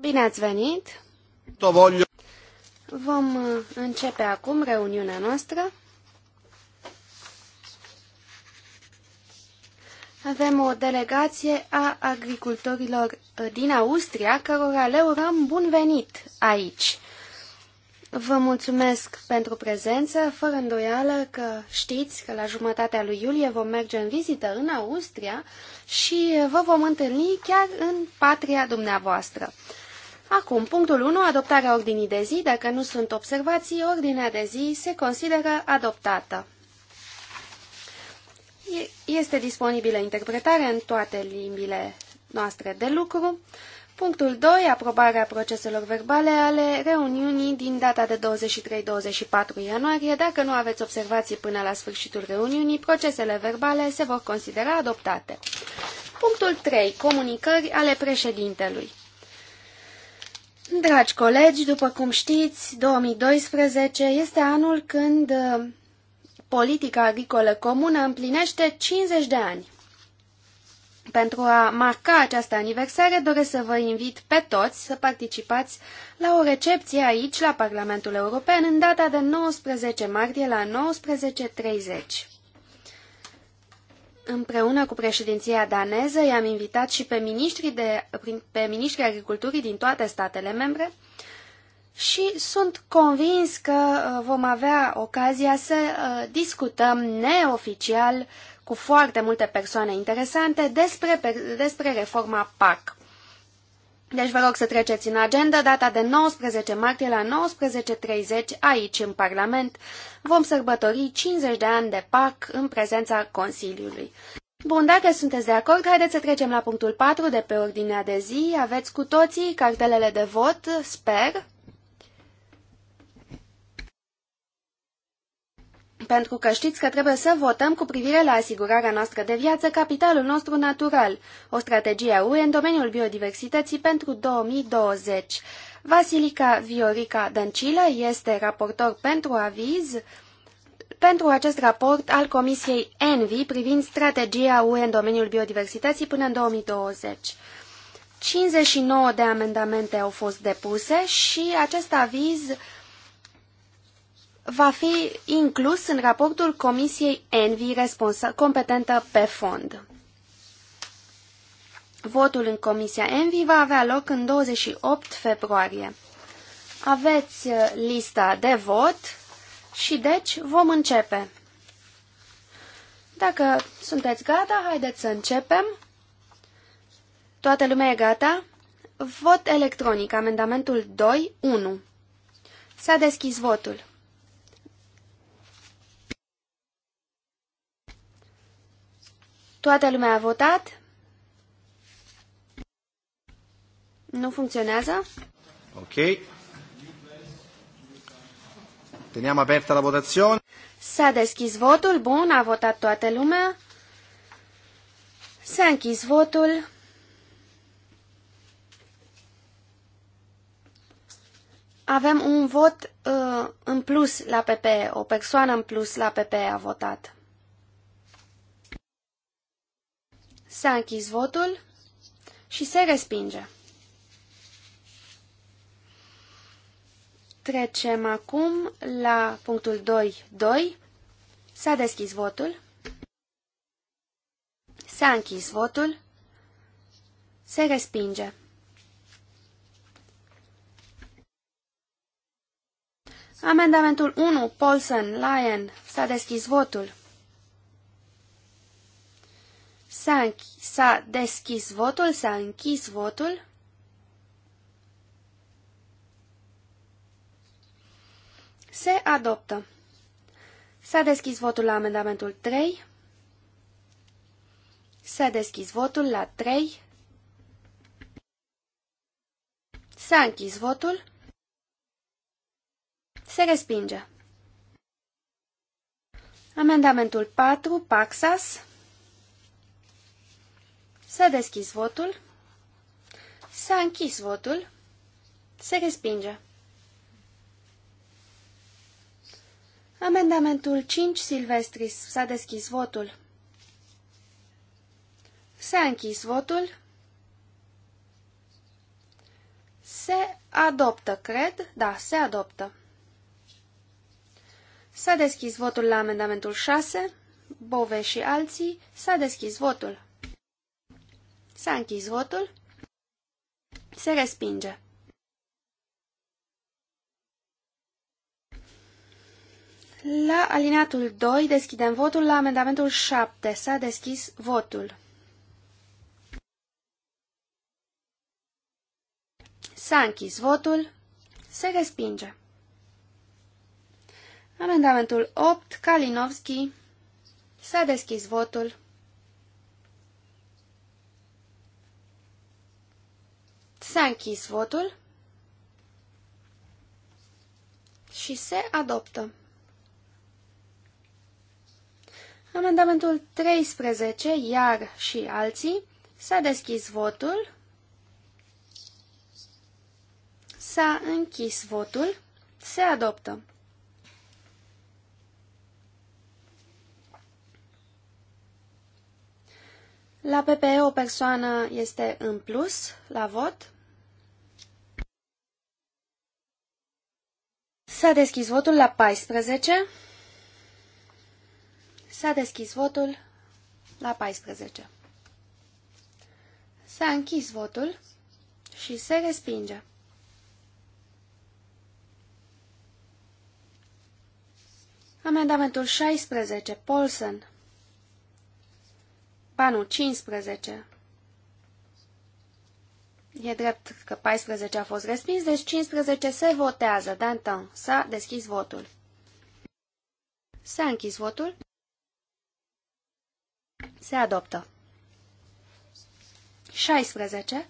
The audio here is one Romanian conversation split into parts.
Bine ați venit. Vom uh, începe acum reuniunea noastră. Avem o delegație a agricultorilor uh, din Austria, cărora le urăm bun venit aici. Vă mulțumesc pentru prezență. Fără îndoială că știți că la jumătatea lui iulie vom merge în vizită în Austria și vă vom întâlni chiar în patria dumneavoastră. Acum, punctul 1, adoptarea ordinii de zi. Dacă nu sunt observații, ordinea de zi se consideră adoptată. Este disponibilă interpretare în toate limbile noastre de lucru. Punctul 2. Aprobarea proceselor verbale ale reuniunii din data de 23-24 ianuarie. Dacă nu aveți observații până la sfârșitul reuniunii, procesele verbale se vor considera adoptate. Punctul 3. Comunicări ale președintelui. Dragi colegi, după cum știți, 2012 este anul când uh, politica agricolă comună împlinește 50 de ani. Pentru a marca această aniversare, doresc să vă invit pe toți să participați la o recepție aici, la Parlamentul European, în data de 19 martie la 19.30. Împreună cu președinția daneză, i-am invitat și pe ministrii, de, pe ministrii agriculturii din toate statele membre și sunt convins că uh, vom avea ocazia să uh, discutăm neoficial cu foarte multe persoane interesante despre, despre reforma PAC. Deci vă rog să treceți în agenda data de 19 martie la 19.30 aici în Parlament. Vom sărbători 50 de ani de PAC în prezența Consiliului. Bun, dacă sunteți de acord, haideți să trecem la punctul 4 de pe ordinea de zi. Aveți cu toții cartelele de vot, sper. pentru că știți că trebuie să votăm cu privire la asigurarea noastră de viață capitalul nostru natural, o strategie a UE în domeniul biodiversității pentru 2020. Vasilica Viorica Dăncilă este raportor pentru aviz pentru acest raport al Comisiei ENVI privind strategia UE în domeniul biodiversității până în 2020. 59 de amendamente au fost depuse și acest aviz va fi inclus în raportul Comisiei Envi competentă pe fond. Votul în Comisia Envi va avea loc în 28 februarie. Aveți uh, lista de vot și deci vom începe. Dacă sunteți gata, haideți să începem. Toată lumea e gata? Vot electronic, amendamentul 2.1. S-a deschis votul. Toată lumea a votat? Nu funcționează? Ok. Teniamo aperta la votazione. S-a deschis votul, bun, a votat toată lumea. S-a închis votul. Avem un vot uh, în plus la PP, o persoană în plus la PP a votat. S-a închis votul și se respinge. Trecem acum la punctul 2.2. S-a deschis votul. S-a închis votul. Se respinge. Amendamentul 1, Paulson, Lyon, s-a deschis votul. S-a, s-a deschis votul, s-a închis votul. Se adoptă. S-a deschis votul la amendamentul 3. S-a deschis votul la 3. S-a închis votul. Se respinge. Amendamentul 4, Paxas. S-a deschis votul. S-a închis votul. Se respinge. Amendamentul 5, Silvestris. S-a deschis votul. S-a închis votul. Se adoptă, cred. Da, se adoptă. S-a deschis votul la amendamentul 6. Bove și alții. S-a deschis votul. S-a închis votul. Se respinge. La alineatul 2 deschidem votul la amendamentul 7. S-a deschis votul. S-a închis votul. Se respinge. Amendamentul 8, Kalinowski. S-a deschis votul. S-a închis votul și se adoptă. Amendamentul 13, iar și alții, s-a deschis votul, s-a închis votul, se adoptă. La PPE o persoană este în plus la vot. S-a deschis votul la 14. S-a deschis votul la 14. S-a închis votul și se respinge. Amendamentul 16, Paulson. Banul 15. E drept că 14 a fost respins, deci 15 se votează. Danton, s-a deschis votul. S-a închis votul. Se adoptă. 16.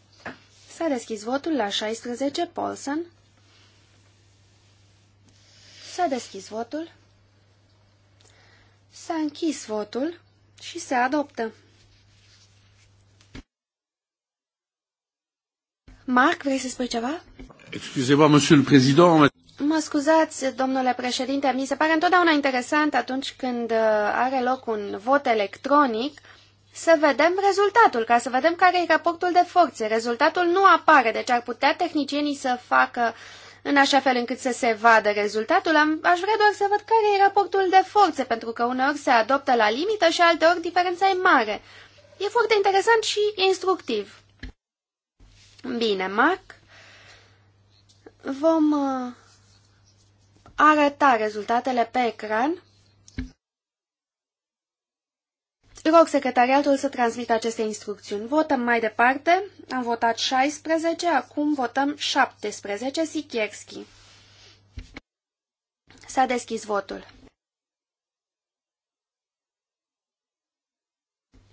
S-a deschis votul la 16, Paulson. S-a deschis votul. S-a închis votul și se adoptă. Marc, vrei să spui ceva? excusez mă monsieur le président. Mă scuzați, domnule președinte, mi se pare întotdeauna interesant atunci când uh, are loc un vot electronic să vedem rezultatul, ca să vedem care e raportul de forțe. Rezultatul nu apare, deci ar putea tehnicienii să facă în așa fel încât să se vadă rezultatul. Am, aș vrea doar să văd care e raportul de forțe, pentru că uneori se adoptă la limită și alteori diferența e mare. E foarte interesant și instructiv. Bine, Mac. vom uh, arăta rezultatele pe ecran. Rog secretariatul să transmită aceste instrucțiuni. Votăm mai departe. Am votat 16, acum votăm 17, Sikierski. S-a deschis votul.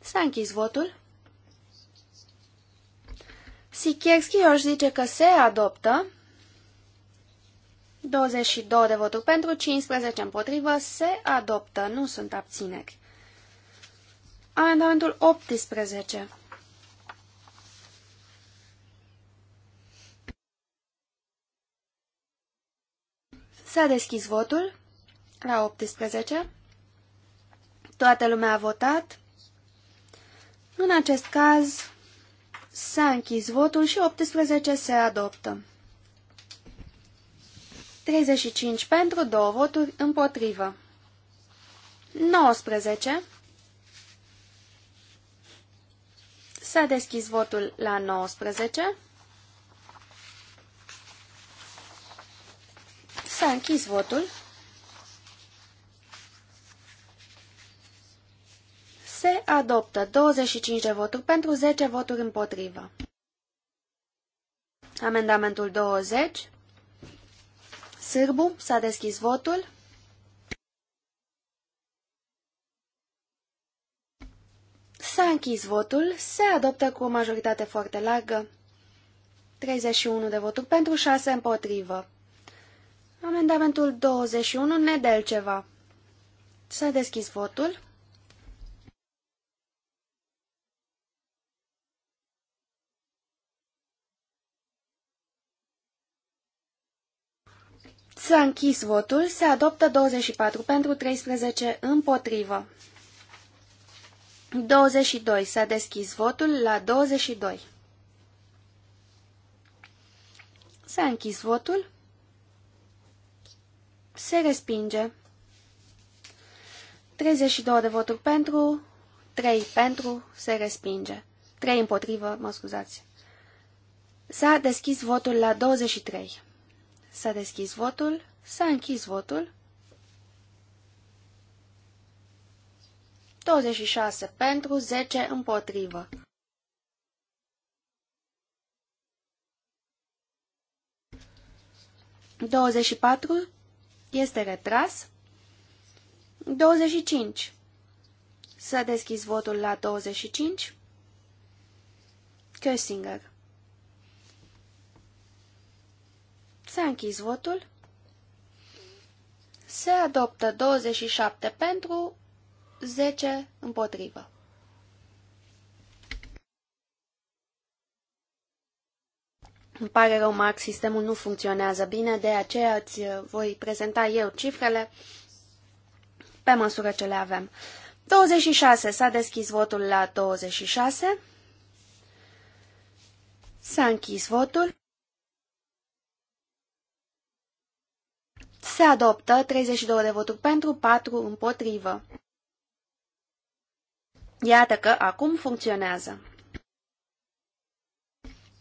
S-a închis votul. Sikierski își zice că se adoptă. 22 de voturi pentru, 15 împotrivă, se adoptă, nu sunt abțineri. Amendamentul 18. S-a deschis votul la 18. Toată lumea a votat. În acest caz, S-a închis votul și 18 se adoptă. 35 pentru, 2 voturi împotrivă. 19. S-a deschis votul la 19. S-a închis votul. Se adoptă 25 de voturi pentru 10 voturi împotrivă. Amendamentul 20. Sârbu, s-a deschis votul. S-a închis votul, se adoptă cu o majoritate foarte largă. 31 de voturi pentru 6 împotrivă. Amendamentul 21, Nedelceva. S-a deschis votul. S-a închis votul, se adoptă 24 pentru 13 împotrivă. 22. S-a deschis votul la 22. S-a închis votul. Se respinge. 32 de voturi pentru, 3 pentru, se respinge. 3 împotrivă, mă scuzați. S-a deschis votul la 23. S-a deschis votul. S-a închis votul. 26 pentru, 10 împotrivă. Douăzeci și patru este retras. Douăzeci cinci. Să deschizi votul la douăzeci cinci. Kösinger. S-a închis votul. Se adoptă 27 pentru, 10 împotrivă. Îmi pare rău, Max, sistemul nu funcționează bine, de aceea îți voi prezenta eu cifrele pe măsură ce le avem. 26. S-a deschis votul la 26. S-a închis votul. Se adoptă 32 de voturi pentru, 4 împotrivă. Iată că acum funcționează.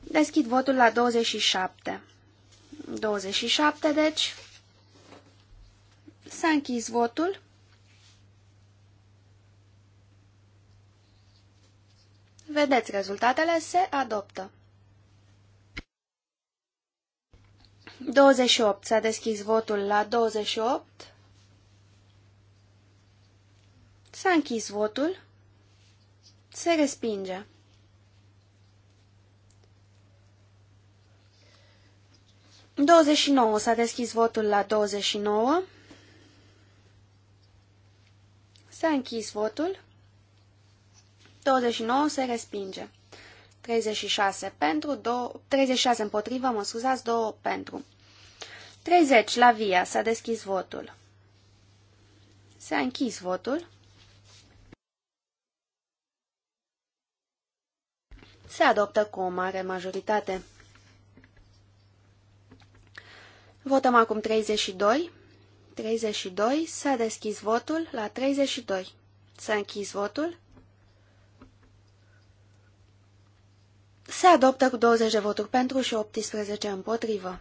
Deschid votul la 27. 27, deci. S-a închis votul. Vedeți, rezultatele se adoptă. 28. S-a deschis votul la 28. S-a închis votul. Se respinge. Douăzeci S-a deschis votul la 29. S-a închis votul. 29 se respinge. 36 pentru, 2, 36 împotrivă, mă scuzați, 2 pentru. 30 la via. S-a deschis votul. S-a închis votul. Se adoptă cu o mare majoritate. Votăm acum 32. 32. S-a deschis votul la 32. S-a închis votul. Se adoptă cu 20 de voturi pentru și 18 împotrivă.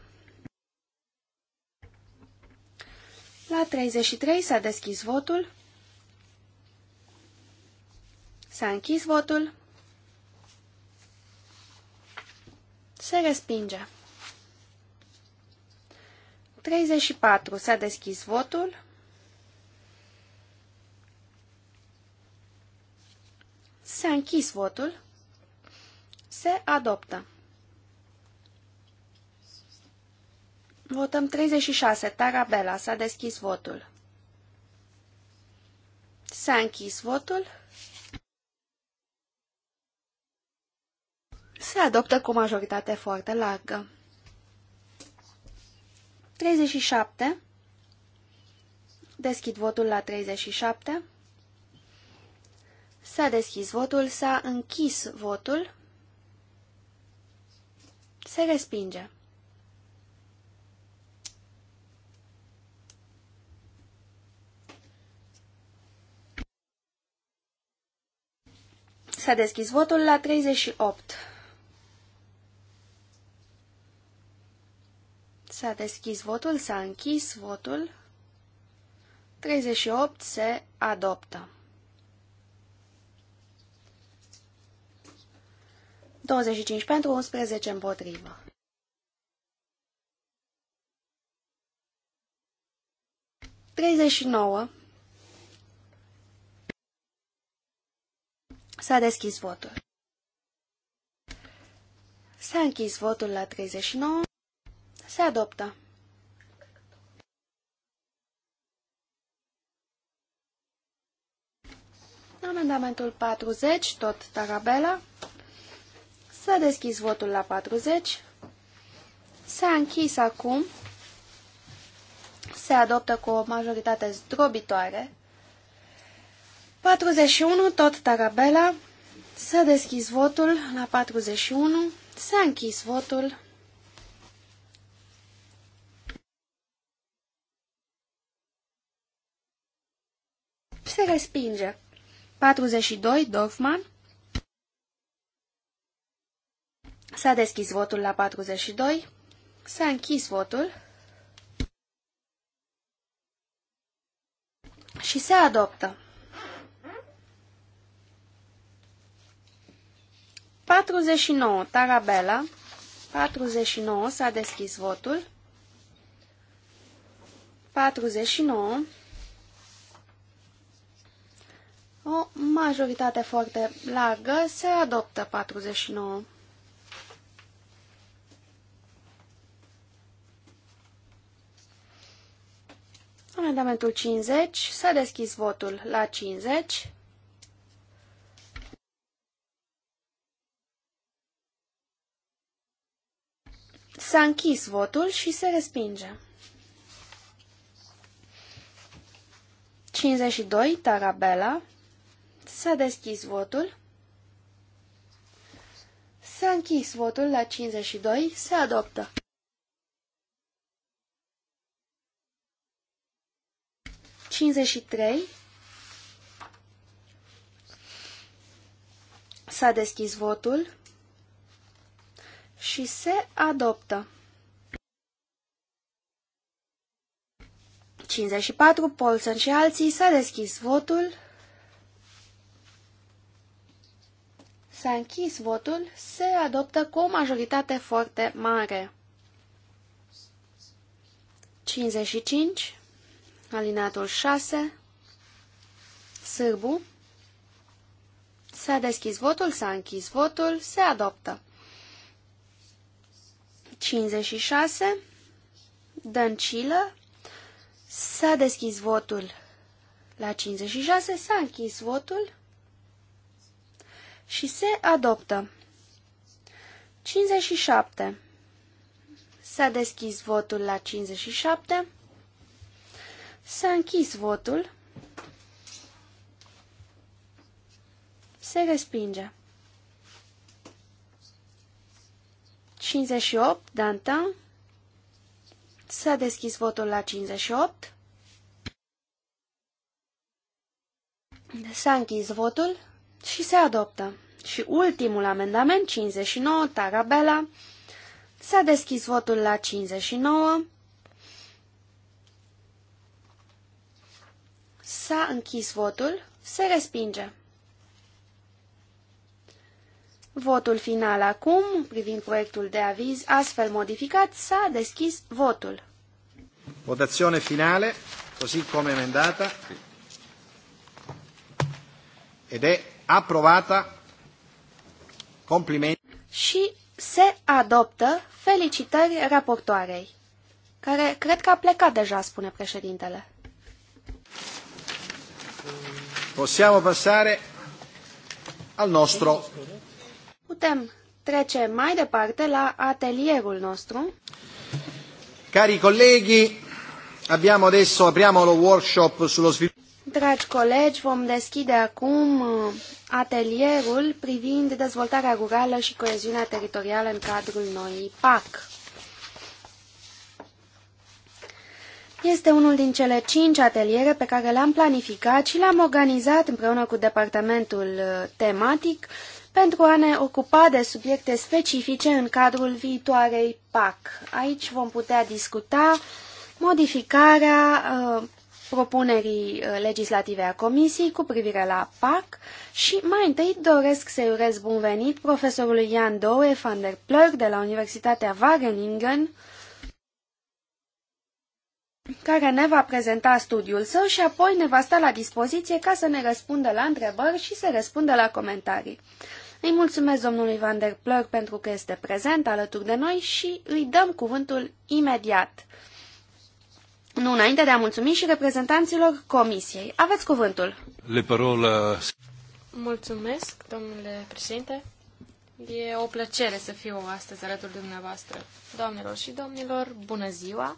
La 33 s-a deschis votul. S-a închis votul. Se respinge. 34 s-a deschis votul. S-a închis votul. Se adoptă. Votăm 36. Tarabela. S-a deschis votul. S-a închis votul. Se adoptă cu majoritate foarte largă. 37. Deschid votul la 37. S-a deschis votul, s-a închis votul. Se respinge. S-a deschis votul la 38. S-a deschis votul, s-a închis votul. 38 se adoptă. 25 pentru 11 împotrivă. Treizeci și nouă S-a deschis votul. S-a închis votul la 39. Se adoptă. Amendamentul 40, tot Tarabela. S-a deschis votul la 40. S-a închis acum. Se adoptă cu o majoritate zdrobitoare. 41, tot Tarabela. S-a deschis votul la 41. S-a închis votul. Se respinge. 42, Dorfman. S-a deschis votul la 42. S-a închis votul. Și se adoptă. 49, Tarabella. 49, s-a deschis votul. 49. O majoritate foarte largă se adoptă 49. Amendamentul 50. S-a deschis votul la 50. S-a închis votul și se respinge. 52, Tarabella. S-a deschis votul. S-a închis votul la 52, se adoptă. 53 S-a deschis votul și se adoptă. 54. Polson și alții s-a deschis votul. S-a închis votul, se adoptă cu o majoritate foarte mare. 55. Alinatul 6. Sârbu. S-a deschis votul, s-a închis votul, se adoptă. 56. Dăncilă. S-a deschis votul la 56, s-a închis votul și se adoptă. 57. S-a deschis votul la 57. S-a închis votul. Se respinge. 58, Dantin. S-a deschis votul la 58. S-a închis votul și se adoptă. Și ultimul amendament, 59, Tarabella. S-a deschis votul la 59. S-a închis votul. Se respinge. Votul final acum, privind proiectul de aviz astfel modificat, s-a deschis votul. Votazione finale, così come emendata, ed è approvata. Complimenti. Și se adoptă felicitări raportoarei, care cred că a plecat deja, spune președintele. Possiamo passare al nostro putem trece mai departe la atelierul nostru. Cari colleghi, abbiamo adesso apriamo lo workshop sullo sviluppo Dragi colegi, vom deschide acum uh, atelierul privind dezvoltarea rurală și coeziunea teritorială în cadrul noii PAC. Este unul din cele cinci ateliere pe care le-am planificat și le-am organizat împreună cu departamentul uh, tematic pentru a ne ocupa de subiecte specifice în cadrul viitoarei PAC. Aici vom putea discuta modificarea uh, propunerii uh, legislative a Comisiei cu privire la PAC și mai întâi doresc să-i urez bun venit profesorului Jan Doe van der Plurk de la Universitatea Wageningen, care ne va prezenta studiul său și apoi ne va sta la dispoziție ca să ne răspundă la întrebări și să răspundă la comentarii. Îi mulțumesc domnului Van der Plăr pentru că este prezent alături de noi și îi dăm cuvântul imediat. Nu înainte de a mulțumi și reprezentanților comisiei. Aveți cuvântul. Le parola... Mulțumesc, domnule președinte. E o plăcere să fiu astăzi alături dumneavoastră. Doamnelor și domnilor, bună ziua!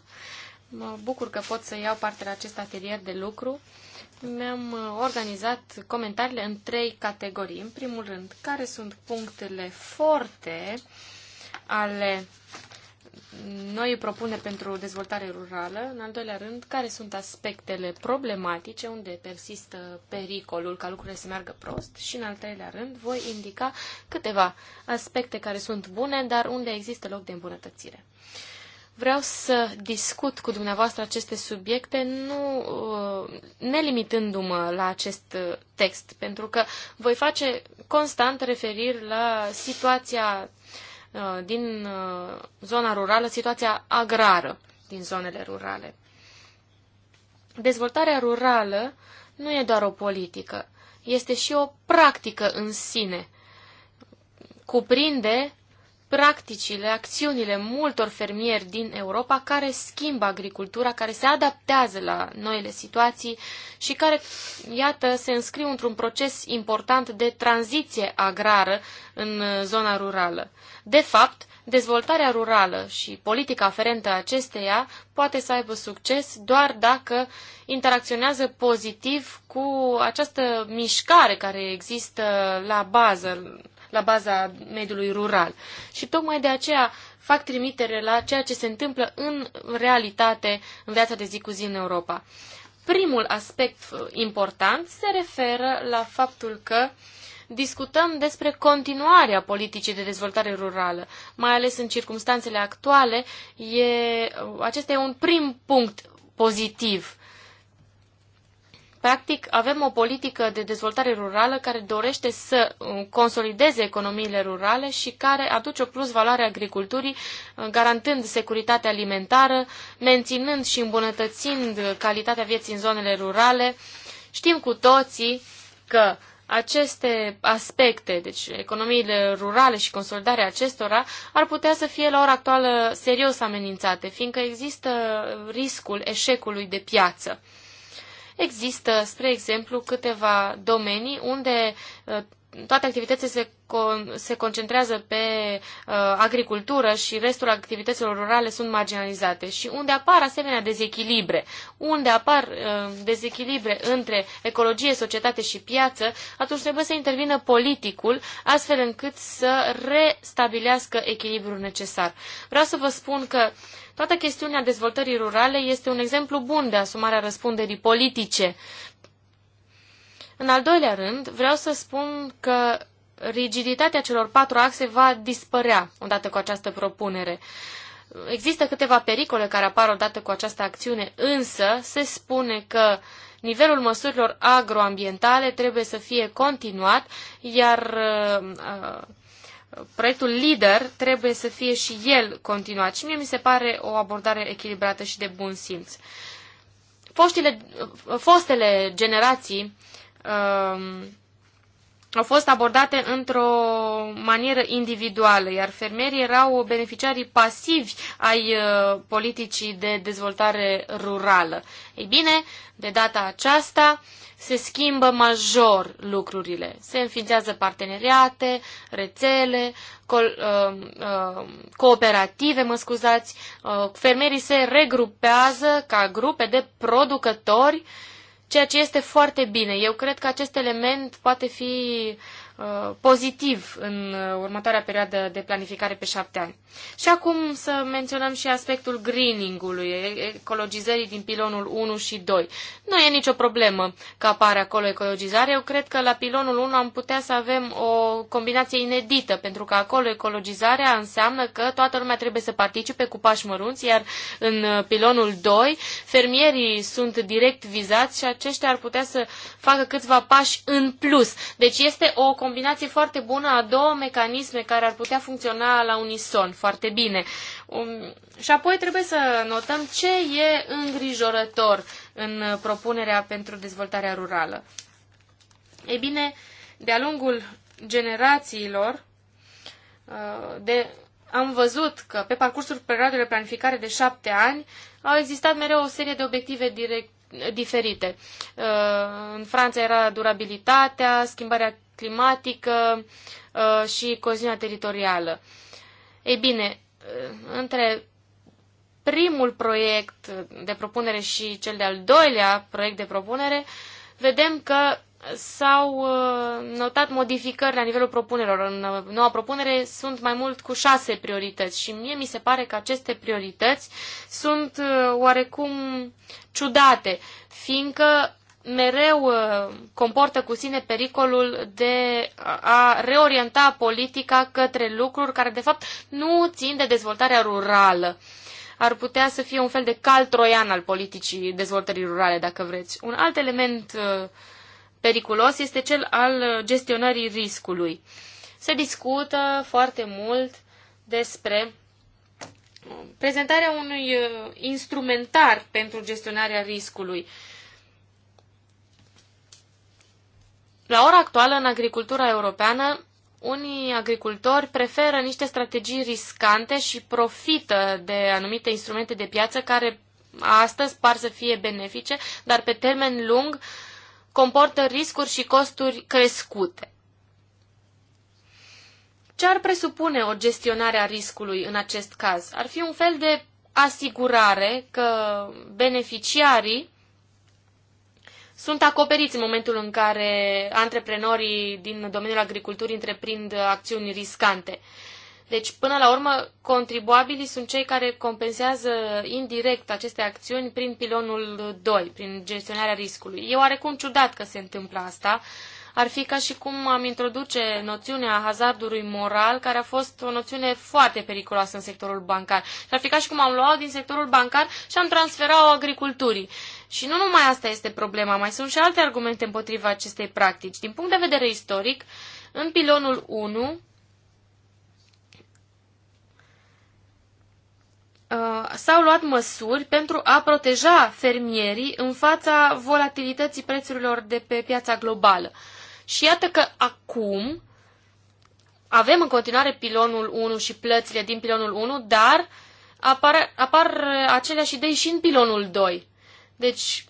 Mă bucur că pot să iau parte la acest atelier de lucru mi-am uh, organizat comentariile în trei categorii. În primul rând, care sunt punctele forte ale noi propuneri pentru dezvoltare rurală, în al doilea rând, care sunt aspectele problematice unde persistă pericolul ca lucrurile să meargă prost și, în al treilea rând, voi indica câteva aspecte care sunt bune, dar unde există loc de îmbunătățire vreau să discut cu dumneavoastră aceste subiecte, nu uh, nelimitându-mă la acest uh, text, pentru că voi face constant referiri la situația uh, din zona rurală, situația agrară din zonele rurale. Dezvoltarea rurală nu e doar o politică, este și o practică în sine. Cuprinde practicile, acțiunile multor fermieri din Europa care schimbă agricultura, care se adaptează la noile situații și care, iată, se înscriu într-un proces important de tranziție agrară în zona rurală. De fapt, dezvoltarea rurală și politica aferentă acesteia poate să aibă succes doar dacă interacționează pozitiv cu această mișcare care există la bază la baza mediului rural. Și tocmai de aceea fac trimitere la ceea ce se întâmplă în realitate, în viața de zi cu zi în Europa. Primul aspect important se referă la faptul că discutăm despre continuarea politicii de dezvoltare rurală, mai ales în circumstanțele actuale, e, acesta e un prim punct pozitiv. Practic, avem o politică de dezvoltare rurală care dorește să consolideze economiile rurale și care aduce o plus valoare agriculturii, uh, garantând securitatea alimentară, menținând și îmbunătățind calitatea vieții în zonele rurale. Știm cu toții că aceste aspecte, deci economiile rurale și consolidarea acestora, ar putea să fie la ora actuală serios amenințate, fiindcă există riscul eșecului de piață. Există, spre exemplu, câteva domenii unde uh, toate activitățile se, con- se concentrează pe uh, agricultură și restul activităților rurale sunt marginalizate și unde apar asemenea dezechilibre, unde apar uh, dezechilibre între ecologie, societate și piață, atunci trebuie să intervină politicul astfel încât să restabilească echilibrul necesar. Vreau să vă spun că uh, Toată chestiunea dezvoltării rurale este un exemplu bun de asumarea răspunderii politice. În al doilea rând, vreau să spun că rigiditatea celor patru axe va dispărea odată cu această propunere. Există câteva pericole care apar odată cu această acțiune, însă se spune că nivelul măsurilor agroambientale trebuie să fie continuat, iar uh, uh proiectul lider trebuie să fie și el continuat. Și mie mi se pare o abordare echilibrată și de bun simț. Foștile, fostele generații uh, au fost abordate într-o manieră individuală, iar fermierii erau beneficiarii pasivi ai uh, politicii de dezvoltare rurală. Ei bine, de data aceasta se schimbă major lucrurile. Se înființează parteneriate, rețele, co uh, uh, cooperative, mă scuzați. Uh, fermierii se regrupează ca grupe de producători uh, ceea ce este foarte bine. Eu cred că acest element poate fi Uh, pozitiv în uh, următoarea perioadă de planificare pe șapte ani. Și acum să menționăm și aspectul greening-ului, ecologizării din pilonul 1 și 2. Nu e nicio problemă că apare acolo ecologizare. Eu cred că la pilonul 1 am putea să avem o combinație inedită, pentru că acolo ecologizarea înseamnă că toată lumea trebuie să participe cu pași mărunți, iar în uh, pilonul 2 fermierii sunt direct vizați și aceștia ar putea să facă câțiva pași în plus. Deci este o combinație foarte bună a două mecanisme care ar putea funcționa la unison foarte bine. Um, și apoi trebuie să notăm ce e îngrijorător în propunerea pentru dezvoltarea rurală. Ei bine, de-a lungul generațiilor uh, de, am văzut că pe parcursul perioadei de planificare de șapte ani au existat mereu o serie de obiective direct, diferite. Uh, în Franța era durabilitatea, schimbarea climatică uh, și coziunea teritorială. Ei bine, uh, între primul proiect de propunere și cel de-al doilea proiect de propunere, vedem că s-au uh, notat modificări la nivelul propunerilor. În uh, noua propunere sunt mai mult cu șase priorități și mie mi se pare că aceste priorități sunt uh, oarecum ciudate, fiindcă mereu comportă cu sine pericolul de a reorienta politica către lucruri care de fapt nu țin de dezvoltarea rurală ar putea să fie un fel de cal troian al politicii dezvoltării rurale, dacă vreți. Un alt element periculos este cel al gestionării riscului. Se discută foarte mult despre prezentarea unui uh, instrumentar pentru gestionarea riscului. La ora actuală, în agricultura europeană, unii agricultori preferă niște strategii riscante și profită de anumite instrumente de piață care astăzi par să fie benefice, dar pe termen lung uh, comportă riscuri și costuri crescute. Ce ar presupune o gestionare a riscului în acest caz? Ar fi un fel de asigurare că beneficiarii sunt acoperiți în momentul în care antreprenorii din domeniul agriculturii întreprind acțiuni riscante. Deci, până la urmă, contribuabilii sunt cei care compensează indirect aceste acțiuni prin pilonul 2, prin gestionarea riscului. E oarecum ciudat că se întâmplă asta. Ar fi ca și cum am introduce noțiunea hazardului moral, care a fost o noțiune foarte periculoasă în sectorul bancar. Și ar fi ca și cum am luat din sectorul bancar și am transferat-o agriculturii. Și nu numai asta este problema, mai sunt și alte argumente împotriva acestei practici. Din punct de vedere istoric, în pilonul 1, Uh, s-au luat măsuri pentru a proteja fermierii în fața volatilității prețurilor de pe piața globală. Și iată că acum avem în continuare pilonul 1 și plățile din pilonul 1, dar apar, apar aceleași idei și în pilonul 2. Deci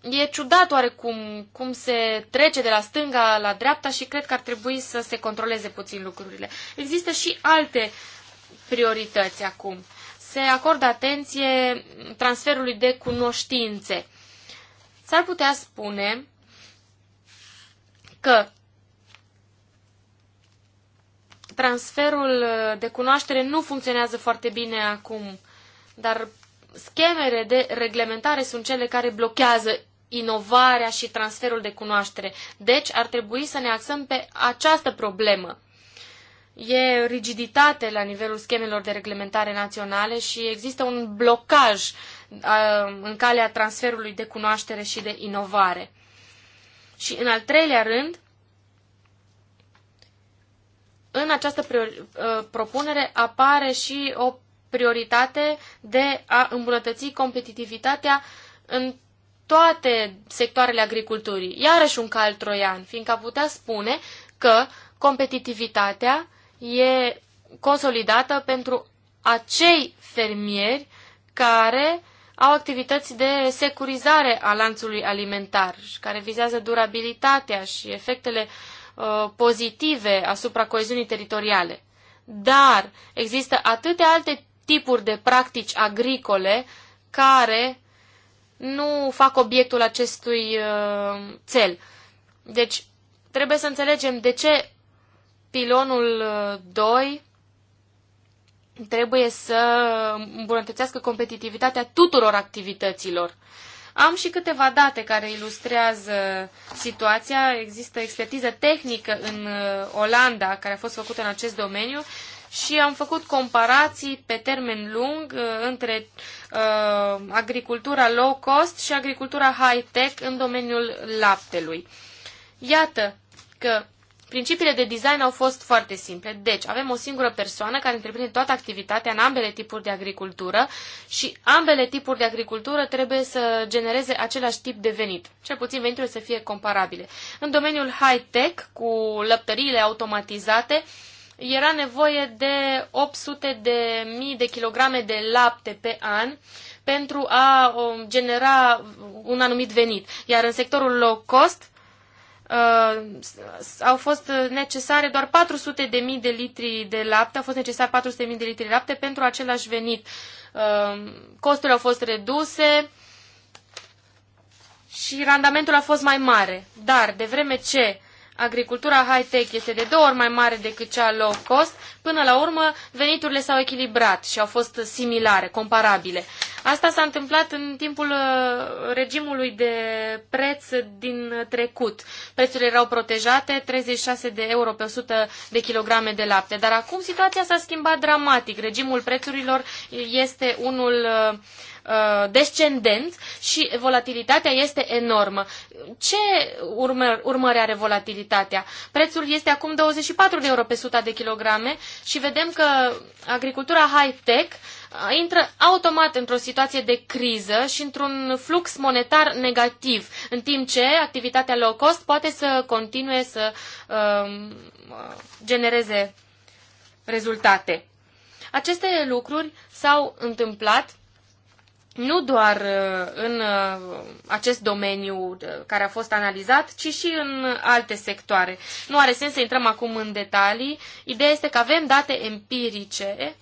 e ciudat oarecum cum se trece de la stânga la dreapta și cred că ar trebui să se controleze puțin lucrurile. Există și alte priorități acum se acordă atenție transferului de cunoștințe. S-ar putea spune că transferul de cunoaștere nu funcționează foarte bine acum, dar schemele de reglementare sunt cele care blochează inovarea și transferul de cunoaștere. Deci ar trebui să ne axăm pe această problemă e rigiditate la nivelul schemelor de reglementare naționale și există un blocaj în calea transferului de cunoaștere și de inovare. Și în al treilea rând, în această propunere apare și o prioritate de a îmbunătăți competitivitatea în toate sectoarele agriculturii. Iarăși un cal troian, fiindcă putea spune că competitivitatea e consolidată pentru acei fermieri care au activități de securizare a lanțului alimentar și care vizează durabilitatea și efectele uh, pozitive asupra coeziunii teritoriale. Dar există atâtea alte tipuri de practici agricole care nu fac obiectul acestui uh, cel. Deci, trebuie să înțelegem de ce pilonul 2 uh, trebuie să îmbunătățească competitivitatea tuturor activităților. Am și câteva date care ilustrează situația. Există expertiză tehnică în uh, Olanda care a fost făcută în acest domeniu și am făcut comparații pe termen lung uh, între uh, agricultura low cost și agricultura high-tech în domeniul laptelui. Iată că Principiile de design au fost foarte simple. Deci, avem o singură persoană care întreprinde toată activitatea în ambele tipuri de agricultură și ambele tipuri de agricultură trebuie să genereze același tip de venit. Cel puțin veniturile să fie comparabile. În domeniul high-tech, cu lăptăriile automatizate, era nevoie de 800 de mii de kilograme de lapte pe an pentru a um, genera un anumit venit. Iar în sectorul low cost, uh, au fost necesare doar 400.000 de de litri de lapte, au fost necesar 400.000 de litri de lapte pentru același venit. Uh, costurile au fost reduse și randamentul a fost mai mare. Dar, de vreme ce agricultura high-tech este de două ori mai mare decât cea low cost, până la urmă veniturile s-au echilibrat și au fost similare, comparabile. Asta s-a întâmplat în timpul uh, regimului de preț din trecut. Prețurile erau protejate, 36 de euro pe 100 de kilograme de lapte. Dar acum situația s-a schimbat dramatic. Regimul prețurilor este unul uh, uh, descendent și volatilitatea este enormă. Ce urmă, urmări are volatilitatea? Prețul este acum 24 de euro pe 100 de kilograme și vedem că agricultura high-tech Uh, intră automat într-o situație de criză și într-un flux monetar negativ, în timp ce activitatea low cost poate să continue să um, genereze rezultate. Aceste lucruri s-au întâmplat nu doar uh, în uh, acest domeniu care a fost analizat, ci și în alte sectoare. Nu are sens să intrăm acum în detalii. Ideea este că avem date empirice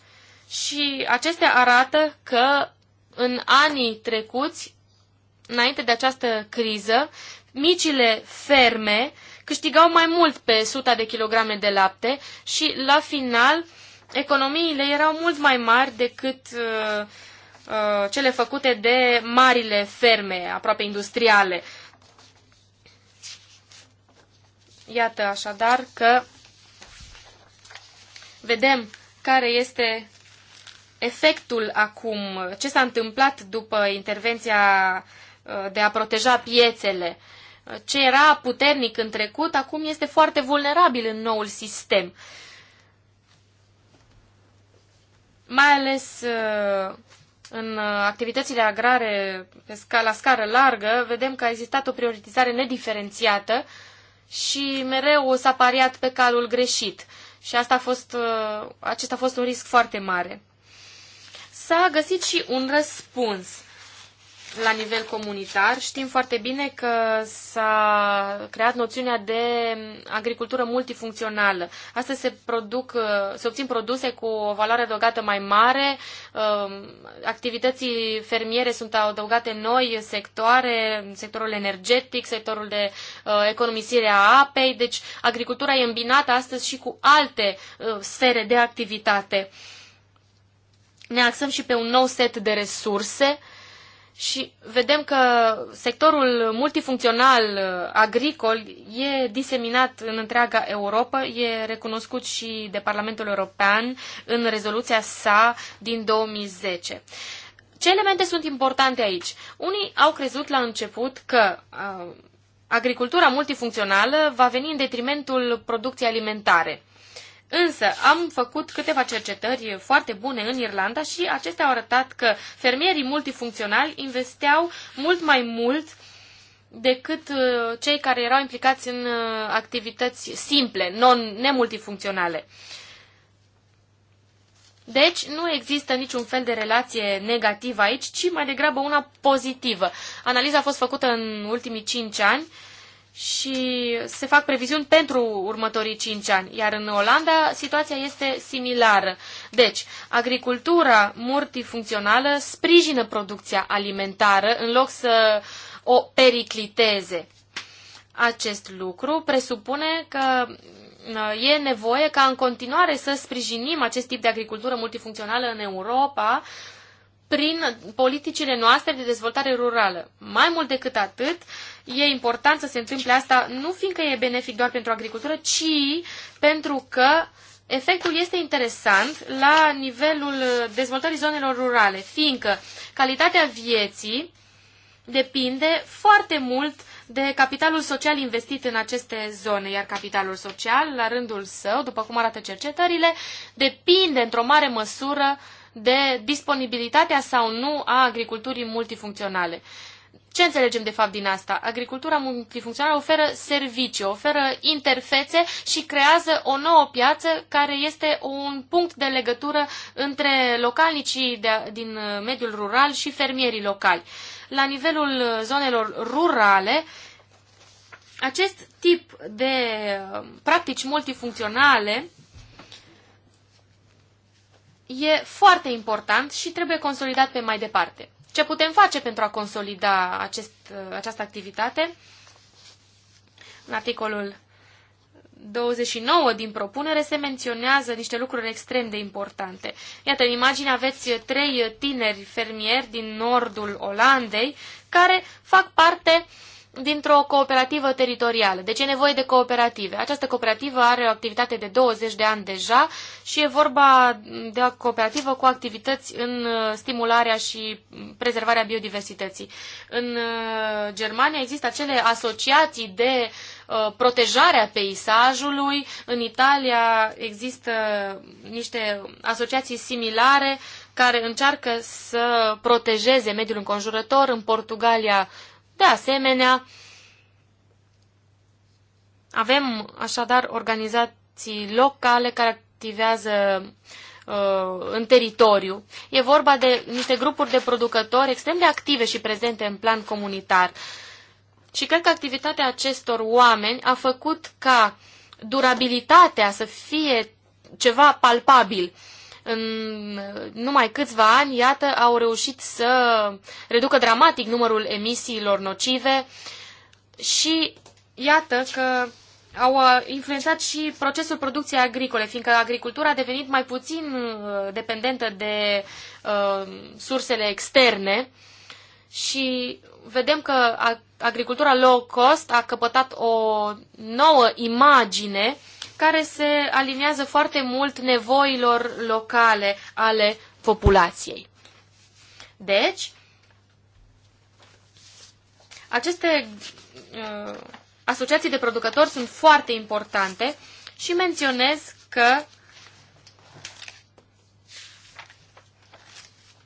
și acestea arată că în anii trecuți, înainte de această criză, micile ferme câștigau mai mult pe suta de kilograme de lapte și, la final, economiile erau mult mai mari decât uh, uh, cele făcute de marile ferme, aproape industriale. Iată așadar că vedem care este efectul acum, ce s-a întâmplat după intervenția uh, de a proteja piețele. Uh, ce era puternic în trecut, acum este foarte vulnerabil în noul sistem. Mai ales uh, în activitățile agrare pe scala, la scară largă, vedem că a existat o prioritizare nediferențiată și mereu s-a pariat pe calul greșit. Și asta a fost, acesta a fost un risc foarte mare s-a găsit și un răspuns la nivel comunitar. Știm foarte bine că s-a creat noțiunea de agricultură multifuncțională. Astăzi se, produc, se obțin produse cu o valoare adăugată mai mare, um, activității fermiere sunt adăugate noi sectoare, sectorul energetic, sectorul de uh, economisire a apei, deci agricultura e îmbinată astăzi și cu alte uh, sfere de activitate ne axăm și pe un nou set de resurse și vedem că sectorul multifuncțional uh, agricol e diseminat în întreaga Europa, e recunoscut și de Parlamentul European în rezoluția sa din 2010. Ce elemente sunt importante aici? Unii au crezut la început că uh, agricultura multifuncțională va veni în detrimentul producției alimentare. Însă am făcut câteva cercetări foarte bune în Irlanda și acestea au arătat că fermierii multifuncționali investeau mult mai mult decât uh, cei care erau implicați în uh, activități simple, non, nemultifuncționale. Deci nu există niciun fel de relație negativă aici, ci mai degrabă una pozitivă. Analiza a fost făcută în ultimii 5 ani și se fac previziuni pentru următorii 5 ani, iar în Olanda situația este similară. Deci, agricultura multifuncțională sprijină producția alimentară în loc să o pericliteze. Acest lucru presupune că uh, e nevoie ca în continuare să sprijinim acest tip de agricultură multifuncțională în Europa, prin politicile noastre de dezvoltare rurală. Mai mult decât atât, uh, e important să se întâmple asta nu fiindcă e benefic doar pentru agricultură, ci pentru că efectul este interesant la nivelul dezvoltării zonelor rurale, fiindcă calitatea vieții depinde foarte mult de capitalul social investit în aceste zone, iar capitalul social, la rândul său, după cum arată cercetările, depinde într-o mare măsură de disponibilitatea sau nu a agriculturii multifuncționale. Ce înțelegem de fapt din asta? Agricultura multifuncțională oferă servicii, oferă interfețe și creează o nouă piață care este un punct de legătură între localnicii de, din uh, mediul rural și fermierii locali. La nivelul zonelor rurale, acest tip de uh, practici multifuncționale e foarte important și trebuie consolidat pe mai departe ce putem face pentru a consolida acest, această activitate. În articolul 29 din propunere se menționează niște lucruri extrem de importante. Iată, în imagine aveți trei tineri fermieri din nordul Olandei care fac parte uh, dintr-o cooperativă teritorială. Deci e nevoie de cooperative. Această cooperativă are o activitate de 20 de ani deja și e vorba de o cooperativă cu activități în uh, stimularea și prezervarea biodiversității. În uh, Germania există acele asociații de uh, protejarea peisajului. În Italia există niște asociații similare care încearcă să protejeze mediul înconjurător. În Portugalia de asemenea, avem așadar organizații locale care activează uh, în teritoriu. E vorba de niște grupuri de producători extrem de active și prezente în plan comunitar. Și cred că activitatea acestor oameni a făcut ca durabilitatea să fie ceva palpabil. Uh, în uh, numai câțiva ani, iată, au reușit să reducă dramatic numărul emisiilor nocive și iată că au uh, influențat și procesul producției agricole, fiindcă agricultura a devenit mai puțin uh, dependentă de uh, sursele externe și vedem că agricultura low cost a căpătat o nouă imagine care se aliniază foarte mult nevoilor locale ale populației. Deci, aceste uh, asociații de producători sunt foarte importante și menționez că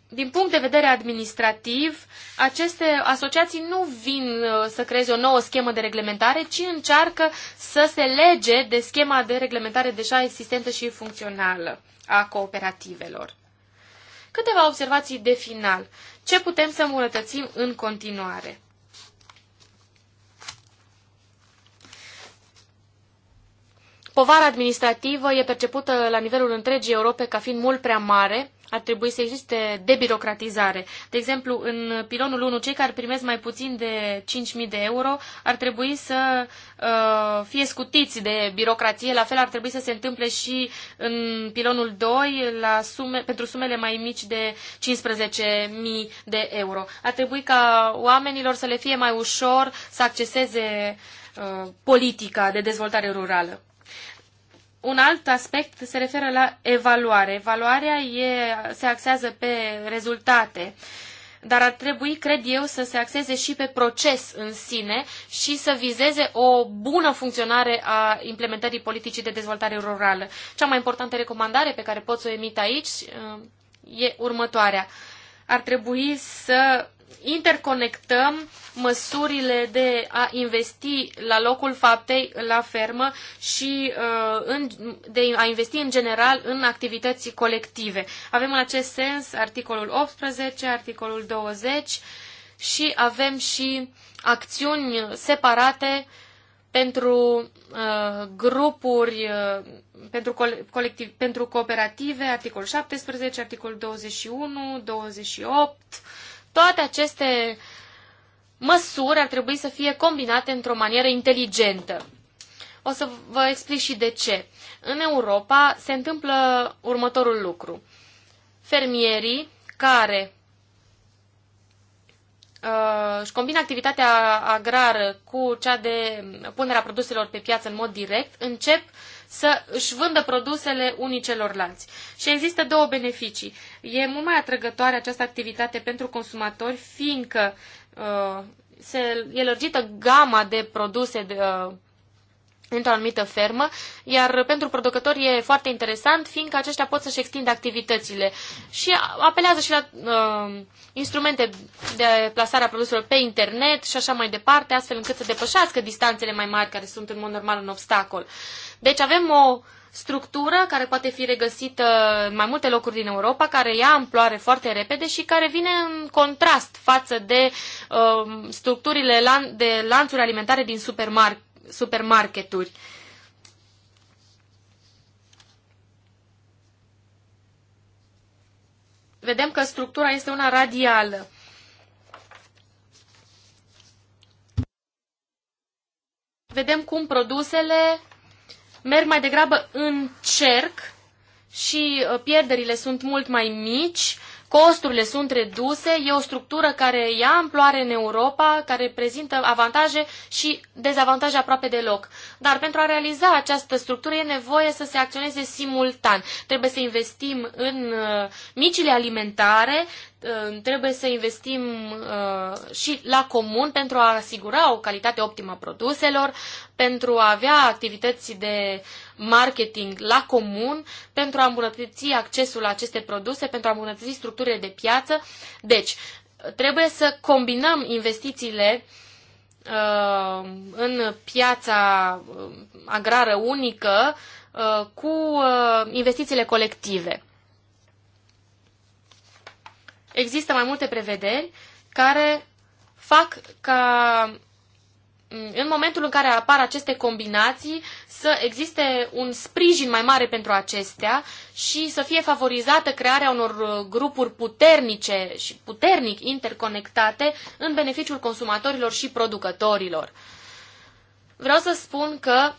din punct de vedere administrativ, aceste asociații nu vin uh, să creeze o nouă schemă de reglementare, ci încearcă să se lege de schema de reglementare deja existentă și funcțională a cooperativelor. Câteva observații de final. Ce putem să îmbunătățim în continuare? Povara administrativă e percepută la nivelul întregii Europe ca fiind mult prea mare ar trebui să existe debirocratizare. De exemplu, în pilonul 1, cei care primesc mai puțin de 5.000 de euro ar trebui să uh, fie scutiți de birocrație. La fel ar trebui să se întâmple și în pilonul 2 la sume, pentru sumele mai mici de 15.000 de euro. Ar trebui ca oamenilor să le fie mai ușor să acceseze uh, politica de dezvoltare rurală. Un alt aspect se referă la evaluare. Evaluarea e, se axează pe rezultate, dar ar trebui, cred eu, să se axeze și pe proces în sine și să vizeze o bună funcționare a implementării politicii de dezvoltare rurală. Cea mai importantă recomandare pe care pot să o emit aici uh, e următoarea ar trebui să interconectăm măsurile de a investi la locul faptei, la fermă și uh, în, de a investi în general în activități colective. Avem în acest sens articolul 18, articolul 20 și avem și acțiuni separate uh, pentru uh, grupuri, uh, pentru, colectiv, pentru cooperative, articolul 17, articolul 21, 28. Toate aceste măsuri ar trebui să fie combinate într-o manieră inteligentă. O să vă explic și de ce. În Europa se întâmplă următorul lucru. Fermierii care Uh, își combină activitatea agrară cu cea de punerea produselor pe piață în mod direct, încep să își vândă produsele unii celorlalți. Și există două beneficii. E mult mai atrăgătoare această activitate pentru consumatori, fiindcă uh, se e lărgită gama de produse de, uh, într-o anumită fermă, iar pentru producători e foarte interesant, fiindcă aceștia pot să-și extindă activitățile și apelează și la uh, instrumente de plasare a produselor pe internet și așa mai departe, astfel încât să depășească distanțele mai mari care sunt în mod normal un obstacol. Deci avem o structură care poate fi regăsită în mai multe locuri din Europa, care ia amploare foarte repede și care vine în contrast față de uh, structurile lan- de lanțuri alimentare din supermarket supermarketuri. Vedem că structura este una radială. Vedem cum produsele merg mai degrabă în cerc și uh, pierderile sunt mult mai mici costurile sunt reduse, e o structură care ia amploare în Europa, care prezintă avantaje și dezavantaje aproape deloc. Dar pentru a realiza această structură e nevoie să se acționeze simultan. Trebuie să investim în uh, micile alimentare, uh, trebuie să investim uh, și la comun pentru a asigura o calitate optimă a produselor, pentru a avea activități de marketing la comun pentru a îmbunătăți accesul la aceste produse, pentru a îmbunătăți structurile de piață. Deci, trebuie să combinăm investițiile uh, în piața uh, agrară unică uh, cu uh, investițiile colective. Există mai multe prevederi care fac ca în momentul în care apar aceste combinații, să existe un sprijin mai mare pentru acestea și să fie favorizată crearea unor uh, grupuri puternice și puternic interconectate în beneficiul consumatorilor și producătorilor. Vreau să spun că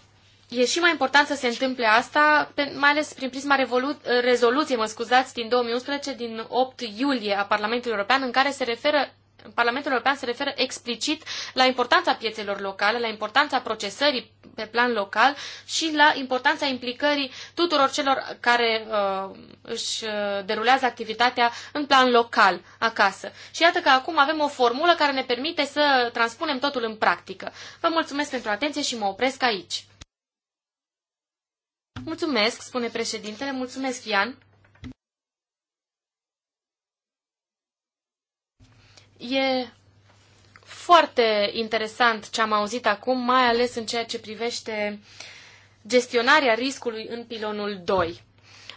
e și mai important să se întâmple asta, mai ales prin prisma rezoluției, mă scuzați, din 2011, din 8 iulie a Parlamentului European, în care se referă Parlamentul European se referă explicit la importanța piețelor locale, la importanța procesării pe plan local și la importanța implicării tuturor celor care uh, își uh, derulează activitatea în plan local, acasă. Și iată că acum avem o formulă care ne permite să transpunem totul în practică. Vă mulțumesc pentru atenție și mă opresc aici. Mulțumesc, spune președintele, mulțumesc, Ian. E foarte interesant ce am auzit acum, mai ales în ceea ce privește gestionarea riscului în pilonul 2.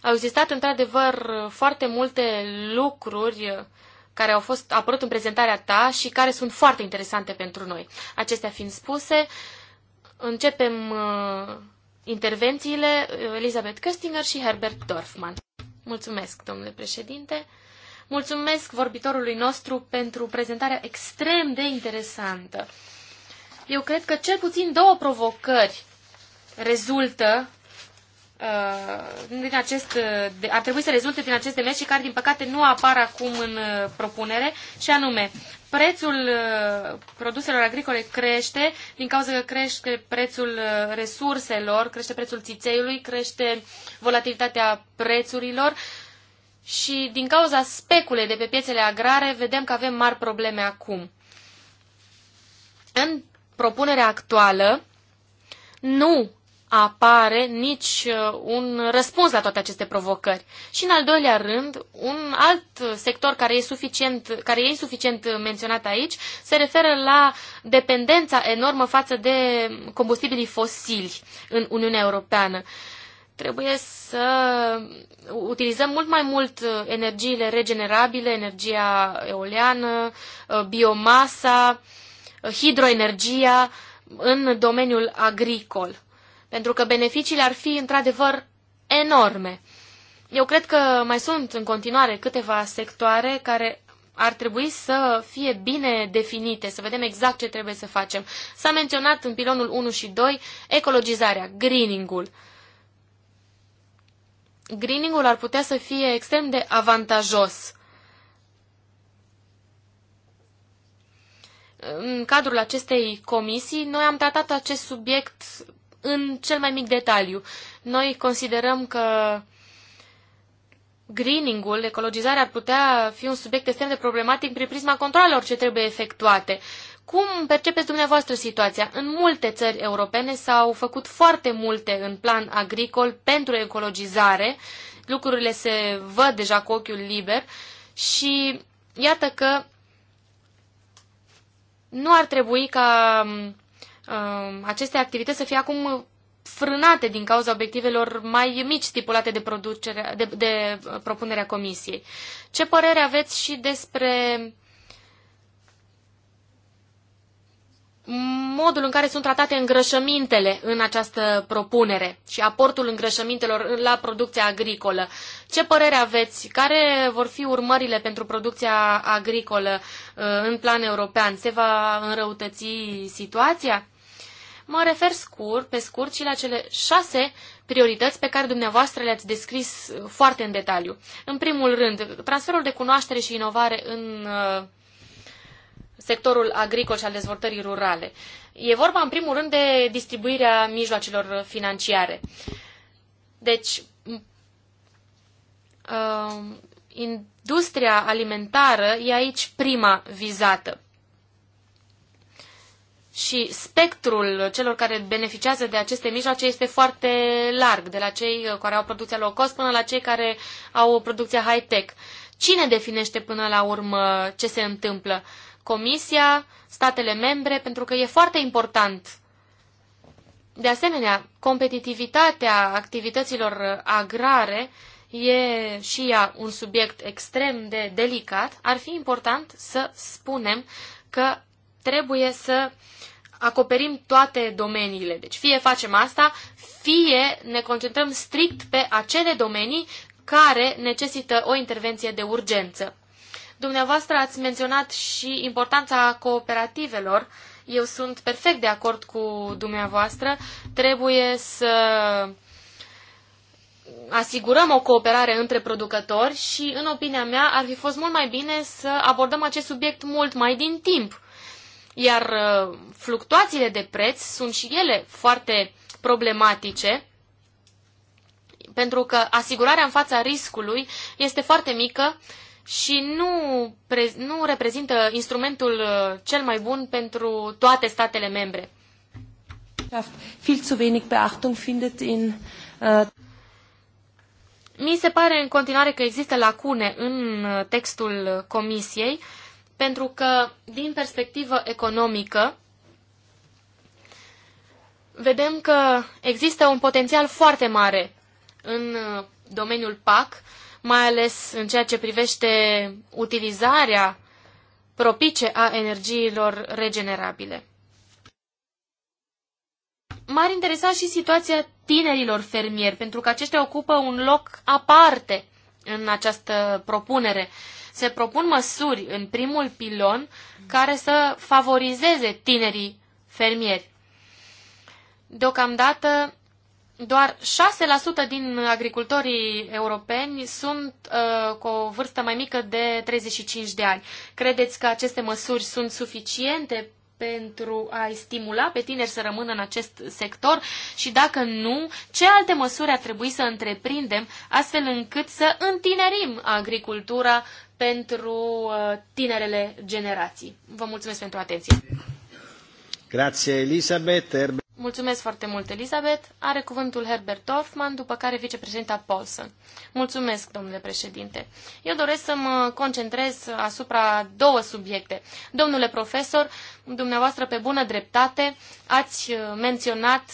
Au existat într-adevăr foarte multe lucruri care au fost apărut în prezentarea ta și care sunt foarte interesante pentru noi. Acestea fiind spuse, începem uh, intervențiile Elizabeth Köstinger și Herbert Dorfman. Mulțumesc, domnule președinte. Mulțumesc vorbitorului nostru pentru prezentarea extrem de interesantă. Eu cred că cel puțin două provocări rezultă uh, din acest, ar trebui să rezulte din acest demers și care, din păcate, nu apar acum în uh, propunere, și anume, prețul uh, produselor agricole crește din cauza că crește prețul resurselor, crește prețul țițeiului, crește volatilitatea prețurilor și din cauza speculei de pe piețele agrare vedem că avem mari probleme acum. În propunerea actuală nu apare nici uh, un răspuns la toate aceste provocări. Și în al doilea rând, un alt sector care e, suficient, care e insuficient menționat aici se referă la dependența enormă față de combustibilii fosili în Uniunea Europeană. Uh, trebuie să utilizăm mult mai mult uh, energiile regenerabile, energia eoliană, uh, biomasa, uh, hidroenergia în domeniul agricol. Pentru că beneficiile ar fi într-adevăr enorme. Eu cred că mai sunt în continuare câteva sectoare care ar trebui să fie bine definite, să vedem exact ce trebuie să facem. S-a menționat în pilonul 1 și 2 ecologizarea, greening-ul. Uh, greening-ul ar putea să fie extrem de avantajos. În cadrul acestei comisii, noi am tratat acest subiect în cel mai mic detaliu. Noi considerăm că greening-ul, ecologizarea, ar putea fi un subiect extrem de problematic prin prisma controlelor ce trebuie efectuate. Cum percepeți dumneavoastră situația? În multe țări europene s-au făcut foarte multe în plan agricol pentru ecologizare, lucrurile se văd deja cu ochiul liber și iată că nu ar trebui ca um, um, aceste activități să fie acum frânate din cauza obiectivelor mai mici stipulate de, producere, de, de uh, propunerea comisiei. Ce părere aveți și despre modul în care sunt tratate îngrășămintele în această propunere și aportul îngrășămintelor la producția agricolă. Ce părere aveți? Care vor fi urmările pentru producția agricolă uh, în plan european? Se va înrăutăți situația? Mă refer scurt, pe scurt și la cele șase priorități pe care dumneavoastră le-ați descris foarte în detaliu. În primul rând, transferul de cunoaștere și inovare în uh, sectorul agricol și al dezvoltării rurale. E vorba, în primul rând, de distribuirea mijloacelor financiare. Deci, um, industria alimentară e aici prima vizată. Și spectrul celor care beneficiază de aceste mijloace este foarte larg, de la cei care au producția low cost până la cei care au o producție high-tech. Cine definește până la urmă ce se întâmplă? Uh, Comisia, statele membre, pentru că e foarte important. De asemenea, competitivitatea activităților agrare e și ea un subiect extrem de delicat. Ar fi important să spunem că trebuie să acoperim toate domeniile. Deci fie facem asta, fie ne concentrăm strict pe acele domenii care necesită o intervenție de urgență. Dumneavoastră ați menționat și importanța cooperativelor. Eu sunt perfect de acord cu dumneavoastră. Trebuie să asigurăm o cooperare între producători și, în opinia mea, ar fi fost mult mai bine să abordăm acest subiect mult mai din timp. Iar uh, fluctuațiile de preț sunt și ele foarte problematice, pentru că asigurarea în fața riscului este foarte mică și nu, pre, nu reprezintă instrumentul uh, cel mai bun pentru toate statele membre. Uh, Mi se pare în continuare că există lacune în uh, textul Comisiei, pentru că, din perspectivă economică, vedem că există un potențial foarte mare în domeniul PAC mai ales în ceea ce privește utilizarea propice a energiilor regenerabile. M-ar interesa și situația tinerilor fermieri, pentru că aceștia ocupă un loc aparte în această propunere. Se propun măsuri în primul pilon care să favorizeze tinerii fermieri. Deocamdată doar 6% din agricultorii europeni sunt uh, cu o vârstă mai mică de 35 de ani. Credeți că aceste măsuri sunt suficiente pentru a-i stimula pe tineri să rămână în acest sector și dacă nu, ce alte măsuri ar trebui să întreprindem astfel încât să întinerim agricultura pentru uh, tinerele generații. Vă mulțumesc pentru atenție. Grazie Elisabeth. Mulțumesc foarte mult, Elizabeth. Are cuvântul Herbert Dorfman, după care vicepreședinta Paulson. Mulțumesc, domnule președinte. Eu doresc să mă concentrez asupra două subiecte. Domnule profesor, dumneavoastră, pe bună dreptate, ați menționat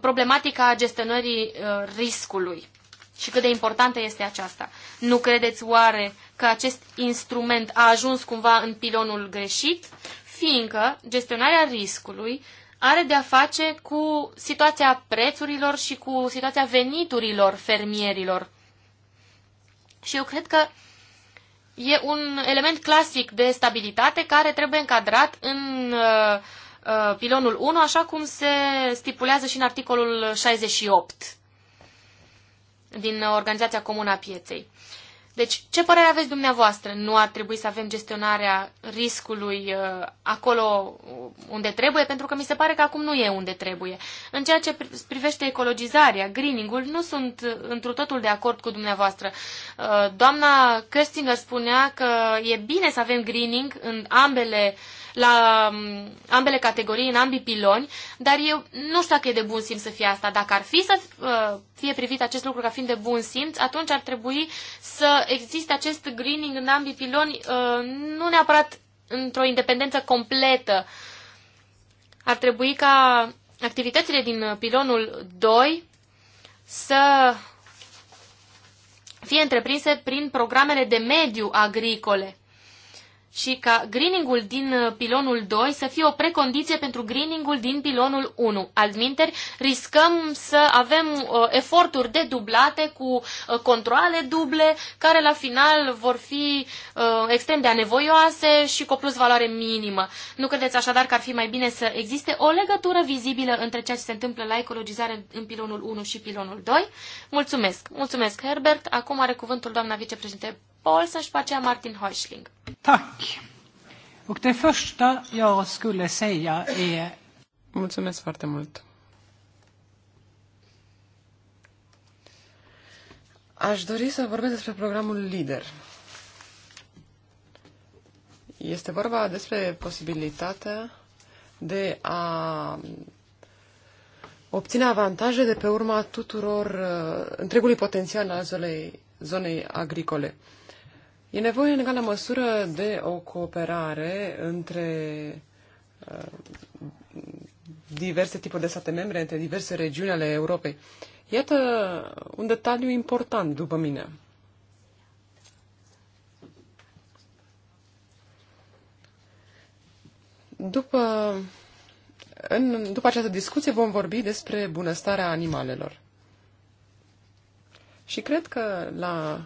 problematica gestionării uh, riscului și cât de importantă este aceasta. Nu credeți oare că acest instrument a ajuns cumva în pilonul greșit? fiindcă gestionarea riscului are de-a face cu situația prețurilor și cu situația veniturilor fermierilor. Și eu cred că e un element clasic de stabilitate care trebuie încadrat în uh, uh, pilonul 1, așa cum se stipulează și în articolul 68 din Organizația Comună a Pieței. Deci, ce părere aveți dumneavoastră? Nu ar trebui să avem gestionarea riscului uh, acolo unde trebuie? Pentru că mi se pare că acum nu e unde trebuie. În ceea ce privește ecologizarea, greening-ul, nu sunt întru totul de acord cu dumneavoastră. Uh, doamna Köstinger spunea că e bine să avem greening în ambele la mm, ambele categorii, în ambii piloni, dar eu nu știu dacă e de bun simț să fie asta. Dacă ar fi să uh, fie privit acest lucru ca fiind de bun simț, atunci ar trebui să existe acest greening în ambii piloni, uh, nu neapărat într-o independență completă. Ar trebui ca activitățile din pilonul 2 să fie întreprinse prin programele de mediu agricole și ca greeningul din uh, pilonul 2 să fie o precondiție pentru greeningul din pilonul 1. Altminteri, riscăm să avem uh, eforturi dublate cu uh, controle duble, care la final vor fi uh, extrem de anevoioase și cu o plus valoare minimă. Nu credeți așadar că ar fi mai bine să existe o legătură vizibilă între ceea ce se întâmplă la ecologizare în pilonul 1 și pilonul 2? Mulțumesc! Mulțumesc, Herbert! Acum are cuvântul doamna vicepreședinte Paulsen și Martin Heuschling. Tack! Och det första jag skulle säga är... Mulțumesc foarte mult! Aș dori să vorbesc despre programul LIDER. Este vorba despre posibilitatea de a obține avantaje de pe urma tuturor uh, întregului potențial al zonei, zonei agricole. E nevoie în egală măsură de o cooperare între uh, diverse tipuri de state membre, între diverse regiuni ale Europei. Iată un detaliu important după mine. După, în, după această discuție vom vorbi despre bunăstarea animalelor. Și cred că la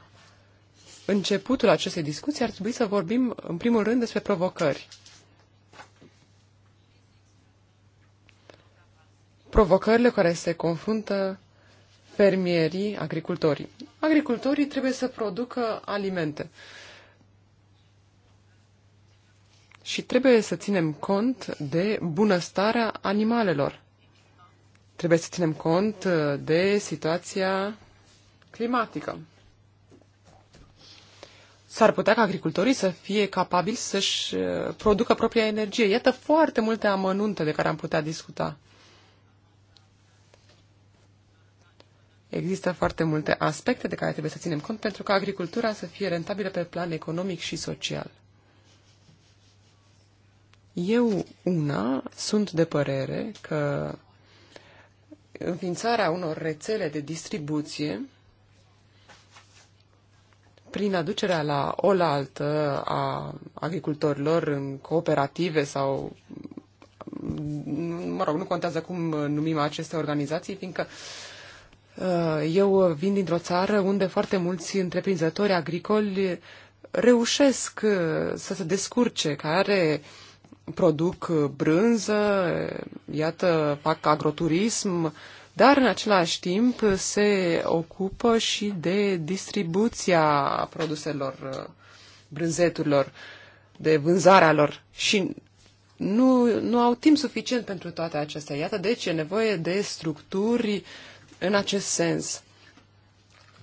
începutul acestei discuții ar trebui să vorbim, în primul rând, despre provocări. Provocările care se confruntă fermierii, agricultorii. Agricultorii trebuie să producă alimente. Și trebuie să ținem cont de bunăstarea animalelor. Trebuie să ținem cont uh, de situația climatică s-ar putea ca agricultorii să fie capabili să-și uh, producă propria energie. Iată foarte multe amănunte de care am putea discuta. Există foarte multe aspecte de care trebuie să ținem cont pentru ca agricultura să fie rentabilă pe plan economic și social. Eu, una, sunt de părere că înființarea unor rețele de distribuție prin aducerea la oaltă a agricultorilor în cooperative sau mă rog, nu contează cum numim aceste organizații, fiindcă uh, eu vin dintr-o țară unde foarte mulți întreprinzători agricoli reușesc uh, să se descurce, care produc brânză, iată, fac agroturism, dar în același timp se ocupă și de distribuția produselor brânzeturilor, de vânzarea lor și nu, nu au timp suficient pentru toate acestea. Iată, deci e nevoie de structuri în acest sens.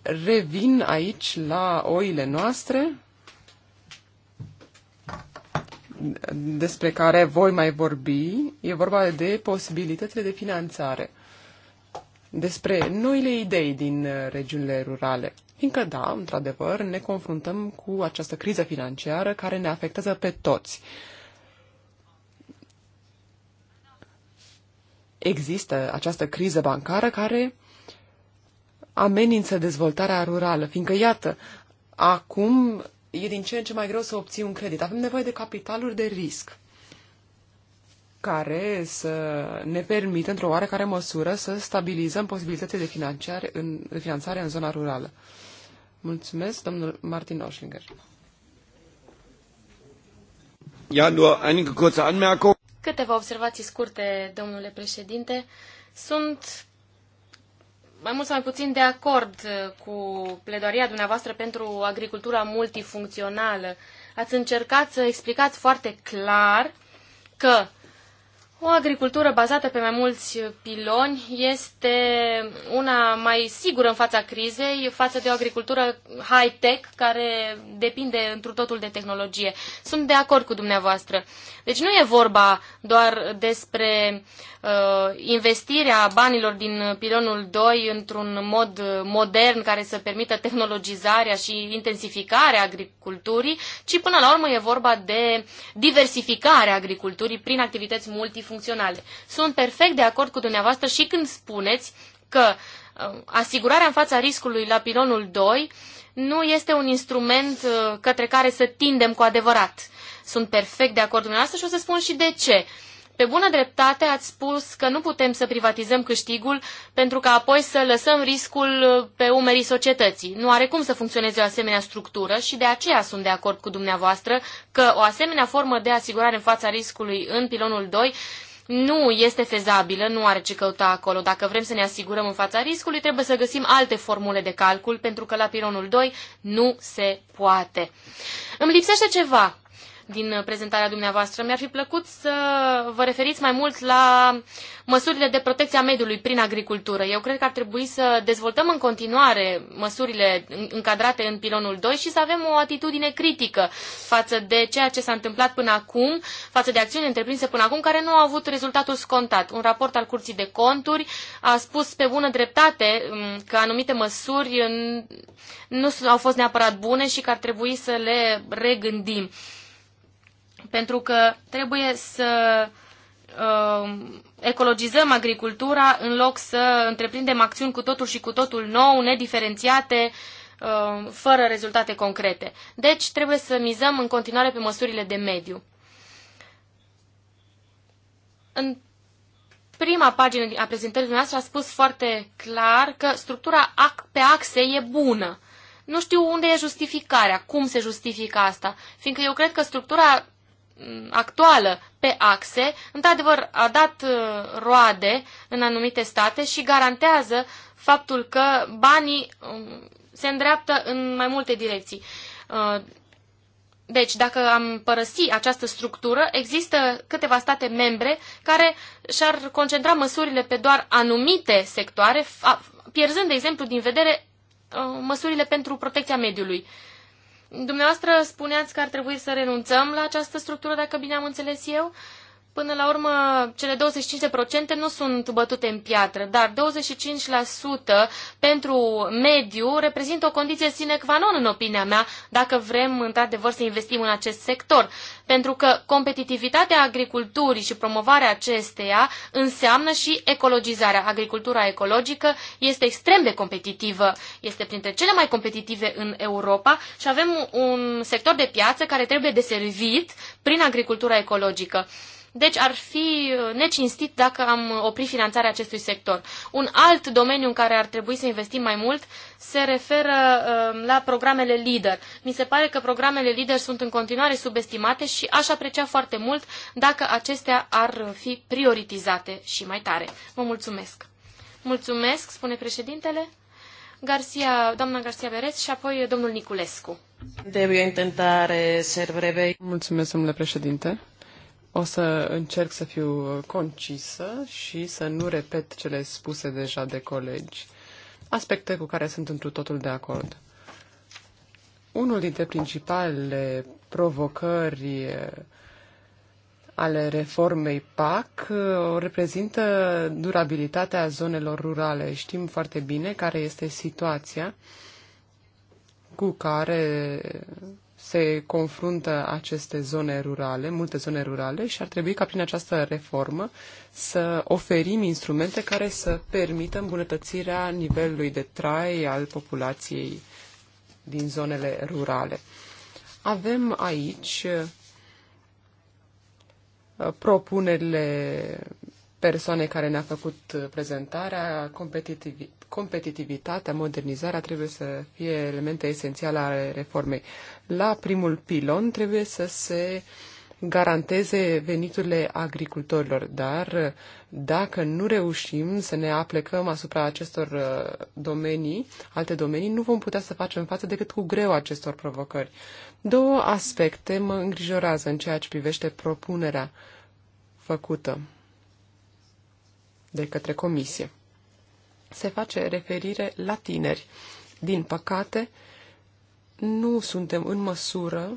Revin aici la oile noastre, despre care voi mai vorbi, e vorba de posibilitățile de finanțare despre noile idei din uh, regiunile rurale. Fiindcă, da, într-adevăr, ne confruntăm cu această criză financiară care ne afectează pe toți. Există această criză bancară care amenință dezvoltarea rurală, fiindcă, iată, acum e din ce în ce mai greu să obții un credit. Avem nevoie de capitaluri de risc care să ne permită, într-o oarecare măsură, să stabilizăm posibilitățile de finanțare în, de finanțare în zona rurală. Mulțumesc, domnul Martin Oschlinger. Câteva observații scurte, domnule președinte. Sunt mai mult sau mai puțin de acord uh, cu pledoaria dumneavoastră pentru agricultura multifuncțională. Ați încercat să explicați foarte clar că o agricultură bazată pe mai mulți piloni este una mai sigură în fața crizei, față de o agricultură high-tech care depinde întru totul de tehnologie. Sunt de acord cu dumneavoastră. Deci nu e vorba doar despre Uh, investirea banilor din pilonul 2 într-un mod modern care să permită tehnologizarea și intensificarea agriculturii, ci până la urmă e vorba de diversificarea agriculturii prin activități multifuncționale. Sunt perfect de acord cu dumneavoastră și când spuneți că uh, asigurarea în fața riscului la pilonul 2 nu este un instrument uh, către care să tindem cu adevărat. Sunt perfect de acord cu dumneavoastră și o să spun și de ce. Uh, pe bună dreptate ați spus că nu putem să privatizăm câștigul pentru că apoi să lăsăm riscul uh, pe umerii societății. Nu are cum să funcționeze o asemenea structură și de aceea sunt de acord cu dumneavoastră că o asemenea formă de asigurare în fața riscului în pilonul 2 nu este fezabilă, nu are ce căuta acolo. Dacă vrem să ne asigurăm în fața riscului, trebuie să găsim alte formule de calcul, pentru că la pilonul 2 nu se poate. Îmi lipsește ceva din prezentarea dumneavoastră. Mi-ar fi plăcut să vă referiți mai mult la măsurile de protecție a mediului prin agricultură. Eu cred că ar trebui să dezvoltăm în continuare măsurile încadrate în pilonul 2 și să avem o atitudine critică față de ceea ce s-a întâmplat până acum, față de acțiuni întreprinse până acum, care nu au avut rezultatul scontat. Un raport al Curții de Conturi a spus pe bună dreptate că anumite măsuri nu au fost neapărat bune și că ar trebui să le regândim pentru că trebuie să uh, ecologizăm agricultura în loc să întreprindem acțiuni cu totul și cu totul nou, nediferențiate, uh, fără rezultate concrete. Deci trebuie să mizăm în continuare pe măsurile de mediu. În prima pagină a prezentării noastre a spus foarte clar că structura pe axe e bună. Nu știu unde e justificarea, cum se justifică asta, fiindcă eu cred că structura Mm, actuală pe axe, într-adevăr a dat uh, roade în anumite state și garantează faptul că banii um, se îndreaptă în mai multe direcții. Uh, deci, dacă am părăsi această structură, există câteva state membre care și-ar concentra măsurile pe doar anumite sectoare, pierzând, de exemplu, din vedere uh, măsurile pentru protecția mediului. Dumneavoastră spuneați că ar trebui să renunțăm la această structură, dacă bine am înțeles eu. Până la urmă, cele 25% nu sunt bătute în piatră, dar 25% pentru mediu reprezintă o condiție sine qua non, în opinia mea, dacă vrem, într-adevăr, să investim în acest sector. Pentru că competitivitatea agriculturii și promovarea acesteia înseamnă și ecologizarea. Agricultura ecologică este extrem de competitivă, este printre cele mai competitive în Europa și avem un sector de piață care trebuie deservit prin agricultura ecologică. Deci ar fi uh, necinstit dacă am uh, oprit finanțarea acestui sector. Un alt domeniu în care ar trebui să investim mai mult se referă uh, la programele LEADER. Mi se pare că programele LEADER sunt în continuare subestimate și aș aprecia foarte mult dacă acestea ar fi prioritizate și mai tare. Vă mulțumesc! Mulțumesc, spune președintele. Garcia, doamna Garcia Berez și apoi domnul Niculescu. Trebuie intentare ser breve. Mulțumesc, domnule președinte. O să încerc să fiu concisă și să nu repet cele spuse deja de colegi, aspecte cu care sunt întru totul de acord. Unul dintre principalele provocări ale reformei PAC o reprezintă durabilitatea zonelor rurale. Știm foarte bine care este situația cu care se confruntă aceste zone rurale, multe zone rurale și ar trebui ca prin această reformă să oferim instrumente care să permită îmbunătățirea nivelului de trai al populației din zonele rurale. Avem aici uh, propunerile persoane care ne-a făcut prezentarea, competitiv, competitivitatea, modernizarea trebuie să fie elemente esențiale ale reformei. La primul pilon trebuie să se garanteze veniturile agricultorilor, dar dacă nu reușim să ne aplecăm asupra acestor uh, domenii, alte domenii, nu vom putea să facem față decât cu greu acestor provocări. Două aspecte mă îngrijorează în ceea ce privește propunerea făcută de către comisie se face referire la tineri. Din păcate, nu suntem în măsură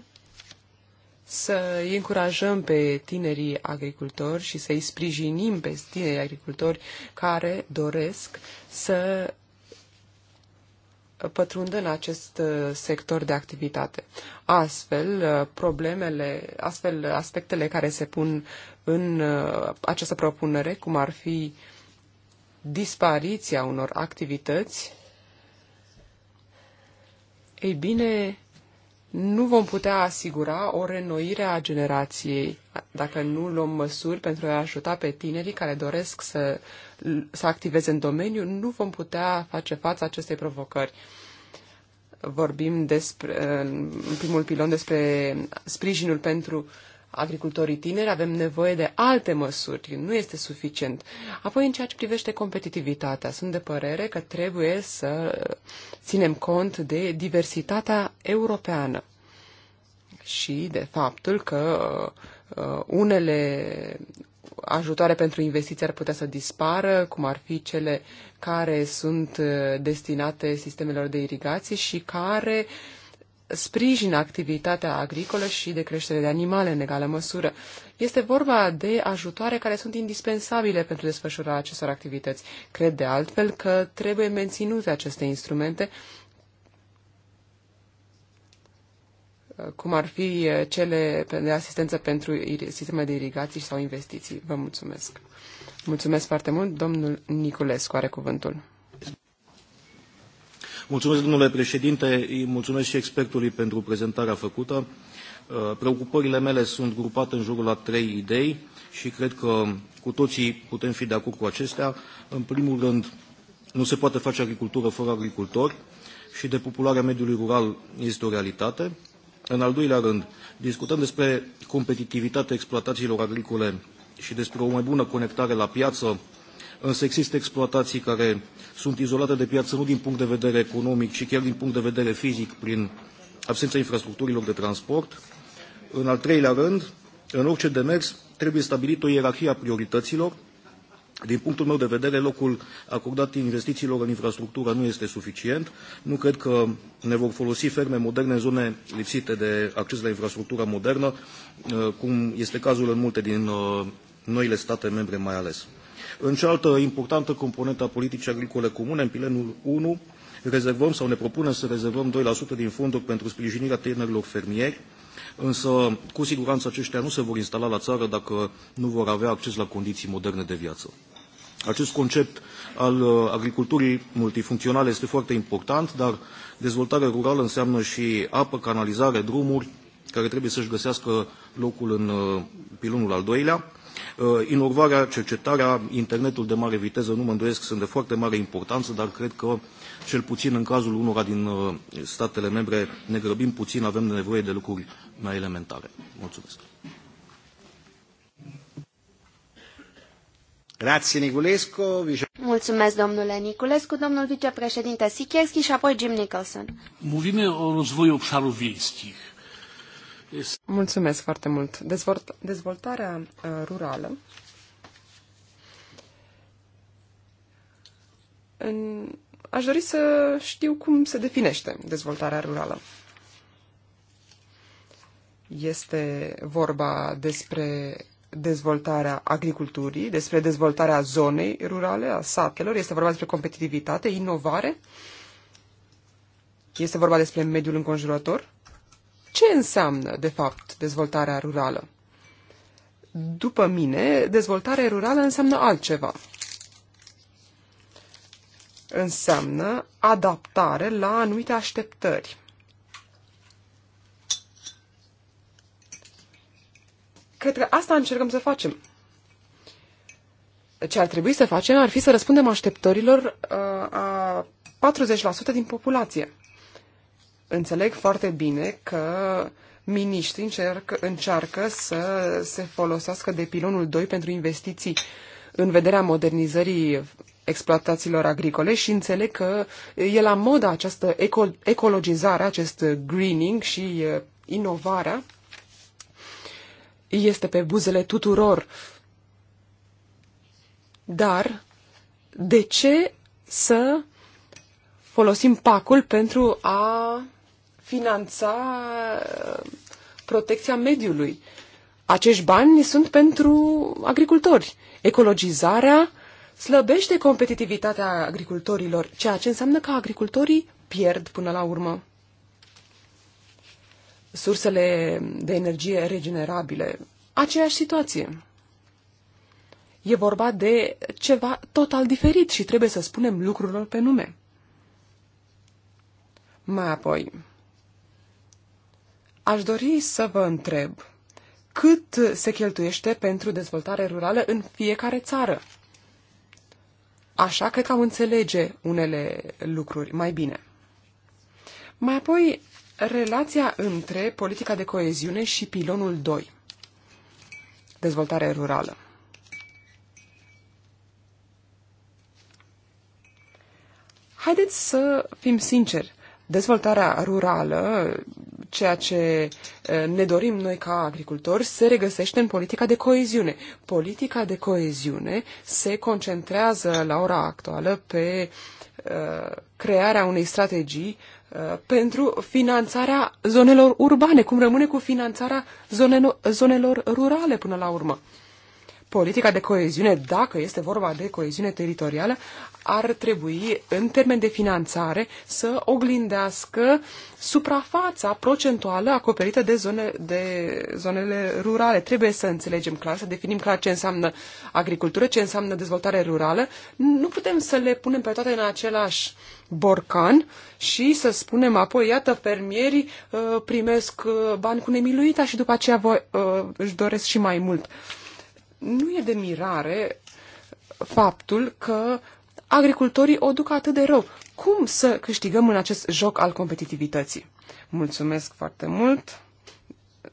să îi încurajăm pe tinerii agricultori și să îi sprijinim pe tinerii agricultori care doresc să pătrundă în acest uh, sector de activitate. Astfel, uh, problemele, astfel aspectele care se pun în uh, această propunere, cum ar fi uh, dispariția unor activități, ei bine, nu vom putea asigura o renoire a generației dacă nu luăm măsuri pentru a ajuta pe tinerii care doresc să, să activeze în domeniu, nu vom putea face față acestei provocări. Vorbim despre, în primul pilon despre sprijinul pentru uh, agricultorii tineri, avem nevoie de alte măsuri, nu este suficient. Apoi, în ceea ce privește competitivitatea, sunt de părere că trebuie să ținem cont de diversitatea europeană și de faptul că uh, unele ajutoare pentru investiții ar putea să dispară, cum ar fi cele care sunt uh, destinate sistemelor de irigații și care uh, sprijină activitatea agricolă și de creștere de animale în egală măsură. Este vorba de ajutoare care sunt indispensabile pentru desfășurarea acestor activități. Cred de altfel că trebuie menținute aceste instrumente, cum ar fi cele de asistență pentru sisteme de irigații sau investiții. Vă mulțumesc. Mulțumesc foarte mult. Domnul Niculescu are cuvântul. Mulțumesc, domnule președinte, îi mulțumesc și expertului pentru prezentarea făcută. Uh, preocupările mele sunt grupate în jurul a trei idei și cred că cu toții putem fi de acord cu acestea. În primul rând, nu se poate face agricultură fără agricultori și depopularea mediului rural este o realitate. În al doilea rând, discutăm despre competitivitatea exploatațiilor agricole și despre o mai bună conectare la piață însă există exploatații care sunt izolate de piață nu din punct de vedere economic, ci chiar din punct de vedere fizic prin absența infrastructurilor de transport. În al treilea rând, în orice demers trebuie stabilită o ierarhie a priorităților. Din punctul meu de vedere, locul acordat investițiilor în infrastructură nu este suficient. Nu cred că ne vor folosi ferme moderne în zone lipsite de acces la infrastructura modernă, cum este cazul în multe din uh, noile state membre mai ales. În cealaltă importantă componentă a politicii agricole comune, în pilenul 1, rezervăm sau ne propunem să rezervăm 2% din fonduri pentru sprijinirea tinerilor fermieri, însă cu siguranță aceștia nu se vor instala la țară dacă nu vor avea acces la condiții moderne de viață. Acest concept al uh, agriculturii multifuncționale este foarte important, dar dezvoltarea rurală înseamnă și apă, canalizare, drumuri, care trebuie să-și găsească locul în uh, pilonul al doilea. Uh, inovarea, cercetarea, internetul de mare viteză, nu mă îndoiesc, sunt de foarte mare importanță, dar cred că, cel puțin în cazul unora din uh, statele membre, ne grăbim puțin, avem nevoie de lucruri mai elementare. Mulțumesc. Grazie, Niculescu. Vice... Mulțumesc, domnule Niculescu, domnul vicepreședinte Sikierski și apoi Jim Nicholson. Mówimy o rozwoju obszarów wiejskich. Mulțumesc foarte mult. Dezvolt dezvoltarea uh, rurală în... Aș dori să știu cum se definește dezvoltarea rurală. Este vorba despre dezvoltarea agriculturii, despre dezvoltarea zonei rurale, a satelor, este vorba despre competitivitate, inovare, este vorba despre mediul înconjurător, ce înseamnă, de fapt, dezvoltarea rurală? După mine, dezvoltarea rurală înseamnă altceva. Înseamnă adaptare la anumite așteptări. Cred că asta încercăm să facem. Ce ar trebui să facem ar fi să răspundem așteptărilor uh, a 40% din populație. Înțeleg foarte bine că miniștrii încerc, încearcă să se folosească de pilonul 2 pentru investiții în vederea modernizării exploatațiilor agricole și înțeleg că e la modă această eco, ecologizare, acest greening și inovarea este pe buzele tuturor. Dar de ce să folosim pacul pentru a finanța protecția mediului. Acești bani sunt pentru agricultori. Ecologizarea slăbește competitivitatea agricultorilor, ceea ce înseamnă că agricultorii pierd până la urmă. Sursele de energie regenerabile, aceeași situație. E vorba de ceva total diferit și trebuie să spunem lucrurilor pe nume. Mai apoi, Aș dori să vă întreb cât se cheltuiește pentru dezvoltare rurală în fiecare țară. Așa cred că am înțelege unele lucruri mai bine. Mai apoi, relația între politica de coeziune și pilonul 2. Dezvoltare rurală. Haideți să fim sinceri. Dezvoltarea rurală ceea ce ne dorim noi ca agricultori se regăsește în politica de coeziune. Politica de coeziune se concentrează la ora actuală pe crearea unei strategii pentru finanțarea zonelor urbane, cum rămâne cu finanțarea zonelor, zonelor rurale până la urmă politica de coeziune, dacă este vorba de coeziune teritorială, ar trebui, în termen de finanțare, să oglindească suprafața procentuală acoperită de, zone, de zonele rurale. Trebuie să înțelegem clar, să definim clar ce înseamnă agricultură, ce înseamnă dezvoltare rurală. Nu putem să le punem pe toate în același borcan și să spunem apoi, iată, fermierii uh, primesc uh, bani cu nemiluita și după aceea uh, își doresc și mai mult nu e de mirare faptul că agricultorii o duc atât de rău. Cum să câștigăm în acest joc al competitivității? Mulțumesc foarte mult,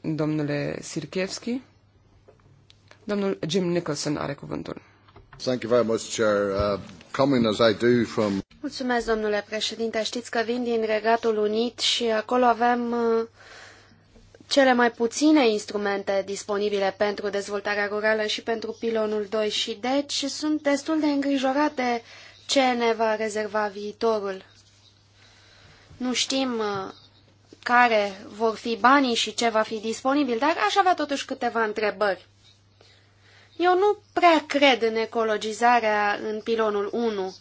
domnule Sirkevski, Domnul Jim Nicholson are cuvântul. Thank you very much, Chair. Uh, coming as I do from... Mulțumesc, domnule președinte. Știți că vin din Regatul Unit și acolo avem uh, cele mai puține instrumente disponibile pentru dezvoltarea rurală și pentru pilonul 2 și deci sunt destul de îngrijorate ce ne va rezerva viitorul. Nu știm uh, care vor fi banii și ce va fi disponibil, dar aș avea totuși câteva întrebări. Eu nu prea cred în ecologizarea în pilonul 1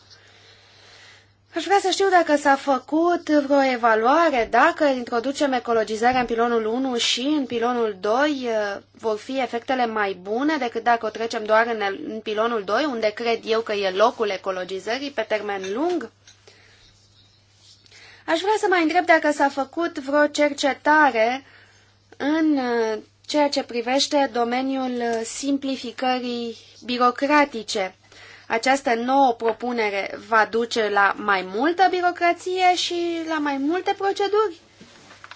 Aș vrea să știu dacă s-a făcut vreo evaluare, dacă introducem ecologizarea în pilonul 1 și în pilonul 2, uh, vor fi efectele mai bune decât dacă o trecem doar în, în pilonul 2, unde cred eu că e locul ecologizării pe termen lung? Aș vrea să mai întreb dacă s-a făcut vreo cercetare în uh, ceea ce privește domeniul uh, simplificării birocratice această nouă propunere va duce la mai multă birocrație și la mai multe proceduri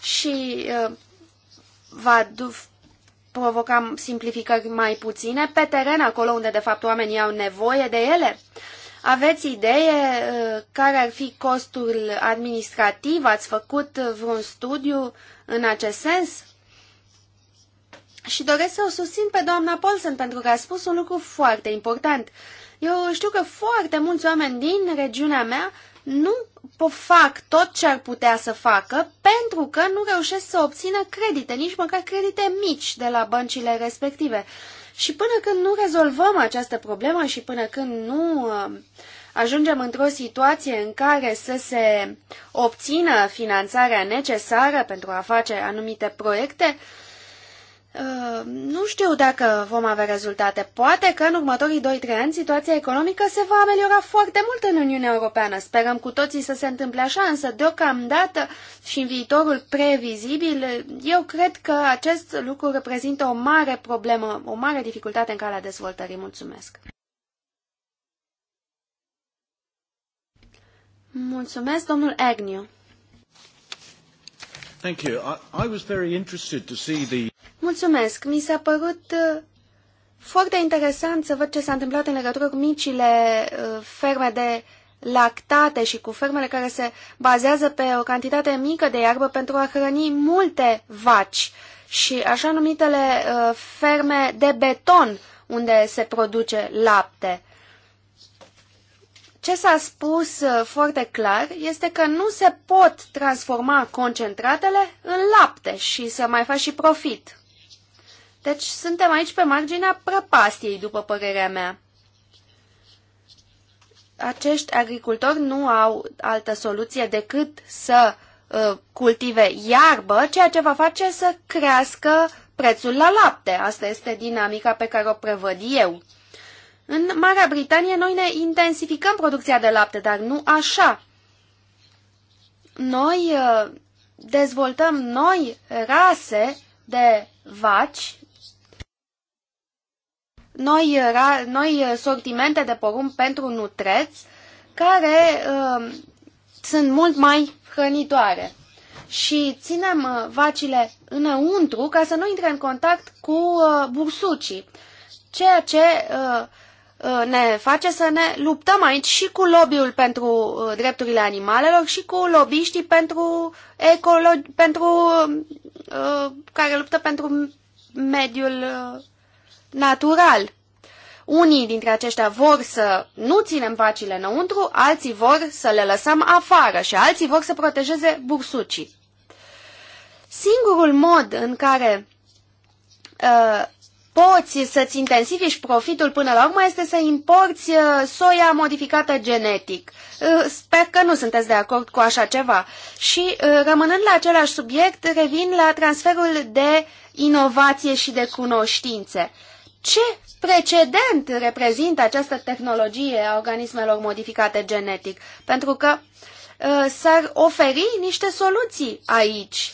și uh, va provoca simplificări mai puține pe teren, acolo unde de fapt oamenii au nevoie de ele. Aveți idee uh, care ar fi costul administrativ? Ați făcut vreun studiu în acest sens? Și doresc să o susțin pe doamna Paulsen pentru că a spus un lucru foarte important. Eu știu că foarte mulți oameni din regiunea mea nu fac tot ce ar putea să facă pentru că nu reușesc să obțină credite, nici măcar credite mici de la băncile respective. Și până când nu rezolvăm această problemă și până când nu uh, ajungem într-o situație în care să se obțină finanțarea necesară pentru a face anumite proiecte, uh, Uh, nu știu dacă vom avea rezultate. Poate că în următorii 2-3 ani situația economică se va ameliora foarte mult în Uniunea Europeană. Sperăm cu toții să se întâmple așa, însă deocamdată și în viitorul previzibil, eu cred că acest lucru reprezintă o mare problemă, o mare dificultate în calea dezvoltării. Mulțumesc! Mulțumesc, domnul Agnew! Thank you. I, I was very interested to see the... Mulțumesc. Mi s-a părut uh, foarte interesant să văd ce s-a întâmplat în legătură cu micile uh, ferme de lactate și cu fermele care se bazează pe o cantitate mică de iarbă pentru a hrăni multe vaci și așa numitele uh, ferme de beton unde se produce lapte. Ce s-a spus uh, foarte clar este că nu se pot transforma concentratele în lapte și să mai faci și profit. Deci suntem aici pe marginea prăpastiei, după părerea mea. Acești agricultori nu au altă soluție decât să uh, cultive iarbă, ceea ce va face să crească prețul la lapte. Asta este dinamica pe care o prevăd eu. În Marea Britanie noi ne intensificăm producția de lapte, dar nu așa. Noi uh, dezvoltăm noi rase de vaci, noi, ra, noi sortimente de porumb pentru nutreți, care uh, sunt mult mai hrănitoare. Și ținem uh, vacile înăuntru ca să nu intre în contact cu uh, bursucii, ceea ce uh, Uh, ne face să ne luptăm aici și cu lobby-ul pentru uh, drepturile animalelor și cu lobbyștii pentru, ecologi, pentru uh, care luptă pentru mediul uh, natural. Unii dintre aceștia vor să nu ținem vacile înăuntru, alții vor să le lăsăm afară și alții vor să protejeze bursucii. Singurul mod în care uh, poți să-ți intensifici profitul până la urmă este să importi uh, soia modificată genetic. Uh, sper că nu sunteți de acord cu așa ceva. Și uh, rămânând la același subiect, revin la transferul de inovație și de cunoștințe. Ce precedent reprezintă această tehnologie a organismelor modificate genetic? Pentru că s-ar oferi niște soluții aici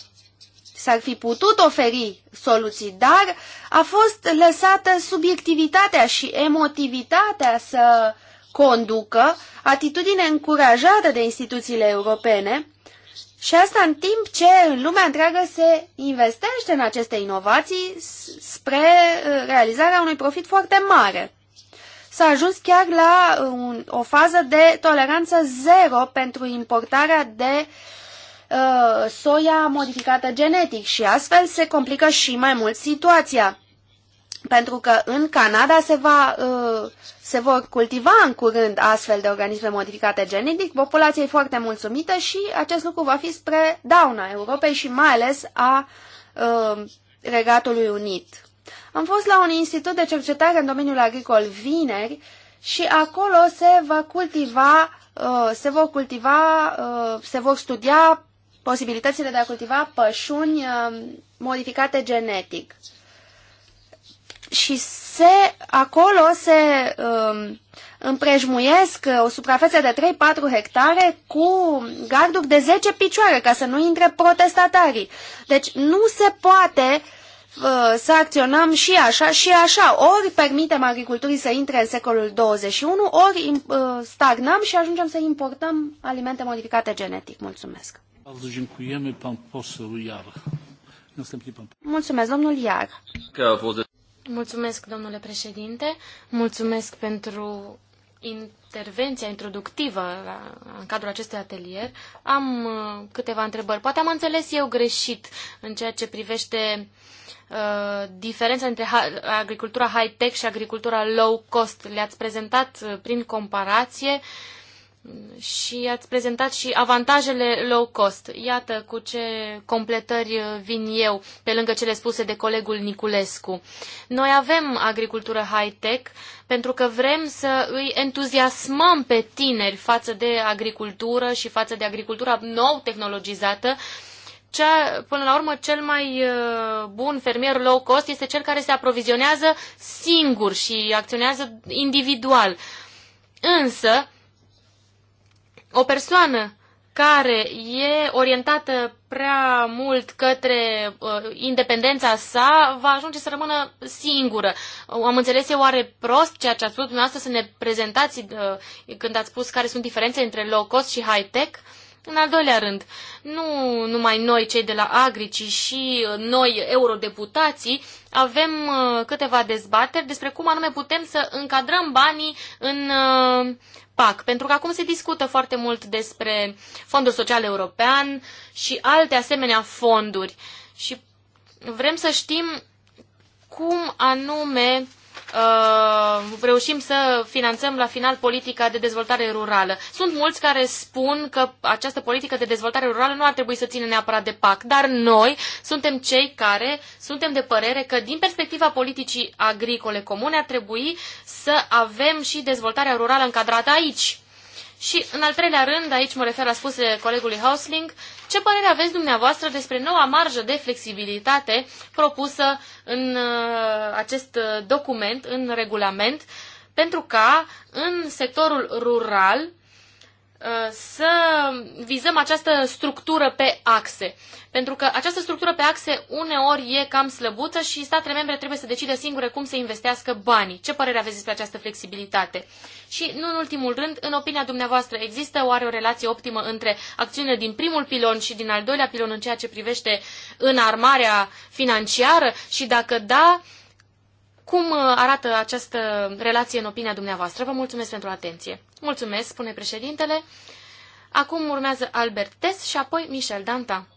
s-ar fi putut oferi soluții, dar a fost lăsată subiectivitatea și emotivitatea să conducă, atitudine încurajată de instituțiile europene și asta în timp ce lumea întreagă se investește în aceste inovații spre uh, realizarea unui profit foarte mare. S-a ajuns chiar la uh, un, o fază de toleranță zero pentru importarea de uh, uh, soia modificată genetic și astfel se complică și mai mult situația. Pentru că în Canada se, va, uh, se vor cultiva în curând astfel de organisme modificate genetic, populația e foarte mulțumită și acest lucru va fi spre dauna Europei și mai ales a uh, Regatului Unit. Am fost la un institut de cercetare în domeniul agricol vineri și acolo se va cultiva, uh, se vor cultiva, se vor studia posibilitățile de a cultiva pășuni uh, modificate genetic. Și se, acolo se um, împrejmuiesc uh, o suprafață de 3-4 hectare cu garduri de 10 picioare ca să nu intre protestatarii. Deci nu se poate uh, să acționăm și așa și așa. Ori permitem agriculturii să intre în secolul 21, ori uh, stagnăm și ajungem să importăm alimente modificate genetic. Mulțumesc! Mulțumesc, domnul Iar. Mulțumesc, domnule președinte. Mulțumesc pentru intervenția introductivă în cadrul acestui atelier. Am uh, câteva întrebări. Poate am înțeles eu greșit în ceea ce privește uh, diferența între agricultura high-tech și agricultura low-cost. Le-ați prezentat uh, prin comparație uh, și ați prezentat și avantajele low cost. Iată cu ce completări vin eu, pe lângă cele spuse de colegul Niculescu. Noi avem agricultură high-tech pentru că vrem să îi entuziasmăm pe tineri față de agricultură și față de agricultura nou tehnologizată, cea, până la urmă, cel mai uh, bun fermier low cost este cel care se aprovizionează singur și acționează individual. Însă, o persoană care e orientată prea mult către uh, independența sa, va ajunge să rămână singură. Am înțeles eu oare prost ceea ce ați spus dumneavoastră să ne prezentați uh, când ați spus care sunt diferențele între low cost și high tech? Uh, în al doilea rând, nu numai noi, cei de la Agri, ci și uh, noi, eurodeputații, avem uh, câteva dezbateri despre cum anume putem să încadrăm banii în uh, PAC. Pentru că acum se discută foarte mult despre Fondul Social European și alte asemenea fonduri. Și vrem să știm cum anume uh, reușim să finanțăm la final politica de dezvoltare rurală. Sunt mulți care spun că această politică de dezvoltare rurală nu ar trebui să țină neapărat de PAC, dar noi suntem cei care suntem de părere că din perspectiva politicii agricole comune ar trebui să avem și dezvoltarea rurală încadrată aici. Și, în al treilea rând, aici mă refer la spusele colegului Hausling, ce părere aveți dumneavoastră despre noua marjă de flexibilitate propusă în uh, acest uh, document, în regulament, pentru ca în sectorul rural Uh, să vizăm această structură pe axe. Pentru că această structură pe axe uneori e cam slăbuță și statele membre trebuie să decide singure cum să investească banii. Ce părere aveți despre această flexibilitate? Și, nu în ultimul rând, în opinia dumneavoastră, există oare o relație optimă între acțiunile din primul pilon și din al doilea pilon în ceea ce privește înarmarea financiară? Și dacă da, cum uh, arată această relație în opinia dumneavoastră? Vă mulțumesc pentru atenție. Mulțumesc, spune președintele. Acum urmează Albert Tess și apoi Michel Danta.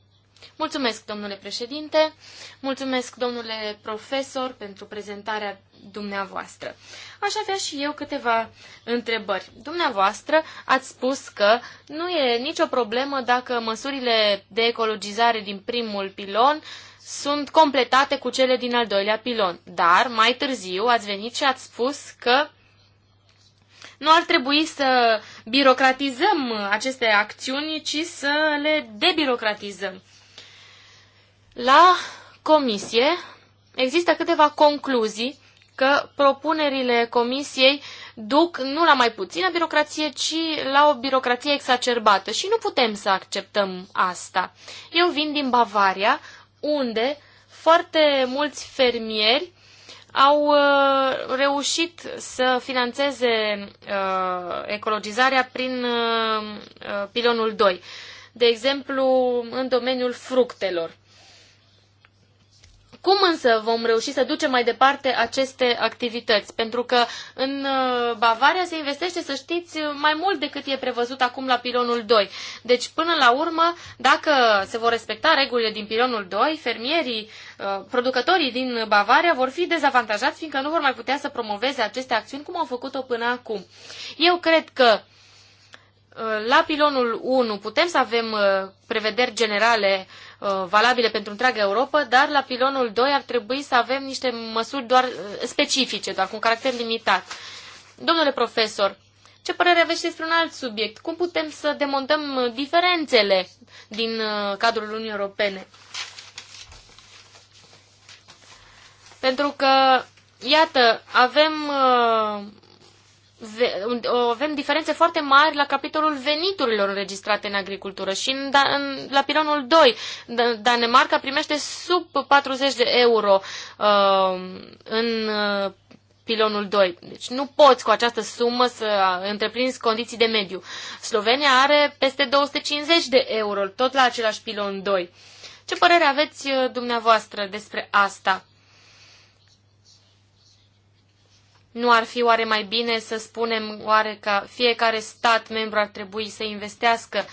Mulțumesc, domnule președinte, mulțumesc, domnule profesor, pentru prezentarea dumneavoastră. Aș avea și eu câteva întrebări. Dumneavoastră ați spus că nu e nicio problemă dacă măsurile de ecologizare din primul pilon uh, sunt completate cu cele din al doilea pilon. Dar mai târziu ați venit și ați spus că nu ar trebui să birocratizăm aceste acțiuni, ci să le debirocratizăm. La comisie există câteva concluzii că propunerile comisiei duc nu la mai puțină birocrație, ci la o birocrație exacerbată și nu putem să acceptăm asta. Eu vin din Bavaria, unde foarte mulți fermieri au uh, reușit să financeze uh, ecologizarea prin uh, pilonul 2. De exemplu, în domeniul fructelor. Cum însă vom reuși să ducem mai departe aceste activități? Pentru că în uh, Bavaria se investește, să știți, mai mult decât e prevăzut acum la pilonul 2. Deci, până la urmă, dacă se vor respecta regulile din pilonul 2, fermierii, uh, producătorii din Bavaria vor fi dezavantajați, fiindcă nu vor mai putea să promoveze aceste acțiuni cum au făcut-o până acum. Eu cred că Uh, la pilonul 1 putem să avem uh, prevederi generale uh, valabile pentru întreaga Europa, dar la pilonul 2 ar trebui să avem niște măsuri doar specifice, doar cu un caracter limitat. Domnule profesor, ce părere aveți despre un alt subiect? Cum putem să demontăm diferențele din cadrul Uniunii Europene? Pentru că, iată, avem avem diferențe foarte mari la capitolul veniturilor înregistrate în agricultură și în, da, în, la pilonul 2. Da, Danemarca primește sub 40 de euro uh, în uh, pilonul 2. Deci nu poți cu această sumă să întreprinzi condiții de mediu. Slovenia are peste 250 de euro, tot la același pilon 2. Ce părere aveți uh, dumneavoastră despre asta? Nu ar fi oare mai bine să spunem oare că fiecare stat membru ar trebui să investească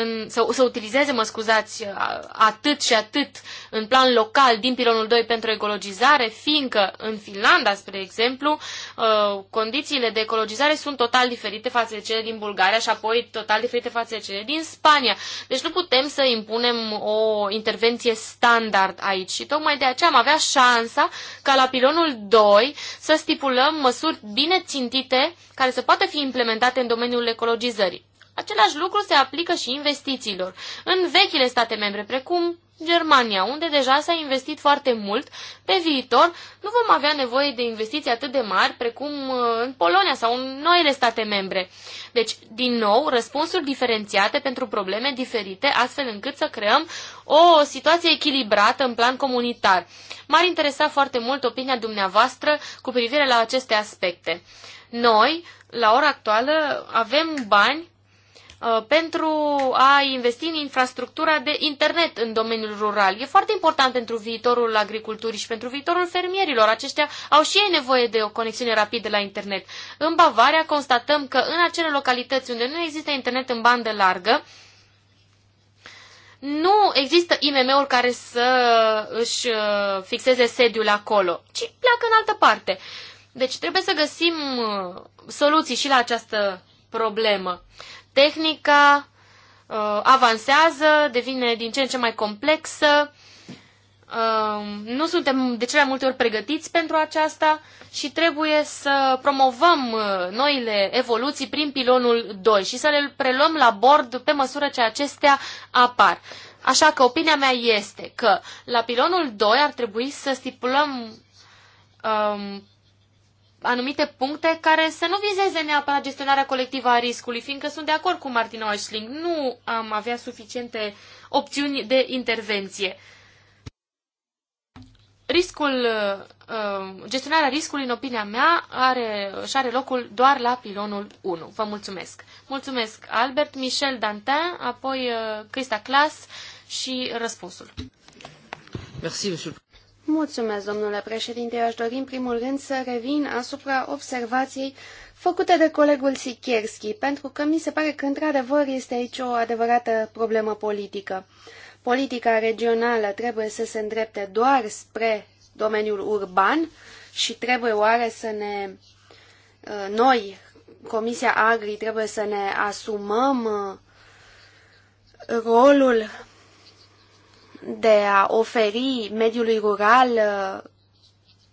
în, să, să utilizeze, mă scuzați, atât și atât în plan local din pilonul 2 pentru ecologizare, fiindcă în Finlanda, spre exemplu, ă, condițiile de ecologizare sunt total diferite față de cele din Bulgaria și apoi total diferite față de cele din Spania. Deci nu putem să impunem o intervenție standard aici și tocmai de aceea am avea șansa ca la pilonul 2 să stipulăm măsuri bine țintite care să poată fi implementate în domeniul ecologizării. Același lucru se aplică și investițiilor. În vechile state membre, precum Germania, unde deja s-a investit foarte mult, pe viitor nu vom avea nevoie de investiții atât de mari precum uh, în Polonia sau în noile state membre. Deci, din nou, răspunsuri diferențiate pentru probleme diferite, astfel încât să creăm o situație echilibrată în plan comunitar. M-ar interesa foarte mult opinia dumneavoastră cu privire la aceste aspecte. Noi, la ora actuală, avem bani Uh, pentru a investi în infrastructura de internet în domeniul rural. E foarte important pentru viitorul agriculturii și pentru viitorul fermierilor. Aceștia au și ei nevoie de o conexiune rapidă la internet. În Bavaria constatăm că în acele localități unde nu există internet în bandă largă, nu există IMM-uri care să își uh, fixeze sediul acolo, ci pleacă în altă parte. Deci trebuie să găsim uh, soluții și la această problemă. Tehnica uh, avansează, devine din ce în ce mai complexă, uh, nu suntem de cele mai multe ori pregătiți pentru aceasta și trebuie să promovăm uh, noile evoluții prin pilonul 2 și să le preluăm la bord pe măsură ce acestea apar. Așa că opinia mea este că la pilonul 2 ar trebui să stipulăm uh, anumite puncte care să nu vizeze neapărat gestionarea colectivă a riscului, fiindcă sunt de acord cu Martin Oeschling, nu am avea suficiente opțiuni de intervenție. Riscul, uh, gestionarea riscului, în opinia mea, are, și are locul doar la pilonul 1. Vă mulțumesc. Mulțumesc, Albert, Michel Dantin, apoi uh, Crista Clas și răspunsul. Merci, monsieur. Mulțumesc, domnule președinte. Eu aș dori în primul rând să revin asupra observației făcute de colegul Sikierski, pentru că mi se pare că într-adevăr este aici o adevărată problemă politică. Politica regională trebuie să se îndrepte doar spre domeniul urban și trebuie oare să ne... Uh, noi, Comisia Agri, trebuie să ne asumăm uh, rolul de a oferi mediului rural uh,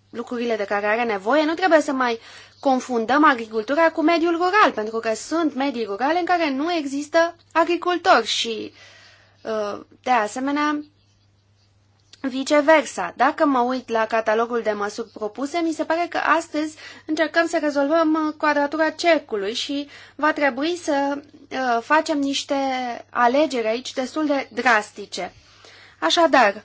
lucrurile de care are nevoie, nu trebuie să mai confundăm agricultura cu mediul rural, pentru că sunt medii rurale în care nu există agricultori și, uh, de asemenea, Viceversa, dacă mă uit la catalogul de măsuri propuse, mi se pare că astăzi încercăm să rezolvăm uh, quadratura cercului și va trebui să facem niște alegeri aici destul de drastice. Așadar,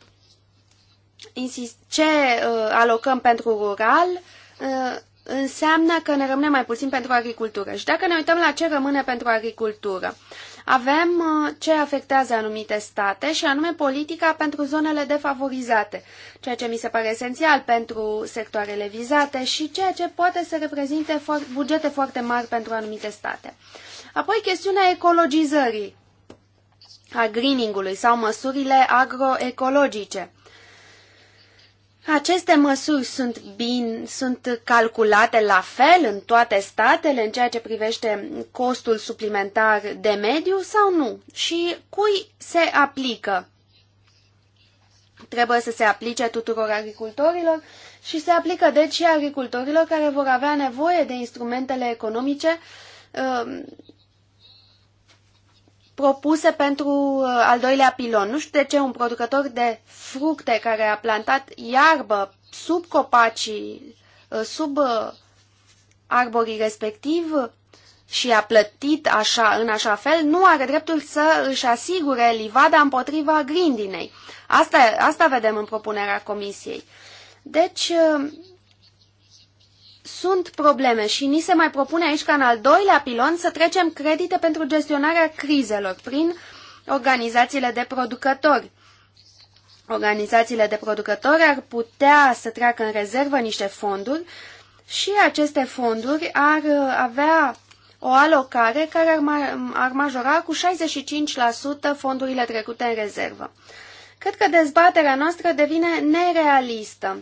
insist, ce uh, alocăm pentru rural uh, înseamnă că ne rămâne mai puțin pentru agricultură. Și dacă ne uităm la ce rămâne pentru agricultură, avem uh, ce afectează anumite state și anume politica pentru zonele defavorizate, ceea ce mi se pare esențial pentru sectoarele vizate și ceea ce poate să reprezinte bugete foarte mari pentru anumite state. Apoi chestiunea ecologizării a greening-ului sau măsurile agroecologice. Aceste măsuri sunt, bin, sunt calculate la fel în toate statele în ceea ce privește costul suplimentar de mediu sau nu? Și cui se aplică? Trebuie să se aplice tuturor agricultorilor și se aplică deci și agricultorilor care vor avea nevoie de instrumentele economice um, propuse pentru uh, al doilea pilon. Nu știu de ce un producător de fructe care a plantat iarbă sub copacii, uh, sub uh, arborii respectiv și a plătit așa, în așa fel, nu are dreptul să își asigure livada împotriva grindinei. Asta, asta vedem în propunerea comisiei. Deci, sunt probleme și ni se mai propune aici ca în al doilea pilon să trecem credite pentru gestionarea crizelor prin organizațiile de producători. Organizațiile de producători ar putea să treacă în rezervă niște fonduri și aceste fonduri ar uh, avea o alocare care ar, ar majora cu 65% fondurile trecute în rezervă. Cred că dezbaterea noastră devine nerealistă.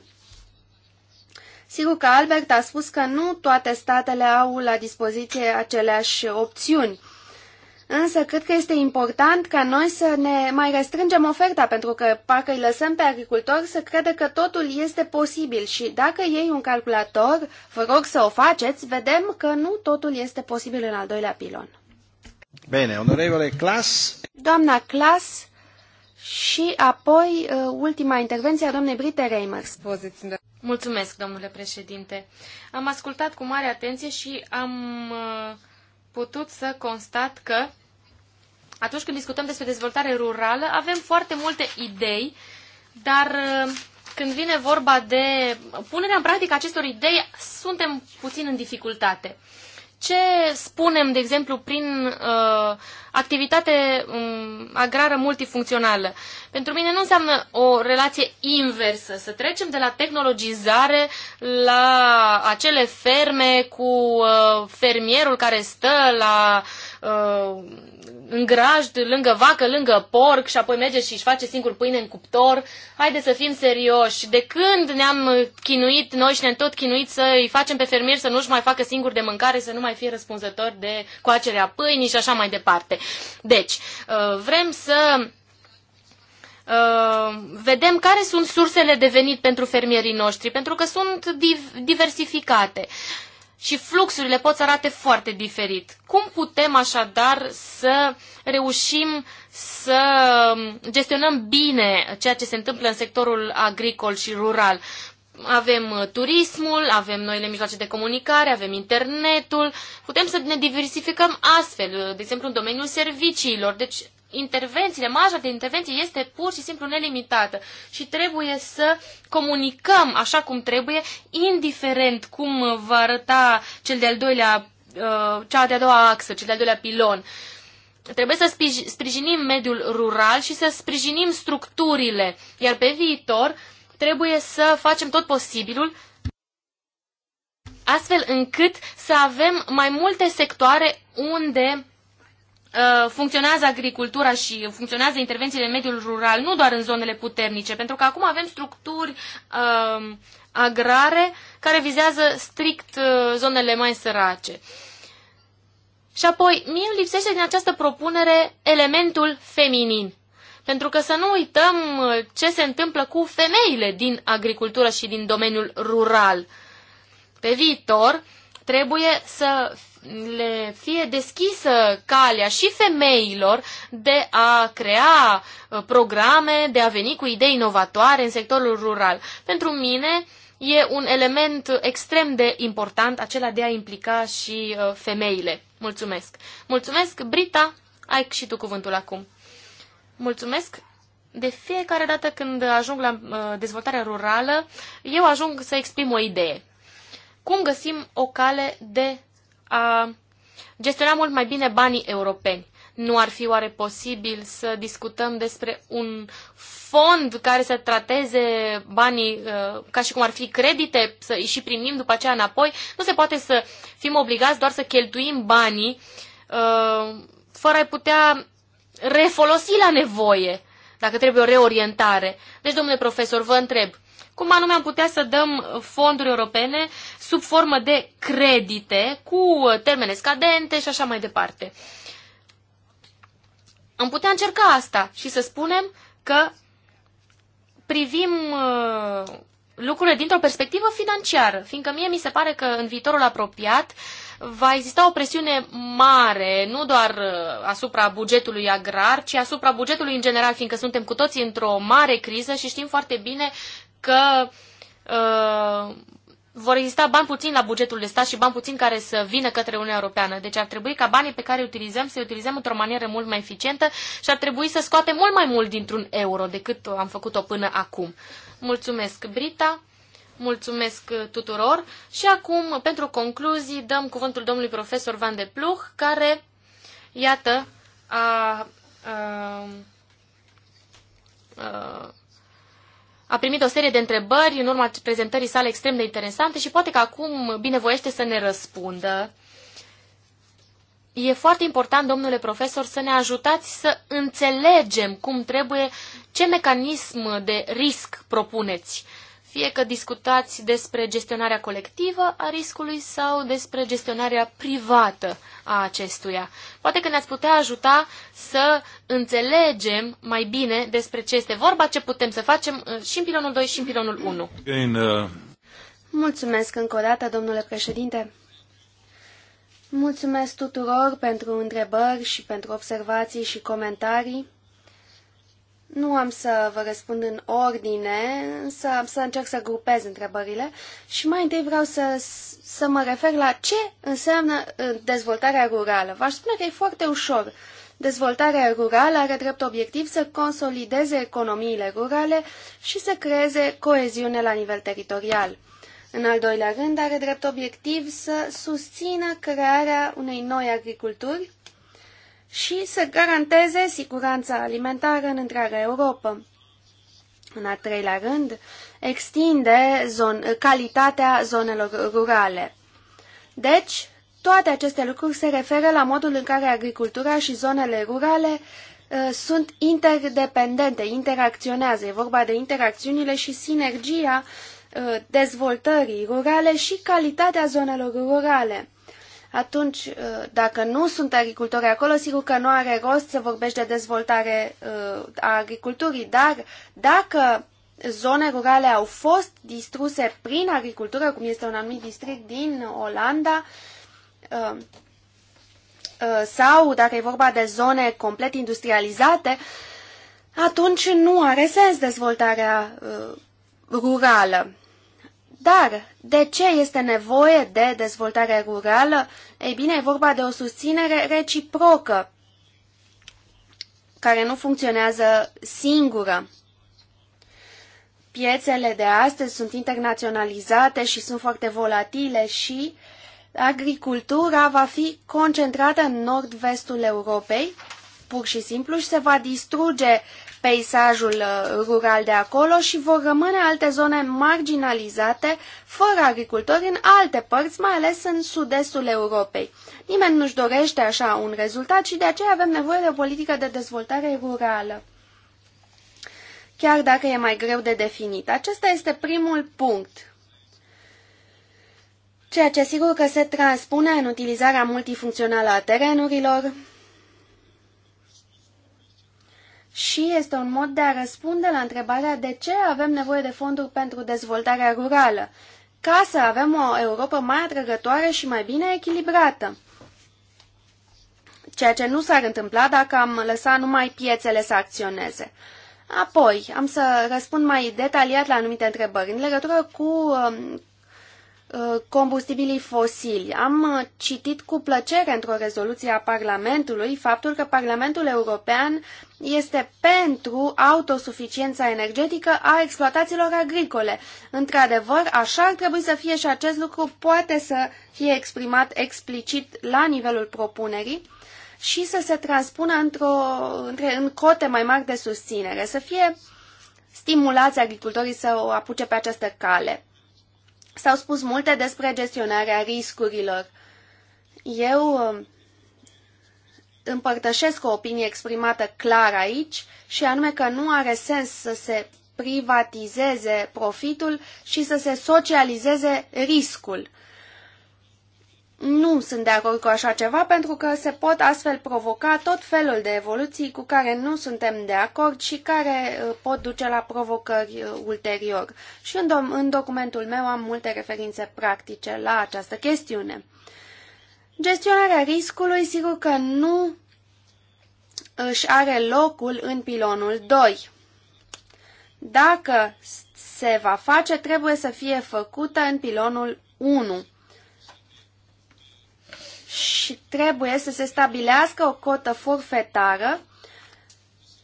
Sigur că Albert a spus că nu toate statele au la dispoziție aceleași opțiuni. Însă cred că este important ca noi să ne mai restrângem oferta, pentru că parcă îi lăsăm pe agricultori să crede că totul este posibil și dacă iei un calculator, vă rog să o faceți, vedem că nu totul este posibil în al doilea pilon. Bine, onorevole Clas. Doamna Clas și apoi, uh, ultima intervenție a doamnei Brite Reimers. Mulțumesc, domnule președinte. Am ascultat cu mare atenție și am uh, putut să constat că atunci când discutăm despre dezvoltare rurală, avem foarte multe idei, dar uh, când vine vorba de punerea în practică acestor idei, suntem puțin în dificultate ce spunem, de exemplu, prin uh, activitate um, agrară multifuncțională? Pentru mine nu înseamnă o relație inversă, să trecem de la tehnologizare la acele ferme cu uh, fermierul care stă la uh, în grajd, lângă vacă, lângă porc și apoi merge și își face singur pâine în cuptor. Haideți să fim serioși. De când ne-am chinuit noi și ne-am tot chinuit să îi facem pe fermieri să nu-și mai facă singur de mâncare, să nu mai fie răspunzători de coacerea pâinii și așa mai departe. Deci, uh, vrem să Uh, vedem care sunt sursele de venit pentru fermierii noștri, pentru că sunt div- diversificate și fluxurile pot să arate foarte diferit. Cum putem așadar să reușim să gestionăm bine ceea ce se întâmplă în sectorul agricol și rural? Avem uh, turismul, avem noile mijloace de comunicare, avem internetul, putem să ne diversificăm astfel, uh, de exemplu în domeniul serviciilor. Deci intervenții, de marja de intervenție este pur și simplu nelimitată și trebuie să comunicăm așa cum trebuie, indiferent cum va arăta cel de-al doilea, uh, cea de-a doua axă, cel de-al doilea pilon. Trebuie să sprijinim mediul rural și să sprijinim structurile, iar pe viitor trebuie să facem tot posibilul astfel încât să avem mai multe sectoare unde Uh, funcționează agricultura și funcționează intervențiile în mediul rural, nu doar în zonele puternice, pentru că acum avem structuri uh, agrare care vizează strict uh, zonele mai sărace. Și apoi, mie îmi lipsește din această propunere elementul feminin. Pentru că să nu uităm uh, ce se întâmplă cu femeile din agricultură și din domeniul rural. Pe viitor, trebuie să le fie deschisă calea și femeilor de a crea uh, programe, de a veni cu idei inovatoare în sectorul rural. Pentru mine e un element extrem de important acela de a implica și uh, femeile. Mulțumesc! Mulțumesc, Brita! Ai și tu cuvântul acum. Mulțumesc! De fiecare dată când ajung la uh, dezvoltarea rurală, eu ajung să exprim o idee. Cum găsim o cale de a gestiona mult mai bine banii europeni. Nu ar fi oare posibil să discutăm despre un fond care să trateze banii uh, ca și cum ar fi credite, să îi și primim după aceea înapoi? Nu se poate să fim obligați doar să cheltuim banii uh, fără a putea refolosi la nevoie, dacă trebuie o reorientare. Deci, domnule profesor, vă întreb, cum anume am putea să dăm fonduri europene sub formă de credite cu uh, termene scadente și așa mai departe. Am putea încerca asta și să spunem că privim uh, lucrurile dintr-o perspectivă financiară, fiindcă mie mi se pare că în viitorul apropiat va exista o presiune mare, nu doar uh, asupra bugetului agrar, ci asupra bugetului în general, fiindcă suntem cu toții într-o mare criză și știm foarte bine că uh, vor exista bani puțin la bugetul de stat și bani puțin care să vină către Uniunea Europeană. Deci ar trebui ca banii pe care îi utilizăm să-i utilizăm într-o manieră mult mai eficientă și ar trebui să scoatem mult mai mult dintr-un euro decât am făcut-o până acum. Mulțumesc, Brita! Mulțumesc tuturor! Și acum, pentru concluzii, dăm cuvântul domnului profesor Van de Pluch, care, iată, a, a, a a primit o serie de întrebări în urma prezentării sale extrem de interesante și poate că acum binevoiește să ne răspundă. E foarte important, domnule profesor, să ne ajutați să înțelegem cum trebuie, ce mecanism de risc propuneți fie că discutați despre gestionarea colectivă a riscului sau despre gestionarea privată a acestuia. Poate că ne-ați putea ajuta să înțelegem mai bine despre ce este vorba, ce putem să facem uh, și în pilonul 2 și în pilonul 1. In, uh... Mulțumesc încă o dată, domnule președinte. Mulțumesc tuturor pentru întrebări și pentru observații și comentarii. Nu am să vă răspund în ordine, însă am să încerc să grupez întrebările și mai întâi vreau să, să mă refer la ce înseamnă uh, dezvoltarea rurală. V-aș spune că e foarte ușor. Dezvoltarea rurală are drept obiectiv să consolideze economiile rurale și să creeze coeziune la nivel teritorial. În al doilea rând, are drept obiectiv să susțină crearea unei noi agriculturi și să garanteze siguranța alimentară în întreaga Europa. În a treilea rând, extinde zon, calitatea zonelor rurale. Deci, toate aceste lucruri se referă la modul în care agricultura și zonele rurale uh, sunt interdependente, interacționează. E vorba de interacțiunile și sinergia uh, dezvoltării rurale și calitatea zonelor rurale atunci, uh, dacă nu sunt agricultori acolo, sigur că nu are rost să vorbești de dezvoltare uh, a agriculturii, dar dacă zone rurale au fost distruse prin agricultură, cum este un anumit district din Olanda, uh, sau dacă e vorba de zone complet industrializate, atunci nu are sens dezvoltarea rurală. Dar de ce este nevoie de dezvoltare rurală? Ei bine, e vorba de o susținere reciprocă care nu funcționează singură. Piețele de astăzi sunt internaționalizate și sunt foarte volatile și agricultura va fi concentrată în nord-vestul Europei, pur și simplu, și se va distruge peisajul uh, rural de acolo și vor rămâne alte zone marginalizate fără agricultori în alte părți, mai ales în sud-estul Europei. Nimeni nu-și dorește așa un rezultat și de aceea avem nevoie de o politică de dezvoltare rurală chiar dacă e mai greu de definit. Acesta este primul punct. Ceea ce sigur că se transpune în utilizarea multifuncțională a terenurilor, și este un mod de a răspunde la întrebarea de ce avem nevoie de fonduri pentru dezvoltarea rurală, ca să avem o Europa mai atrăgătoare și mai bine echilibrată. Ceea ce nu s-ar întâmpla dacă am lăsat numai piețele să acționeze. Apoi, am să răspund mai detaliat la anumite întrebări în legătură cu um, Uh, combustibilii fosili. Am uh, citit cu plăcere într-o rezoluție a Parlamentului faptul că Parlamentul European este pentru autosuficiența energetică a exploatațiilor agricole. Într-adevăr, așa ar trebui să fie și acest lucru poate să fie exprimat explicit la nivelul propunerii și să se transpună într-o, între, în cote mai mari de susținere, să fie stimulați agricultorii să o apuce pe această cale. S-au spus multe despre gestionarea riscurilor. Eu um, împărtășesc o opinie exprimată clar aici și anume că nu are sens să se privatizeze profitul și să se socializeze riscul. Nu sunt de acord cu așa ceva pentru că se pot astfel provoca tot felul de evoluții cu care nu suntem de acord și care uh, pot duce la provocări uh, ulterior. Și în, do- în documentul meu am multe referințe practice la această chestiune. Gestionarea riscului sigur că nu își are locul în pilonul 2. Dacă se va face, trebuie să fie făcută în pilonul 1 și trebuie să se stabilească o cotă forfetară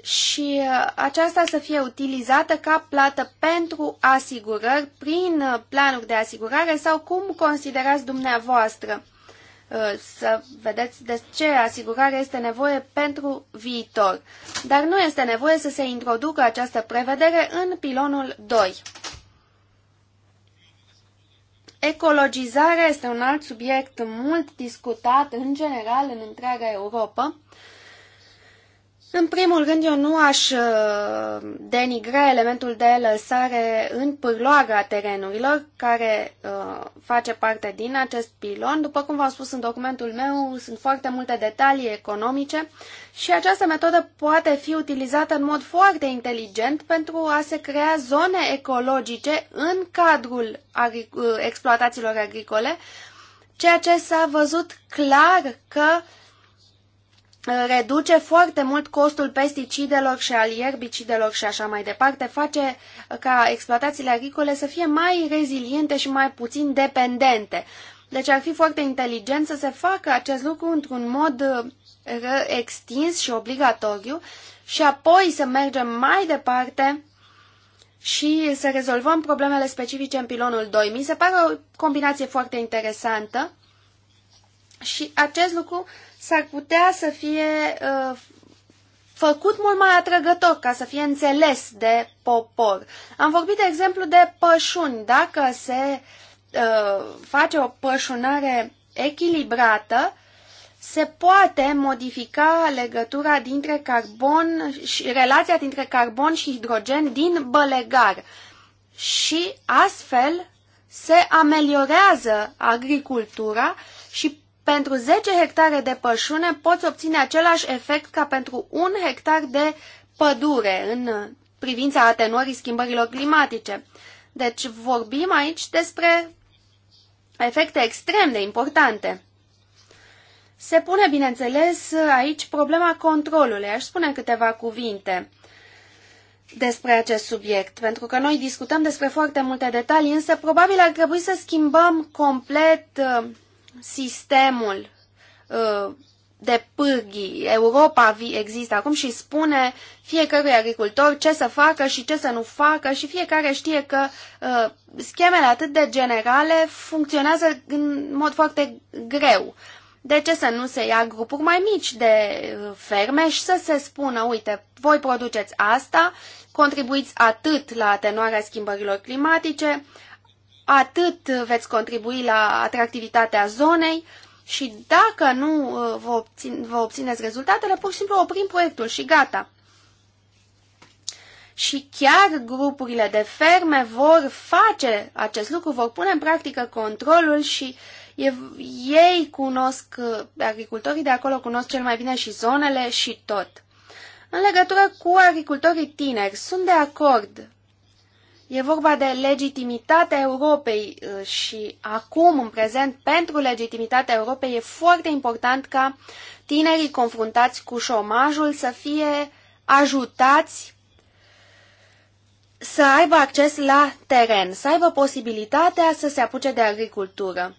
și uh, aceasta să fie utilizată ca plată pentru asigurări prin uh, planuri de asigurare sau cum considerați dumneavoastră uh, să vedeți de ce asigurare este nevoie pentru viitor. Dar nu este nevoie să se introducă această prevedere în pilonul 2. Ecologizarea este un alt subiect mult discutat în general în întreaga Europa în primul rând, eu nu aș uh, denigra elementul de lăsare în pârloaga terenurilor, care uh, face parte din acest pilon. După cum v-am spus în documentul meu, sunt foarte multe detalii economice și această metodă poate fi utilizată în mod foarte inteligent pentru a se crea zone ecologice în cadrul uh, exploatațiilor agricole, ceea ce s-a văzut clar că uh, reduce foarte mult costul pesticidelor și al ierbicidelor și așa mai departe, face ca exploatațiile agricole să fie mai reziliente și mai puțin dependente. Deci ar fi foarte inteligent să se facă acest lucru într-un mod uh, extins și obligatoriu și apoi să mergem mai departe și să rezolvăm problemele specifice în pilonul 2. Mi se pare o combinație foarte interesantă și acest lucru s-ar putea să fie uh, făcut mult mai atrăgător ca să fie înțeles de popor. Am vorbit, de exemplu, de pășuni. Dacă se uh, face o pășunare echilibrată, se poate modifica legătura dintre carbon și relația dintre carbon și hidrogen din bălegar. Și astfel se ameliorează agricultura și pentru 10 hectare de pășune poți obține același efect ca pentru un hectar de pădure în privința atenuării schimbărilor climatice. Deci vorbim aici despre efecte extrem de importante. Se pune, bineînțeles, aici problema controlului. Aș spune câteva cuvinte despre acest subiect, pentru că noi discutăm despre foarte multe detalii, însă probabil ar trebui să schimbăm complet uh, sistemul uh, de pârghii. Europa există acum și spune fiecărui agricultor ce să facă și ce să nu facă și fiecare știe că uh, schemele atât de generale funcționează în mod foarte greu. De ce să nu se ia grupuri mai mici de uh, ferme și să se spună, uite, voi produceți asta, contribuiți atât la atenuarea schimbărilor climatice, atât veți contribui la atractivitatea zonei și dacă nu uh, vă, obțin, vă obțineți rezultatele, pur și simplu oprim proiectul și gata. Și chiar grupurile de ferme vor face acest lucru, vor pune în practică controlul și ei cunosc, uh, agricultorii de acolo cunosc cel mai bine și zonele și tot. În legătură cu agricultorii tineri, sunt de acord E vorba de legitimitatea Europei uh, și acum, în prezent, pentru legitimitatea Europei e foarte important ca tinerii confruntați cu șomajul să fie ajutați să aibă acces la teren, să aibă posibilitatea să se apuce de agricultură.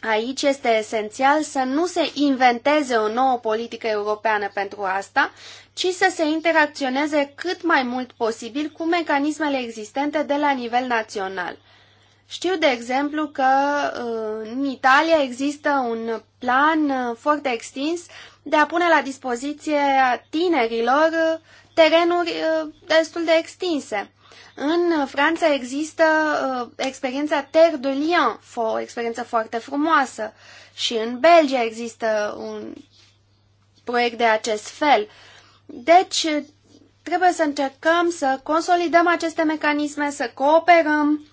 Aici este esențial să nu se inventeze o nouă politică europeană pentru asta, ci să se interacționeze cât mai mult posibil cu mecanismele existente de la nivel național. Știu, de exemplu, că uh, în Italia există un plan uh, foarte extins de a pune la dispoziție tinerilor uh, terenuri destul de extinse. În Franța există experiența Terre de Lyon, o experiență foarte frumoasă, și în Belgia există un proiect de acest fel. Deci, trebuie să încercăm să consolidăm aceste mecanisme, să cooperăm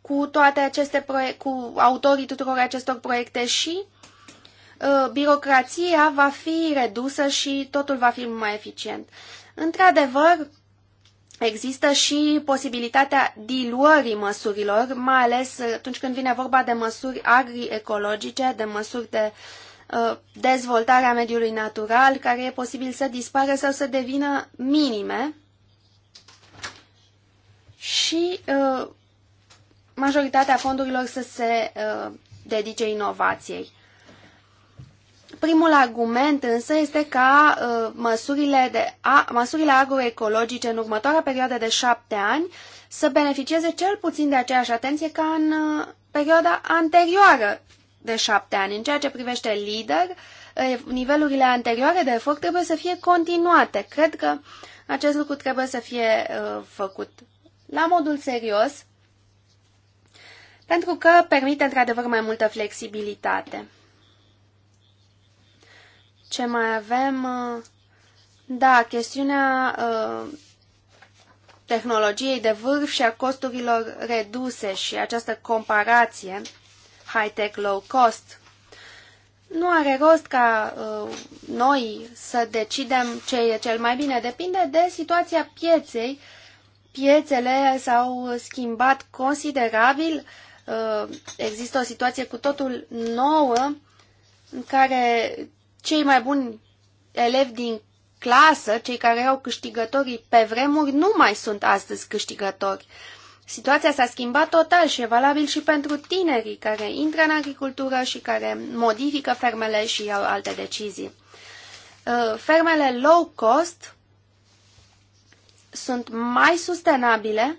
cu toate aceste cu autorii tuturor acestor proiecte și uh, birocrația va fi redusă și totul va fi mai eficient. Într-adevăr, Există și posibilitatea diluării măsurilor, mai ales uh, atunci când vine vorba de măsuri agri-ecologice, de măsuri de uh, Uh, dezvoltarea mediului natural, care e posibil să dispară sau să devină minime. Și uh, majoritatea fondurilor să se uh, dedice inovației. Primul argument însă este ca măsurile, de a, măsurile agroecologice în următoarea perioadă de șapte ani să beneficieze cel puțin de aceeași atenție ca în perioada anterioară de șapte ani. În ceea ce privește lider, eh, nivelurile anterioare de efort trebuie să fie continuate. Cred că acest lucru trebuie să fie eh, făcut la modul serios, pentru că permite într-adevăr mai multă flexibilitate. Ce mai avem? Eh, da, chestiunea tehnologiei de vârf și a costurilor reduse și această comparație high-tech, low-cost. Nu are rost ca uh, noi să decidem ce e cel mai bine. Depinde de situația pieței. Piețele s-au schimbat considerabil. Uh, există o situație cu totul nouă în care cei mai buni elevi din clasă, cei care erau câștigătorii pe vremuri, nu mai sunt astăzi câștigători. Uh, Situația s-a schimbat total și e valabil și pentru tinerii care intră în agricultură și care modifică fermele și iau alte decizii. Uh, fermele low cost sunt mai sustenabile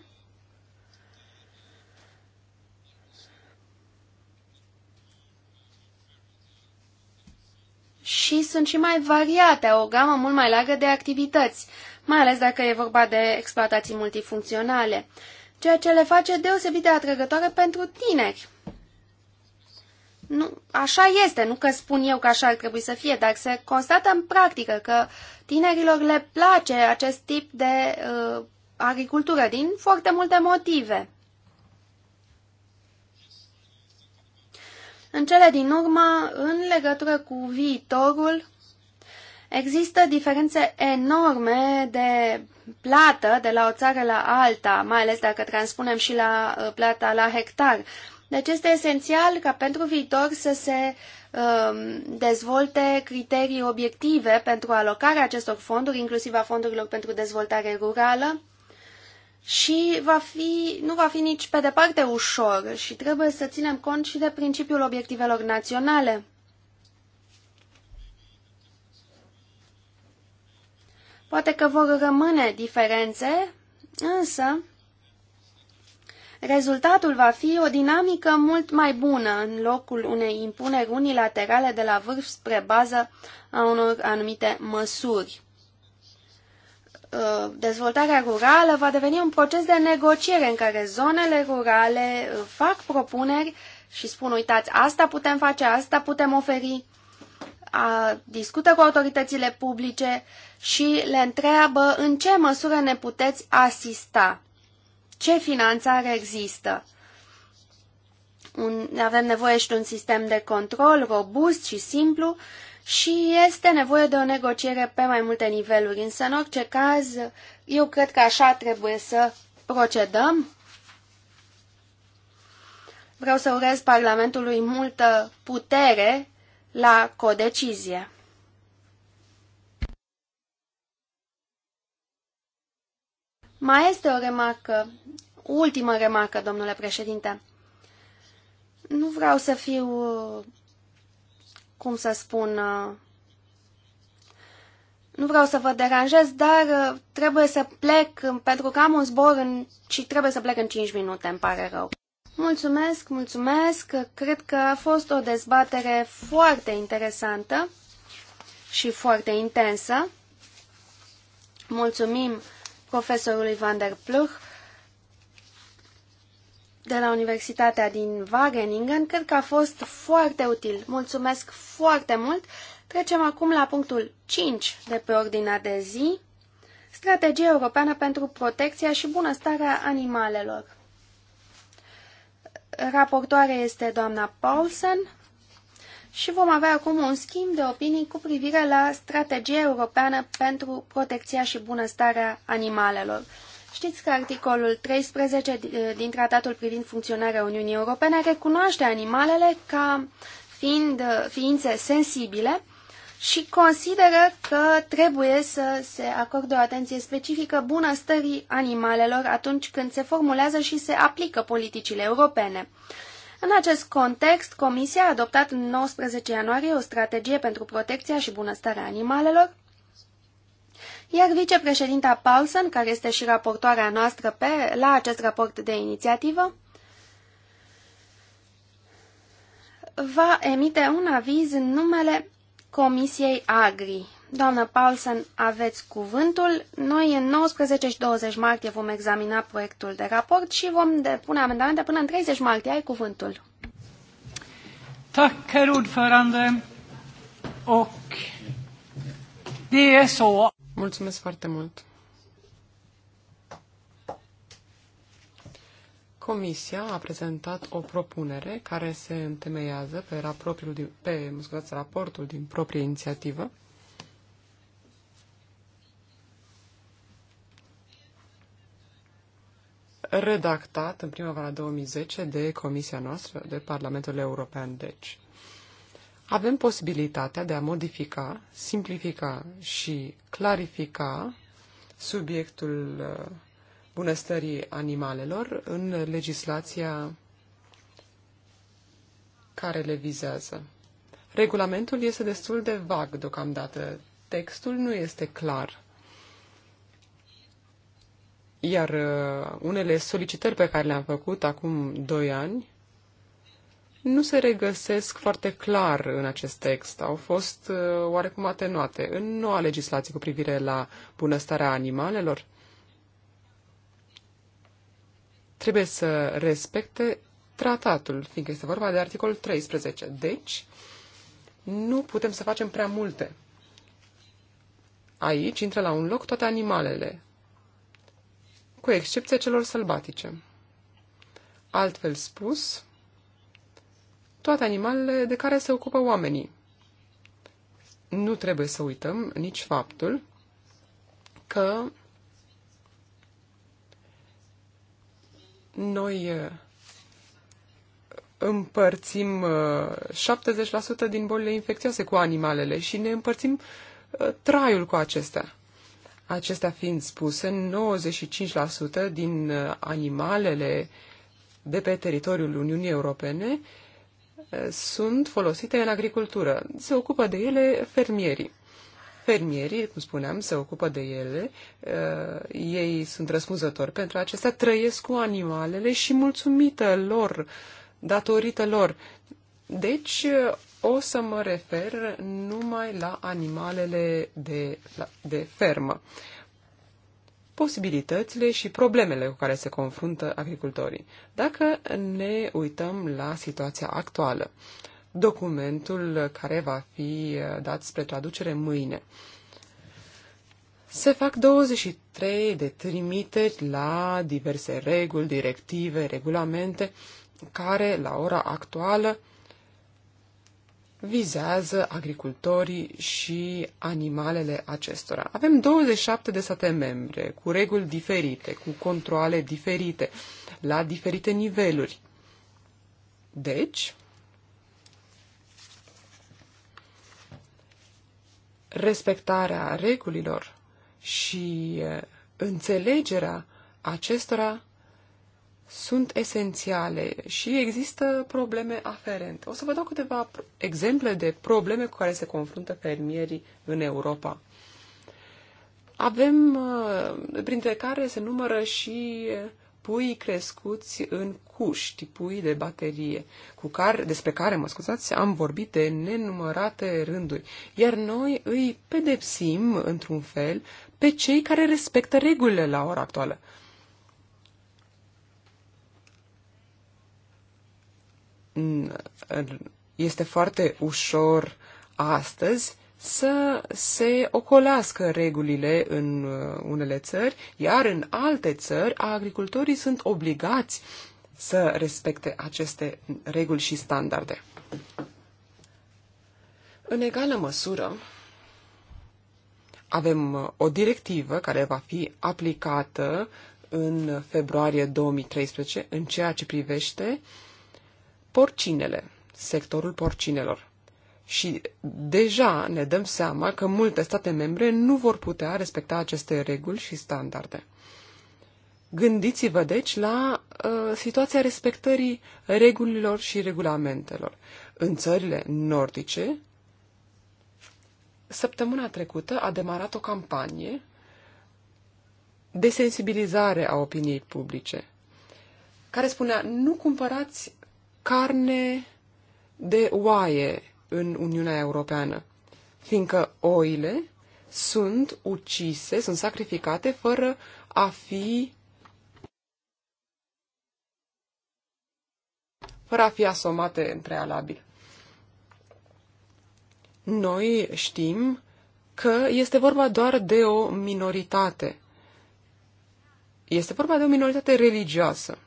și sunt și mai variate, o gamă mult mai largă de activități, mai ales dacă e vorba de exploatații multifuncționale. Uh, ceea ce le face deosebit de atrăgătoare pentru tineri. Nu, așa este, nu că spun eu că așa ar trebui să fie, dar se constată în practică că tinerilor le place acest tip de uh, agricultură din foarte multe motive. În cele din urmă, în legătură cu viitorul, există diferențe enorme de plată de la o țară la alta, mai ales dacă transpunem și la uh, plata la hectar. Deci este esențial ca pentru viitor să se um, dezvolte criterii obiective pentru alocarea acestor fonduri, inclusiv a fondurilor pentru dezvoltare rurală, și va fi, nu va fi nici pe departe ușor și trebuie să ținem cont și de principiul obiectivelor naționale. Poate că vor rămâne diferențe, însă rezultatul va fi o dinamică mult mai bună în locul unei impuneri unilaterale de la vârf spre bază a unor anumite măsuri. Uh, dezvoltarea rurală va deveni un proces de negociere în care zonele rurale uh, fac propuneri și spun, uitați, asta putem face, asta putem oferi, a, discută cu autoritățile publice și le întreabă în ce măsură ne puteți asista, ce finanțare există. Un, avem nevoie și de un sistem de control robust și simplu și este nevoie de o negociere pe mai multe niveluri. Însă, în orice caz, eu cred că așa trebuie să procedăm. Vreau să urez Parlamentului multă putere la codecizie. Mai este o remarcă, ultimă remarcă, domnule președinte. Nu vreau să fiu, cum să spun, nu vreau să vă deranjez, dar trebuie să plec pentru că am un zbor în, și trebuie să plec în 5 minute, îmi pare rău. Mulțumesc, mulțumesc. Cred că a fost o dezbatere foarte interesantă și foarte intensă. Mulțumim profesorului Van der Pluch de la Universitatea din Wageningen. Cred că a fost foarte util. Mulțumesc foarte mult. Trecem acum la punctul 5 de pe ordinea de zi. Strategia europeană pentru protecția și bunăstarea animalelor. Raportoare este doamna Paulsen și vom avea acum un schimb de opinii cu privire la strategia europeană pentru protecția și bunăstarea animalelor. Știți că articolul 13 din Tratatul privind funcționarea Uniunii Europene recunoaște animalele ca fiind ființe sensibile și consideră că trebuie să se acorde o atenție specifică bunăstării animalelor atunci când se formulează și se aplică politicile europene. În acest context, Comisia a adoptat în 19 ianuarie o strategie pentru protecția și bunăstarea animalelor, iar vicepreședinta Paulsen, care este și raportoarea noastră pe, la acest raport de inițiativă, va emite un aviz în numele Comisiei Agri. Doamnă Paulsen, aveți cuvântul. Noi în 19 și 20 martie vom examina proiectul de raport și vom depune amendamente până în 30 martie. Ai cuvântul. Tack, herr ordförande. Och det är så. Mulțumesc foarte mult. Comisia a prezentat o propunere care se întemeiază pe, raportul din, pe scuzați, raportul din proprie inițiativă. redactat în primăvara 2010 de Comisia noastră, de Parlamentul European, deci. Avem posibilitatea de a modifica, simplifica și clarifica subiectul uh, bunăstării animalelor în legislația care le vizează. Regulamentul este destul de vag deocamdată. Textul nu este clar. Iar uh, unele solicitări pe care le-am făcut acum doi ani nu se regăsesc foarte clar în acest text. Au fost uh, oarecum atenuate în noua legislație cu privire la bunăstarea animalelor. trebuie să respecte tratatul, fiindcă este vorba de articolul 13. Deci, nu putem să facem prea multe. Aici intră la un loc toate animalele, cu excepția celor sălbatice. Altfel spus, toate animalele de care se ocupă oamenii. Nu trebuie să uităm nici faptul că Noi uh, împărțim 70% uh, din bolile infecțioase cu animalele și ne împărțim uh, traiul cu acestea. Acestea fiind spuse, 95% din animalele de pe teritoriul Uniunii Europene sunt folosite în agricultură. Se ocupă de ele fermierii. Fermierii, cum spuneam, se ocupă de ele, uh, ei sunt răspunzători pentru acestea, trăiesc cu animalele și mulțumită lor, datorită lor. Deci, uh, o să mă refer numai la animalele de, de fermă. Posibilitățile și problemele cu care se confruntă agricultorii. Dacă ne uităm la situația actuală, uh, documentul care va fi eh, dat spre traducere mâine. Se fac 23 de trimiteri la diverse reguli, directive, regulamente, care, la ora actuală, vizează agricultorii și animalele acestora. Avem 27 de state membre, cu reguli diferite, cu controle diferite, la diferite niveluri. Deci, respectarea regulilor și înțelegerea acestora sunt esențiale și există probleme aferente. O să vă dau câteva exemple de probleme cu care se confruntă fermierii în Europa. Avem, printre care se numără și pui crescuți în cuști, pui de baterie, cu care, despre care, mă scuzați, am vorbit de nenumărate rânduri. Iar noi îi pedepsim, într-un fel, pe cei care respectă regulile la ora actuală. Este foarte ușor astăzi să se ocolească regulile în uh, unele țări, iar în alte țări agricultorii sunt obligați să respecte aceste reguli și standarde. În egală măsură, avem uh, o directivă care va fi aplicată în februarie 2013 în ceea ce privește porcinele, sectorul porcinelor. Și deja ne dăm seama că multe state membre nu vor putea respecta aceste reguli și standarde. Gândiți-vă, deci, la uh, situația respectării regulilor și regulamentelor. În țările nordice, săptămâna trecută a demarat o campanie de sensibilizare a opiniei publice, care spunea, nu cumpărați carne de oaie în Uniunea Europeană, fiindcă oile sunt ucise, sunt sacrificate fără a fi fără a fi asomate în prealabil. Noi știm că este vorba doar de o minoritate. Este vorba de o minoritate religioasă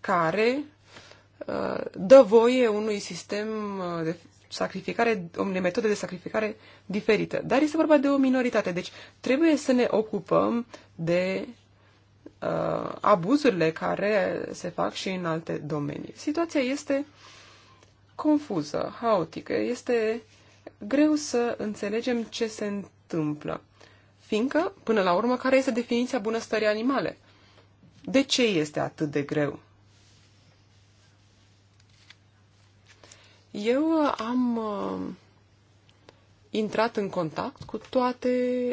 care Uh, dă voie unui sistem uh, de sacrificare, o metodă de sacrificare diferită. Dar este vorba de o minoritate. Deci trebuie să ne ocupăm de uh, abuzurile care se fac și în alte domenii. Situația este confuză, haotică. Este greu să înțelegem ce se întâmplă. Fiindcă, până la urmă, care este definiția bunăstării animale? De ce este atât de greu? Eu uh, am uh, intrat în contact cu toate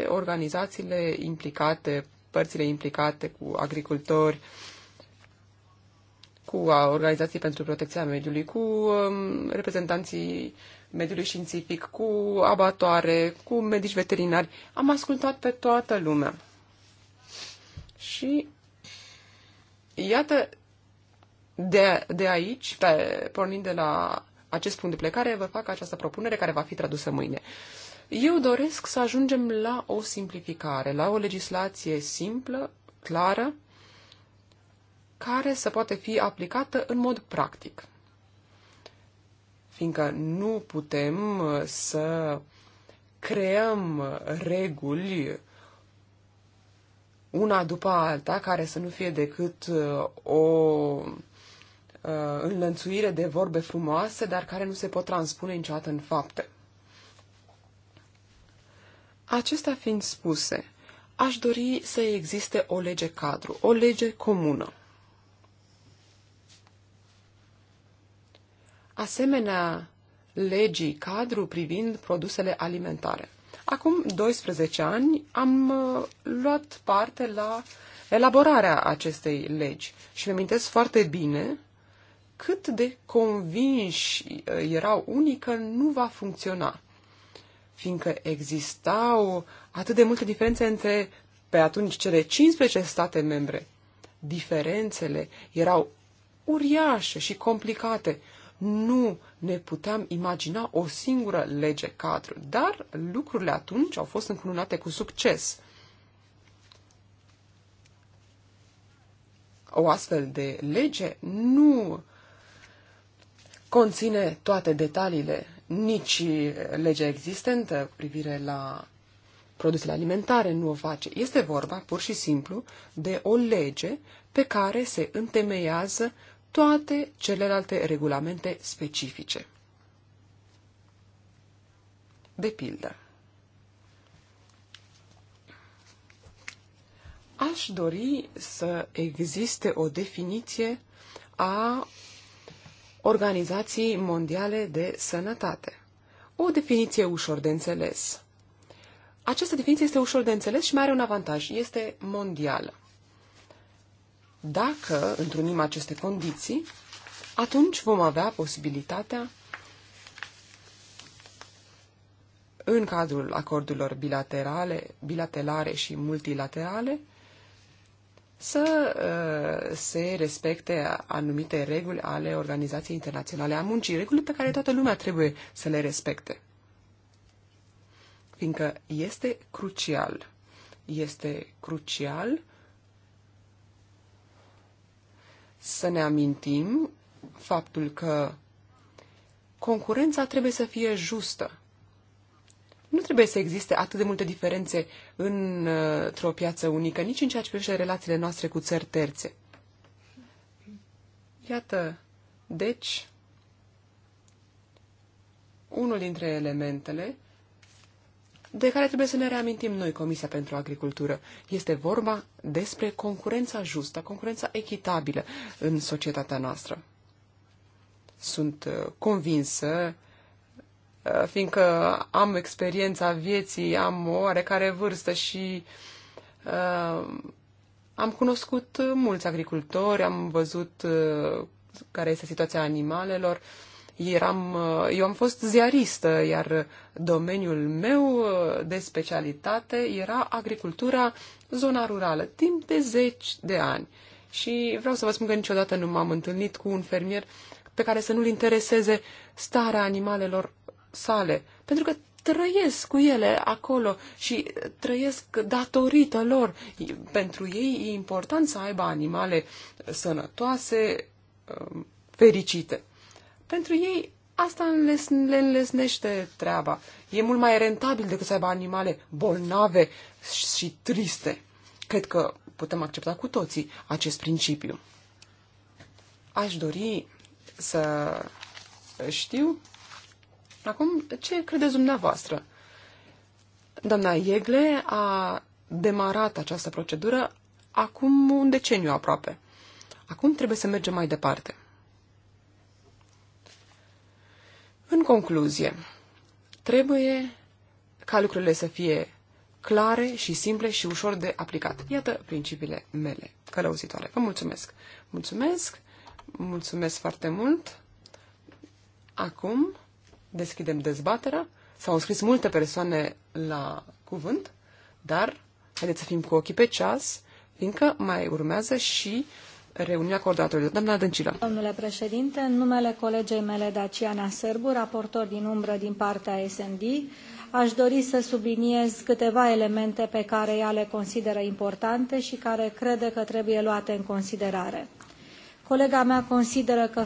organizațiile implicate, părțile implicate, cu agricultori, cu uh, organizații pentru protecția mediului, cu uh, reprezentanții mediului științific, cu abatoare, cu medici veterinari. Am ascultat pe toată lumea. Și iată, de, de aici, pe, pornind de la acest punct de plecare, vă fac această propunere care va fi tradusă mâine. Eu doresc să ajungem la o simplificare, la o legislație simplă, clară, care să poate fi aplicată în mod practic. Fiindcă nu putem uh, să creăm uh, reguli una după alta, care să nu fie decât uh, o uh, înlănțuire de vorbe frumoase, dar care nu se pot transpune niciodată în fapte. Acestea fiind spuse, aș dori să existe o lege cadru, o lege comună. Asemenea, legii cadru privind produsele alimentare. Acum 12 ani am uh, luat parte la elaborarea acestei legi și mi amintesc foarte bine cât de convinși uh, erau unii că nu va funcționa, fiindcă existau atât de multe diferențe între pe atunci cele 15 state membre. Diferențele erau uriașe și complicate. Nu ne puteam imagina o singură lege cadru, dar lucrurile atunci au fost încununate cu succes. O astfel de lege nu conține toate detaliile, nici legea existentă privire la produsele alimentare nu o face. Este vorba pur și simplu de o lege pe care se întemeiază toate celelalte regulamente specifice. De pildă. Aș dori să existe o definiție a Organizației Mondiale de Sănătate. O definiție ușor de înțeles. Această definiție este ușor de înțeles și mai are un avantaj. Este mondială. Dacă întrunim aceste condiții, atunci vom avea posibilitatea în cadrul acordurilor bilaterale, bilaterale și multilaterale, să uh, se respecte anumite reguli ale Organizației Internaționale a Muncii, reguli pe care toată lumea trebuie să le respecte. Fiindcă este crucial, este crucial să ne amintim faptul că concurența trebuie să fie justă nu trebuie să existe atât de multe diferențe într-o piață unică, nici în ceea ce privește relațiile noastre cu țări terțe. Iată, deci, unul dintre elementele de care trebuie să ne reamintim noi, Comisia pentru Agricultură. Este vorba despre concurența justă, concurența echitabilă în societatea noastră. Sunt uh, convinsă Uh, fiindcă am experiența vieții, am o oarecare vârstă și uh, am cunoscut mulți agricultori, am văzut uh, care este situația animalelor. Eram, uh, eu am fost ziaristă, iar domeniul meu uh, de specialitate era agricultura zona rurală, timp de zeci de ani. Și vreau să vă spun că niciodată nu m-am întâlnit cu un fermier pe care să nu-l intereseze starea animalelor sale, pentru că trăiesc cu ele acolo și trăiesc datorită lor. Pentru ei e important să aibă animale sănătoase, um, fericite. Pentru ei asta le înlesnește treaba. E mult mai rentabil decât să aibă animale bolnave și triste. Cred că putem accepta cu toții acest principiu. Aș dori să știu Acum, ce credeți dumneavoastră? Doamna Iegle a demarat această procedură acum un deceniu aproape. Acum trebuie să mergem mai departe. În concluzie, trebuie ca lucrurile să fie clare și simple și ușor de aplicat. Iată principiile mele călăuzitoare. Vă mulțumesc! Mulțumesc! Mulțumesc foarte mult! Acum Deschidem dezbaterea. S-au înscris multe persoane la cuvânt, dar haideți să fim cu ochii pe ceas, fiindcă mai urmează și reuniunea coordonatorilor. Doamna Dăncilă. Domnule președinte, în numele colegei mele Daciana Sârbu, raportor din umbră din partea SND, aș dori să subliniez câteva elemente pe care ea le consideră importante și care crede că trebuie luate în considerare Colega mea consideră că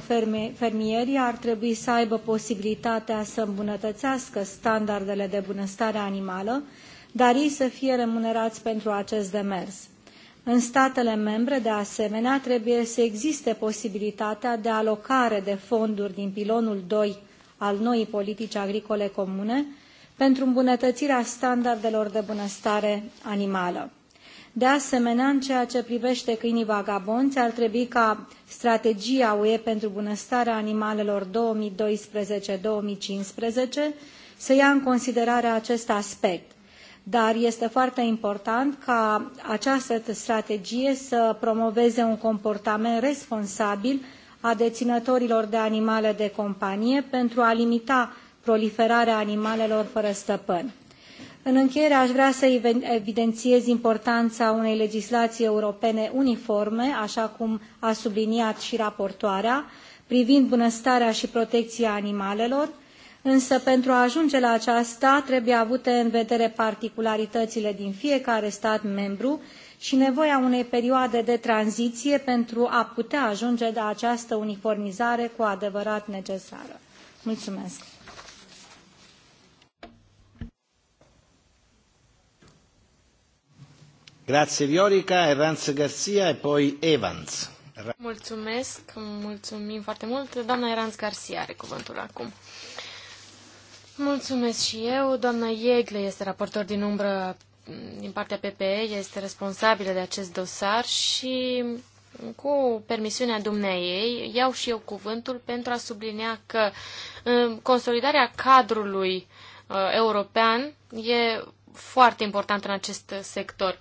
fermierii ar trebui să aibă posibilitatea să îmbunătățească standardele de bunăstare animală, dar ei să fie remunerați pentru acest demers. În statele membre, de asemenea, trebuie să existe posibilitatea de alocare de fonduri din pilonul 2 al noii politici agricole comune pentru îmbunătățirea standardelor de bunăstare animală. De asemenea, în ceea ce privește câinii vagabonți, ar trebui ca strategia UE pentru bunăstarea animalelor 2012-2015 să ia în considerare acest aspect dar este foarte important ca această strategie să promoveze un comportament responsabil a deținătorilor de animale de companie pentru a limita proliferarea animalelor fără stăpân. În încheiere aș vrea să evidențiez importanța unei legislații europene uniforme, așa cum a subliniat și raportoarea, privind bunăstarea și protecția animalelor, însă pentru a ajunge la aceasta trebuie avute în vedere particularitățile din fiecare stat membru și nevoia unei perioade de tranziție pentru a putea ajunge la această uniformizare cu adevărat necesară. Mulțumesc! Mulțumesc, mulțumim foarte mult. Doamna Erans Garcia are cuvântul acum. Mulțumesc și eu. Doamna Iegle este raportor din umbră din partea PPE, este responsabilă de acest dosar și cu permisiunea dumneaei, iau și eu cuvântul pentru a sublinea că consolidarea cadrului uh, european e foarte importantă în acest sector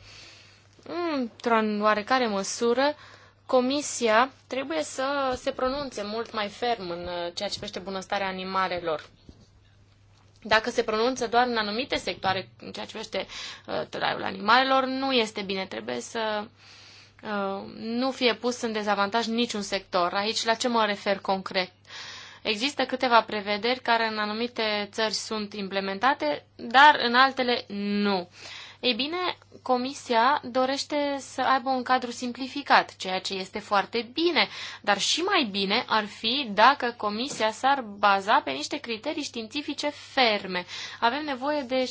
într-o oarecare măsură, Comisia trebuie să se pronunțe mult mai ferm în uh, ceea ce privește bunăstarea animalelor. Dacă se pronunță doar în anumite sectoare, în ceea ce privește uh, animalelor, nu este bine. Trebuie să uh, nu fie pus în dezavantaj niciun sector. Aici la ce mă refer concret? Există câteva prevederi care în anumite țări sunt implementate, dar în altele nu. Uh, ei bine, Comisia dorește să aibă un cadru simplificat, ceea ce este foarte bine, dar și mai bine ar fi dacă Comisia s-ar baza pe niște criterii științifice ferme. Avem nevoie de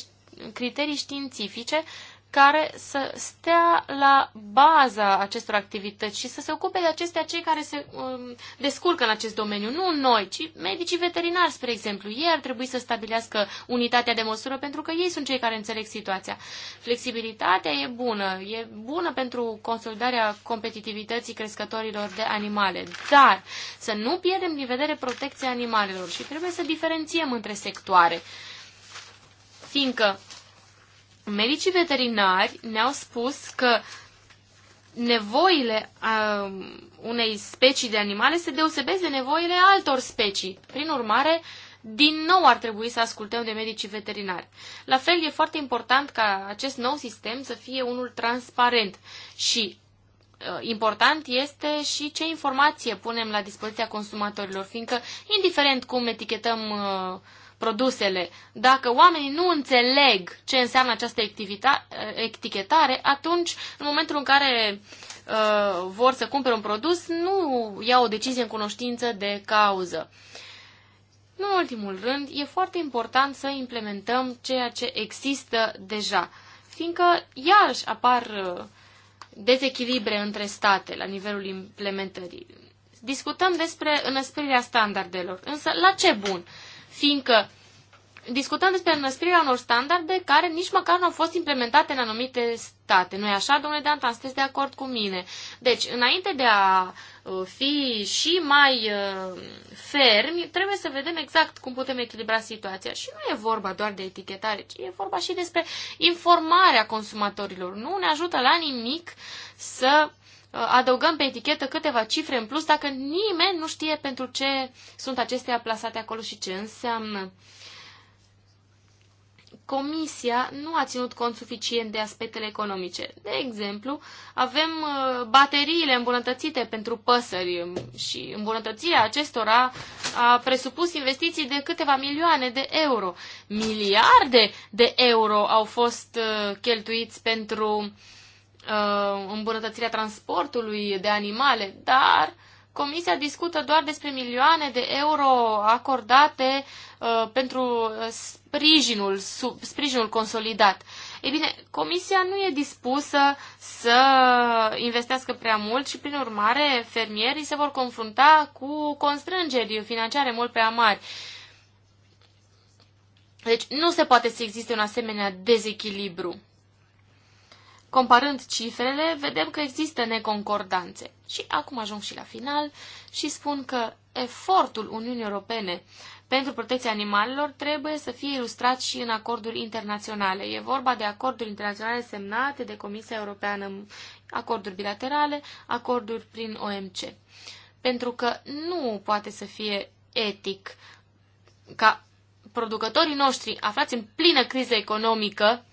criterii științifice care să stea la baza acestor activități și să se ocupe de acestea cei care se um, descurcă în acest domeniu. Nu noi, ci medicii veterinari, spre exemplu. Ei ar trebui să stabilească unitatea de măsură pentru că ei sunt cei care înțeleg situația. Flexibilitatea e bună, e bună pentru consolidarea competitivității crescătorilor de animale, dar să nu pierdem din vedere protecția animalelor și trebuie să diferențiem între sectoare. Fiindcă Medicii veterinari ne-au spus că nevoile uh, unei specii de animale se deosebesc de nevoile altor specii. Prin urmare, din nou ar trebui să ascultăm de medicii veterinari. La fel, e foarte important ca acest nou sistem să fie unul transparent și uh, important este și ce informație punem la dispoziția consumatorilor, fiindcă indiferent cum etichetăm uh, produsele. Dacă oamenii nu înțeleg ce înseamnă această etichetare, atunci, în momentul în care uh, vor să cumpere un produs, nu iau o decizie în cunoștință de cauză. Nu în ultimul rând, e foarte important să implementăm ceea ce există deja, fiindcă iarăși apar uh, dezechilibre între state la nivelul implementării. Discutăm despre înăsprirea standardelor, însă la ce bun? fiindcă discutăm despre înăsprirea unor standarde care nici măcar nu au fost implementate în anumite state. Nu-i așa, domnule Dan, Sunteți de acord cu mine. Deci, înainte de a uh, fi și mai uh, fermi, trebuie să vedem exact cum putem echilibra situația. Și nu e vorba doar de etichetare, ci e vorba și despre informarea consumatorilor. Nu ne ajută la nimic să Uh, adăugăm pe etichetă câteva cifre în plus dacă nimeni nu știe pentru ce sunt acestea plasate acolo și ce înseamnă. Comisia nu a ținut cont suficient de aspectele economice. De exemplu, avem uh, bateriile îmbunătățite pentru păsări și îmbunătățirea acestora a presupus investiții de câteva milioane de euro. Miliarde de euro au fost uh, cheltuiți pentru uh, Uh, îmbunătățirea transportului de animale, dar Comisia discută doar despre milioane de euro acordate uh, pentru uh, sprijinul, sub, sprijinul consolidat. Ei bine, Comisia nu e dispusă să investească prea mult și, prin urmare, fermierii se vor confrunta cu constrângeri financiare mult prea mari. Deci nu se poate să existe un asemenea dezechilibru. Comparând cifrele, vedem că există neconcordanțe. Și acum ajung și la final și spun că efortul Uniunii Europene pentru protecția animalelor trebuie să fie ilustrat și în acorduri internaționale. E vorba de acorduri internaționale semnate de Comisia Europeană, acorduri bilaterale, acorduri prin OMC. Pentru că nu poate să fie etic ca producătorii noștri aflați în plină criză economică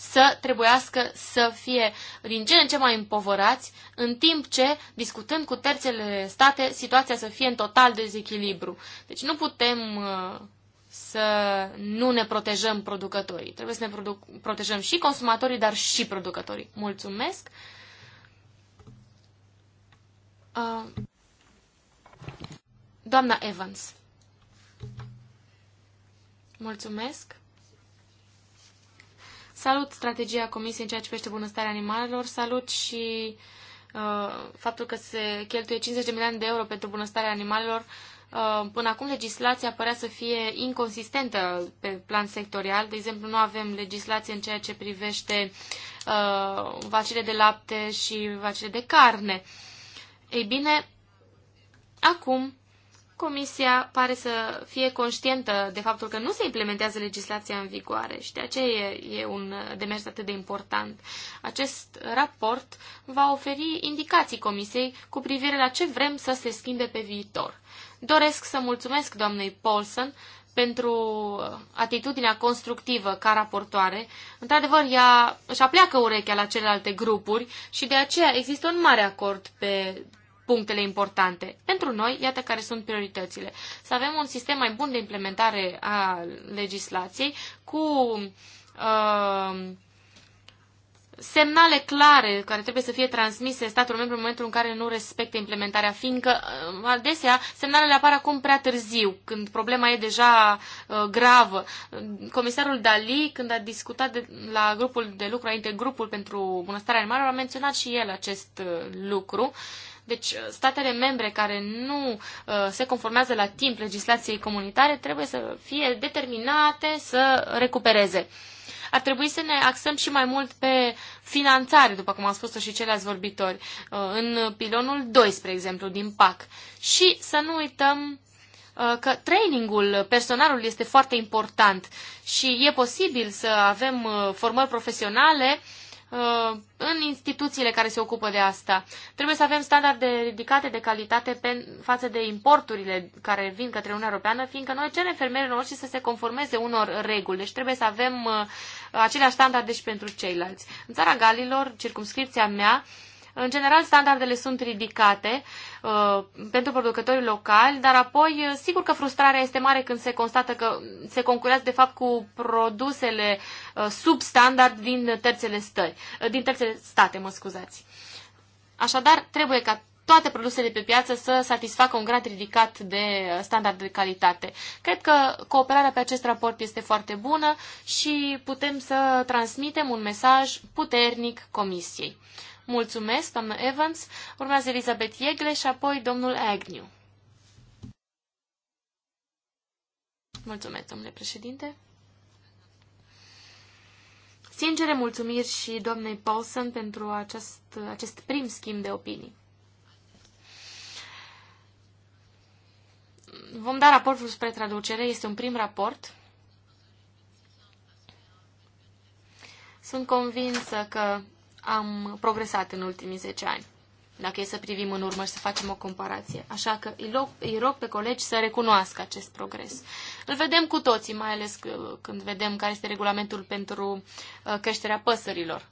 să trebuiască să fie din ce în ce mai împovărați, în timp ce, discutând cu terțele state, situația să fie în total dezechilibru. Deci nu putem uh, să nu ne protejăm producătorii. Trebuie să ne protejăm și consumatorii, dar și producătorii. Mulțumesc! Uh, doamna Evans. Mulțumesc. Salut strategia Comisiei în ceea ce privește bunăstarea animalelor, salut și uh, faptul că se cheltuie 50 de milioane de euro pentru bunăstarea animalelor. Uh, până acum legislația părea să fie inconsistentă pe plan sectorial. De exemplu, nu avem legislație în ceea ce privește uh, vacile de lapte și vacile de carne. Ei bine, acum Comisia pare să fie conștientă de faptul că nu se implementează legislația în vigoare și de aceea e, e un demers atât de important. Acest raport va oferi indicații Comisiei cu privire la ce vrem să se schimbe pe viitor. Doresc să mulțumesc doamnei Paulson pentru atitudinea constructivă ca raportoare. Într-adevăr, ea își apleacă urechea la celelalte grupuri și de aceea există un mare acord pe punctele importante. Pentru noi, iată care sunt prioritățile. Să avem un sistem mai bun de implementare a legislației cu uh, semnale clare care trebuie să fie transmise statul membru în momentul în care nu respectă implementarea, fiindcă uh, adesea semnalele apar acum prea târziu, când problema e deja uh, gravă. Comisarul Dali, când a discutat de, la grupul de lucru, înainte grupul pentru bunăstarea animalelor, a menționat și el acest uh, lucru. Uh, deci, uh, statele membre care nu uh, se conformează la timp legislației comunitare trebuie să fie determinate să recupereze. Ar trebui să ne axăm și mai mult pe finanțare, după cum am spus și ceilalți vorbitori, uh, în pilonul 2, spre exemplu, din PAC. Și să nu uităm uh, că trainingul personalului este foarte important și e posibil să avem uh, formări profesionale uh, Uh, în instituțiile care se ocupă de asta. Trebuie să avem standarde ridicate de calitate pe, față de importurile care vin către Uniunea Europeană, fiindcă noi cerem fermierilor noștri să se conformeze unor reguli. Deci trebuie să avem uh, aceleași standarde și pentru ceilalți. În țara Galilor, circumscripția mea, uh, în general, standardele sunt ridicate uh, pentru producătorii locali, dar apoi, uh, sigur că frustrarea este mare când se constată că se concurează, de fapt, cu produsele uh, substandard din terțele, stări, uh, din terțele state. Mă scuzați. Așadar, trebuie ca toate produsele pe piață să satisfacă un grad ridicat de uh, standard de calitate. Cred că cooperarea pe acest raport este foarte bună și putem să transmitem un mesaj puternic Comisiei. Mulțumesc, doamnă Evans. Urmează Elizabeth Iegle și apoi domnul Agnew. Mulțumesc, domnule președinte. Sincere mulțumiri și doamnei Paulson pentru acest, acest prim schimb de opinii. Vom da raportul spre traducere, este un prim raport. Sunt convinsă că am progresat în ultimii 10 ani, dacă e să privim în urmă și să facem o comparație. Așa că îi rog, îi rog pe colegi să recunoască acest progres. Îl vedem cu toții, mai ales când vedem care este regulamentul pentru uh, creșterea păsărilor.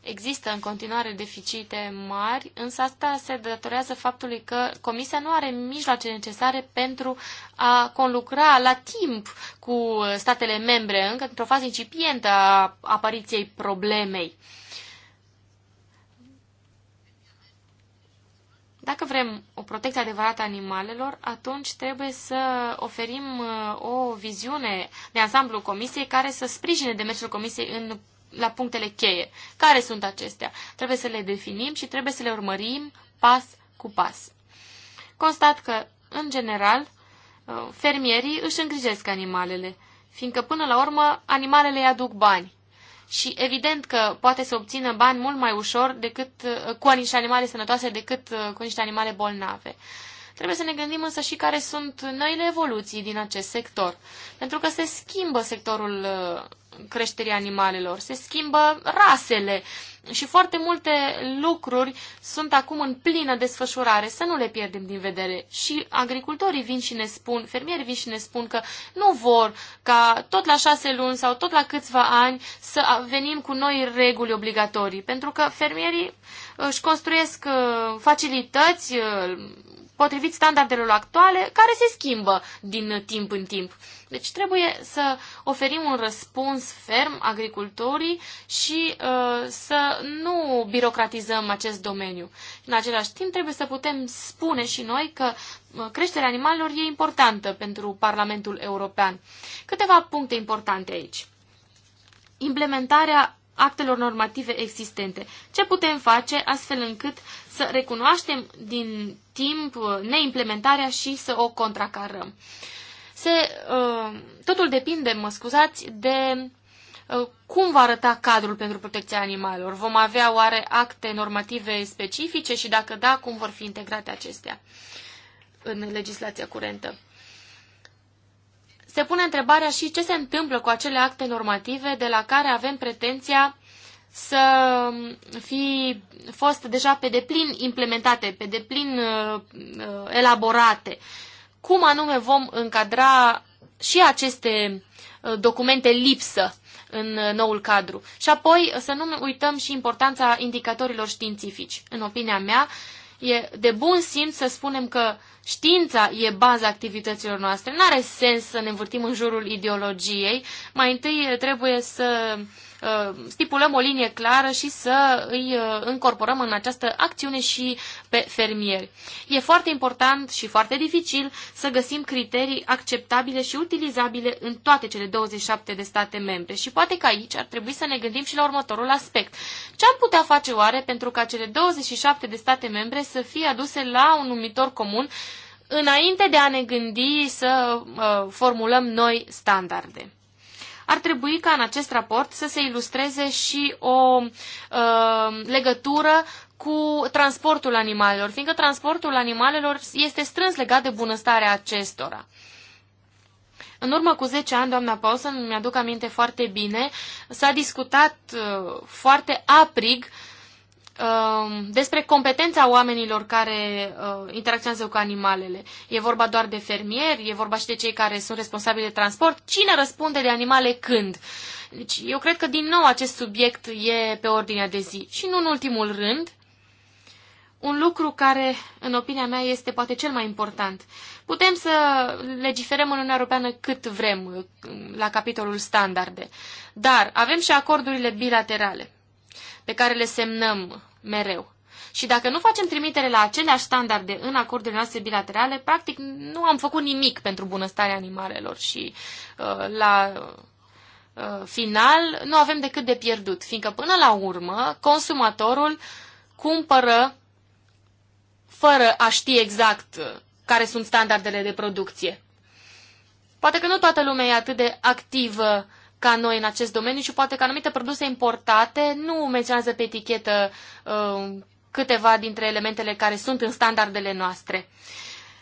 Există în continuare deficite mari, însă asta se datorează faptului că Comisia nu are mijloace necesare pentru a conlucra la timp cu statele membre, încă într-o fază incipientă a apariției problemei. Dacă vrem o protecție adevărată a animalelor, atunci trebuie să oferim uh, o viziune de ansamblu comisiei care să sprijine demersul comisiei în, la punctele cheie. Care sunt acestea? Trebuie să le definim și trebuie să le urmărim pas cu pas. Constat că, în general, uh, fermierii își îngrijesc animalele, fiindcă până la urmă animalele îi aduc bani și evident că poate să obțină bani mult mai ușor decât uh, cu niște animale sănătoase decât uh, cu niște animale bolnave. Trebuie să ne gândim însă și care sunt noile evoluții din acest sector. Pentru că se schimbă sectorul uh, creșterii animalelor, se schimbă rasele și foarte multe lucruri sunt acum în plină desfășurare, să nu le pierdem din vedere. Și agricultorii vin și ne spun, fermierii vin și ne spun că nu vor ca tot la șase luni sau tot la câțiva ani să venim cu noi reguli obligatorii, pentru că fermierii uh, își construiesc uh, facilități, potrivit standardelor actuale, care se schimbă din timp în timp. Deci trebuie să oferim un răspuns ferm agricultorii și uh, să nu birocratizăm acest domeniu. În același timp, trebuie să putem spune și noi că uh, creșterea animalelor e importantă pentru Parlamentul European. Câteva puncte importante aici. Implementarea actelor normative existente. Ce putem face astfel încât să recunoaștem din timp uh, neimplementarea și să o contracarăm? Se, uh, totul depinde, mă scuzați, de uh, cum va arăta cadrul pentru protecția animalelor? Vom avea oare acte normative specifice și dacă da, cum vor fi integrate acestea în legislația curentă? se pune întrebarea și ce se întâmplă cu acele acte normative de la care avem pretenția să fi fost deja pe deplin implementate, pe deplin uh, uh elaborate. Cum anume vom încadra și aceste uh, documente lipsă în uh, noul cadru. Și apoi să nu uităm și importanța indicatorilor științifici. În opinia mea, e de bun simț să spunem că Știința e baza activităților noastre. N-are sens să ne învârtim în jurul ideologiei. Mai întâi trebuie să Uh, stipulăm o linie clară și să îi uh, încorporăm în această acțiune și pe fermieri. E foarte important și foarte dificil să găsim criterii acceptabile și utilizabile în toate cele 27 de state membre și poate că aici ar trebui să ne gândim și la următorul aspect. Ce am putea face oare pentru ca cele 27 de state membre să fie aduse la un numitor comun înainte de a ne gândi să uh, formulăm noi standarde? ar trebui ca în acest raport să se ilustreze și o uh, legătură cu transportul animalelor, fiindcă transportul animalelor este strâns legat de bunăstarea acestora. În urmă cu 10 ani, doamna Paulson, mi-aduc aminte foarte bine, s-a discutat uh, foarte aprig uh, Um, despre competența oamenilor care uh, interacționează cu animalele. E vorba doar de fermieri, e vorba și de cei care sunt responsabili de transport. Cine răspunde de animale când? Deci, eu cred că, din nou, acest subiect e pe ordinea de zi. Și nu în ultimul rând, un lucru care, în opinia mea, este poate cel mai important. Putem să legiferăm în Uniunea Europeană cât vrem uh, la capitolul standarde, dar avem și acordurile bilaterale pe care le semnăm mereu. Și dacă nu facem trimitere la aceleași standarde în acordurile noastre bilaterale, practic nu am făcut nimic pentru bunăstarea animalelor și uh, la uh, final nu avem decât de pierdut, fiindcă până la urmă consumatorul cumpără fără a ști exact uh, care sunt standardele de producție. Poate că nu toată lumea e atât de activă ca noi în acest domeniu și poate că anumite produse importate nu menționează pe etichetă uh, câteva dintre elementele care sunt în standardele noastre.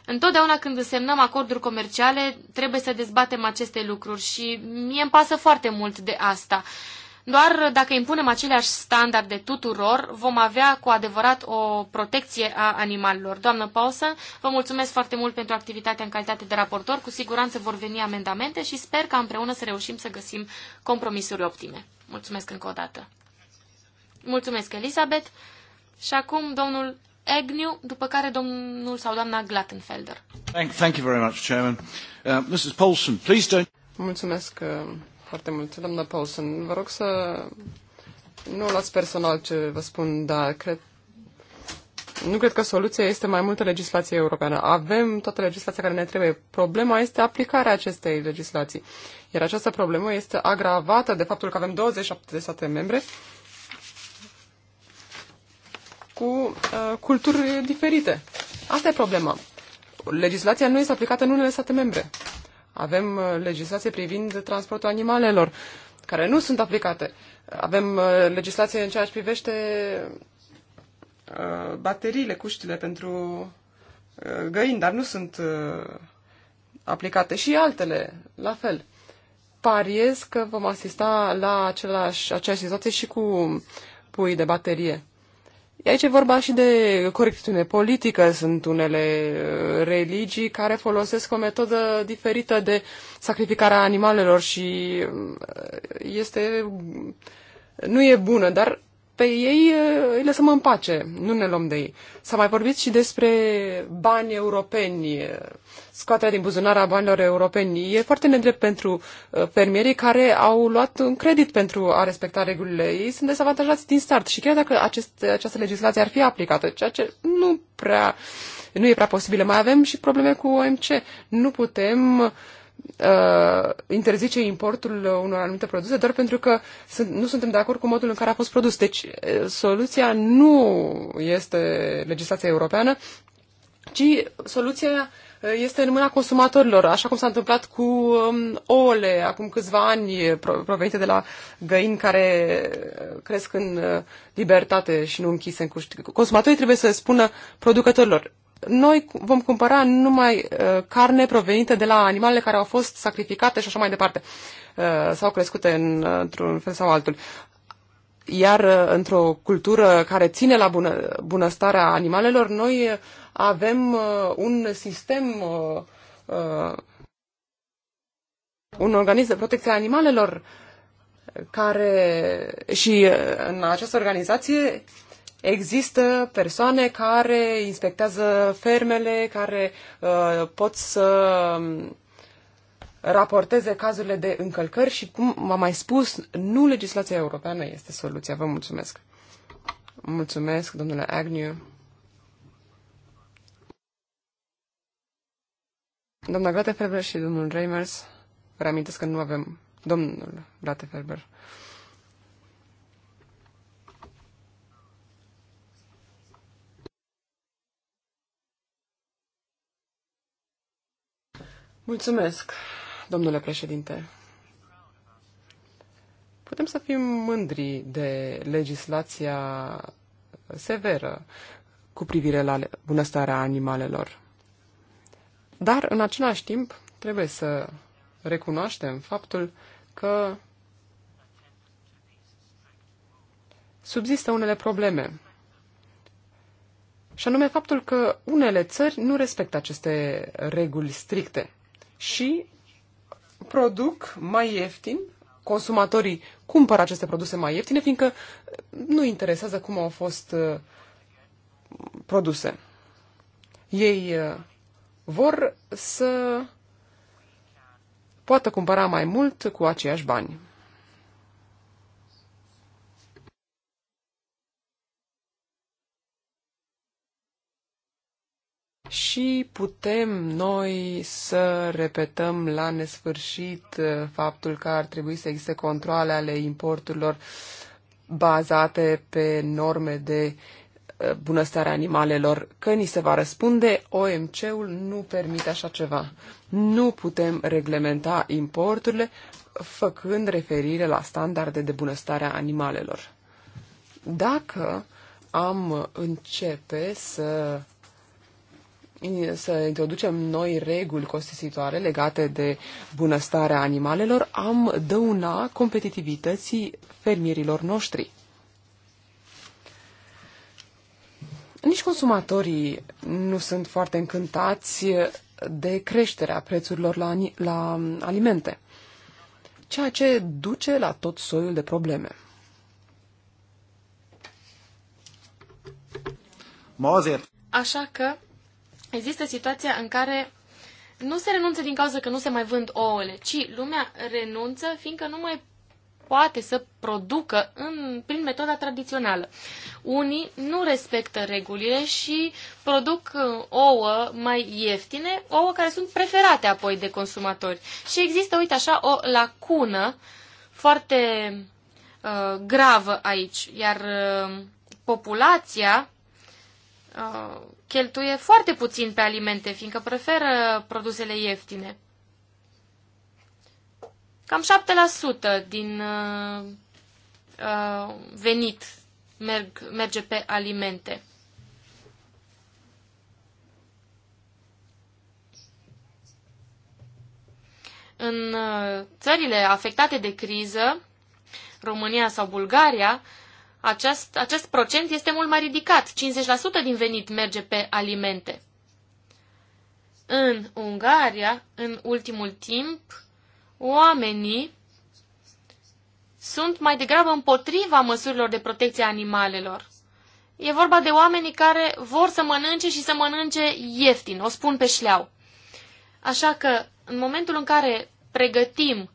Întotdeauna când însemnăm acorduri comerciale, trebuie să dezbatem aceste lucruri și mie îmi pasă foarte mult de asta. Uh, doar dacă impunem aceleași standarde tuturor, vom avea cu adevărat o protecție a animalelor. Doamnă Pausă, vă mulțumesc foarte mult pentru activitatea în calitate de raportor. Cu siguranță vor veni amendamente și sper că împreună să reușim să găsim compromisuri optime. Mulțumesc încă o dată. Mulțumesc, Elisabeth. Și acum domnul Agnew, după care domnul sau doamna Glattenfelder. Thank, thank you very much, Chairman. Uh, Mrs. Paulson, please don't... Mulțumesc, uh, foarte mult. Doamna Paulson, vă rog să nu luați personal ce vă spun, dar cred, nu cred că soluția este mai multă legislație europeană. Avem toată legislația care ne trebuie. Problema este aplicarea acestei legislații. Iar această problemă este agravată de faptul că avem 27 de state membre cu uh, culturi diferite. Asta e problema. Legislația nu este aplicată în unele state membre. Avem uh, legislație privind transportul animalelor, care nu sunt aplicate. Avem uh, legislație în ceea ce privește uh, bateriile, cuștile pentru găini, dar nu sunt aplicate și altele, la fel. Pariez că vom asista la același, aceeași situație și cu pui de baterie. Aici e vorba și de corectitudine politică. Sunt unele uh, religii care folosesc o metodă diferită de sacrificarea animalelor și uh, este, nu e bună, dar pe ei îi lăsăm în pace, nu ne luăm de ei. S-a mai vorbit și despre bani europeni, scoaterea din buzunar a banilor europeni. E foarte nedrept pentru uh, fermierii care au luat un credit pentru a respecta regulile. Ei sunt dezavantajați din start și chiar dacă acest, această legislație ar fi aplicată, ceea ce nu prea nu e prea posibil. Mai avem și probleme cu OMC. Nu putem uh, uh, interzice importul unor anumite produse doar pentru că sunt, nu suntem de acord cu modul în care a fost produs. Deci uh, soluția nu este legislația europeană, ci soluția uh, este în mâna consumatorilor, așa cum s-a întâmplat cu um, ouăle acum câțiva ani provenite de la găini care uh, cresc în libertate și nu închise în cuști. Consumatorii trebuie să spună producătorilor, noi vom cumpăra numai uh, carne provenită de la animalele care au fost sacrificate și așa mai departe uh, sau crescute în, uh, într-un fel sau altul. Iar într-o cultură care ține la bună, bunăstarea animalelor, noi avem un sistem, un organism de protecție a animalelor care și în această organizație Există persoane care inspectează fermele, care uh, pot să um, raporteze cazurile de încălcări și, cum m-am mai spus, nu legislația europeană este soluția. Vă mulțumesc. Mulțumesc, domnule Agnew. Doamna Grateferber și domnul Reimers, vă reamintesc că nu avem domnul Grateferber. Mulțumesc, domnule președinte. Putem să fim mândri de legislația severă cu privire la bunăstarea animalelor. Dar, în același timp, trebuie să recunoaștem faptul că subzistă unele probleme. Și anume faptul că unele țări nu respectă aceste reguli stricte și produc mai ieftin, consumatorii cumpără aceste produse mai ieftine, fiindcă nu interesează cum au fost uh, produse. Ei uh, vor să poată cumpăra mai mult cu aceiași bani. și putem noi să repetăm la nesfârșit uh, faptul că ar trebui să existe controle ale importurilor bazate pe norme de uh, bunăstare animalelor, că ni se va răspunde, OMC-ul nu permite așa ceva. Nu putem reglementa importurile făcând referire la standarde de bunăstare a animalelor. Dacă am începe să să introducem noi reguli costisitoare legate de bunăstarea animalelor, am dăuna competitivității fermierilor noștri. Nici consumatorii nu sunt foarte încântați de creșterea prețurilor la, la alimente, ceea ce duce la tot soiul de probleme. Ma Așa că există situația în care nu se renunță din cauza că nu se mai vând ouăle, ci lumea renunță fiindcă nu mai poate să producă în, prin metoda tradițională. Unii nu respectă regulile și produc uh, ouă mai ieftine, ouă care sunt preferate apoi de consumatori. Și există, uite așa, o lacună foarte uh, gravă aici, iar uh, populația Uh, cheltuie foarte puțin pe alimente, fiindcă preferă produsele ieftine. Cam 7% din uh, uh, venit merg, merge pe alimente. În uh, țările afectate de criză, România sau Bulgaria, acest acest procent este mult mai ridicat. 50% din venit merge pe alimente. În Ungaria, în ultimul timp, oamenii sunt mai degrabă împotriva măsurilor de protecție a animalelor. E vorba de oamenii care vor să mănânce și să mănânce ieftin, o spun pe șleau. Așa că, în momentul în care pregătim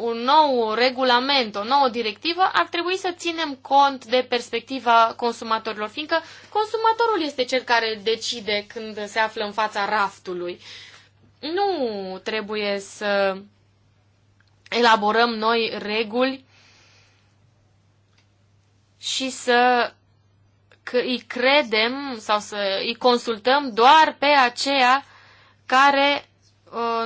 un nou regulament, o nouă directivă, ar trebui să ținem cont de perspectiva consumatorilor, fiindcă consumatorul este cel care decide când se află în fața raftului. Nu trebuie să elaborăm noi reguli și să îi credem sau să îi consultăm doar pe aceea care Uh,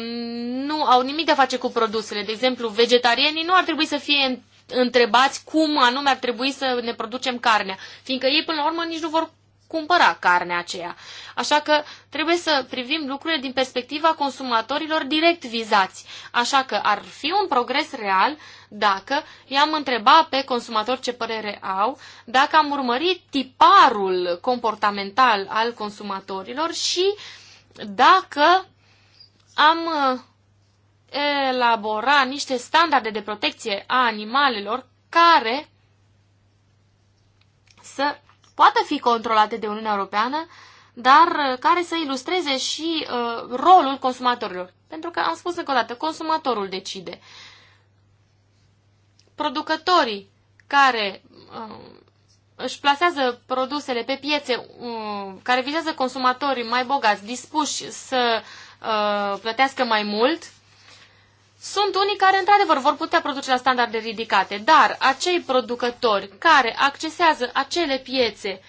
nu au nimic de a face cu produsele. De exemplu, vegetarienii nu ar trebui să fie întrebați cum anume ar trebui să ne producem carnea, fiindcă ei până la urmă nici nu vor cumpăra carnea aceea. Așa că trebuie să privim lucrurile din perspectiva consumatorilor direct vizați. Așa că ar fi un progres real dacă i-am întrebat pe consumatori ce părere au, dacă am urmărit tiparul comportamental al consumatorilor și dacă am uh, elabora niște standarde de protecție a animalelor care să poată fi controlate de Uniunea Europeană, dar uh, care să ilustreze și uh, rolul consumatorilor. Pentru că am spus încă o dată, consumatorul decide. Producătorii care uh, își plasează produsele pe piețe uh, care vizează consumatorii mai bogați, dispuși să Uh, plătească mai mult, sunt unii care, într-adevăr, vor putea produce la standarde ridicate, dar acei producători care accesează acele piețe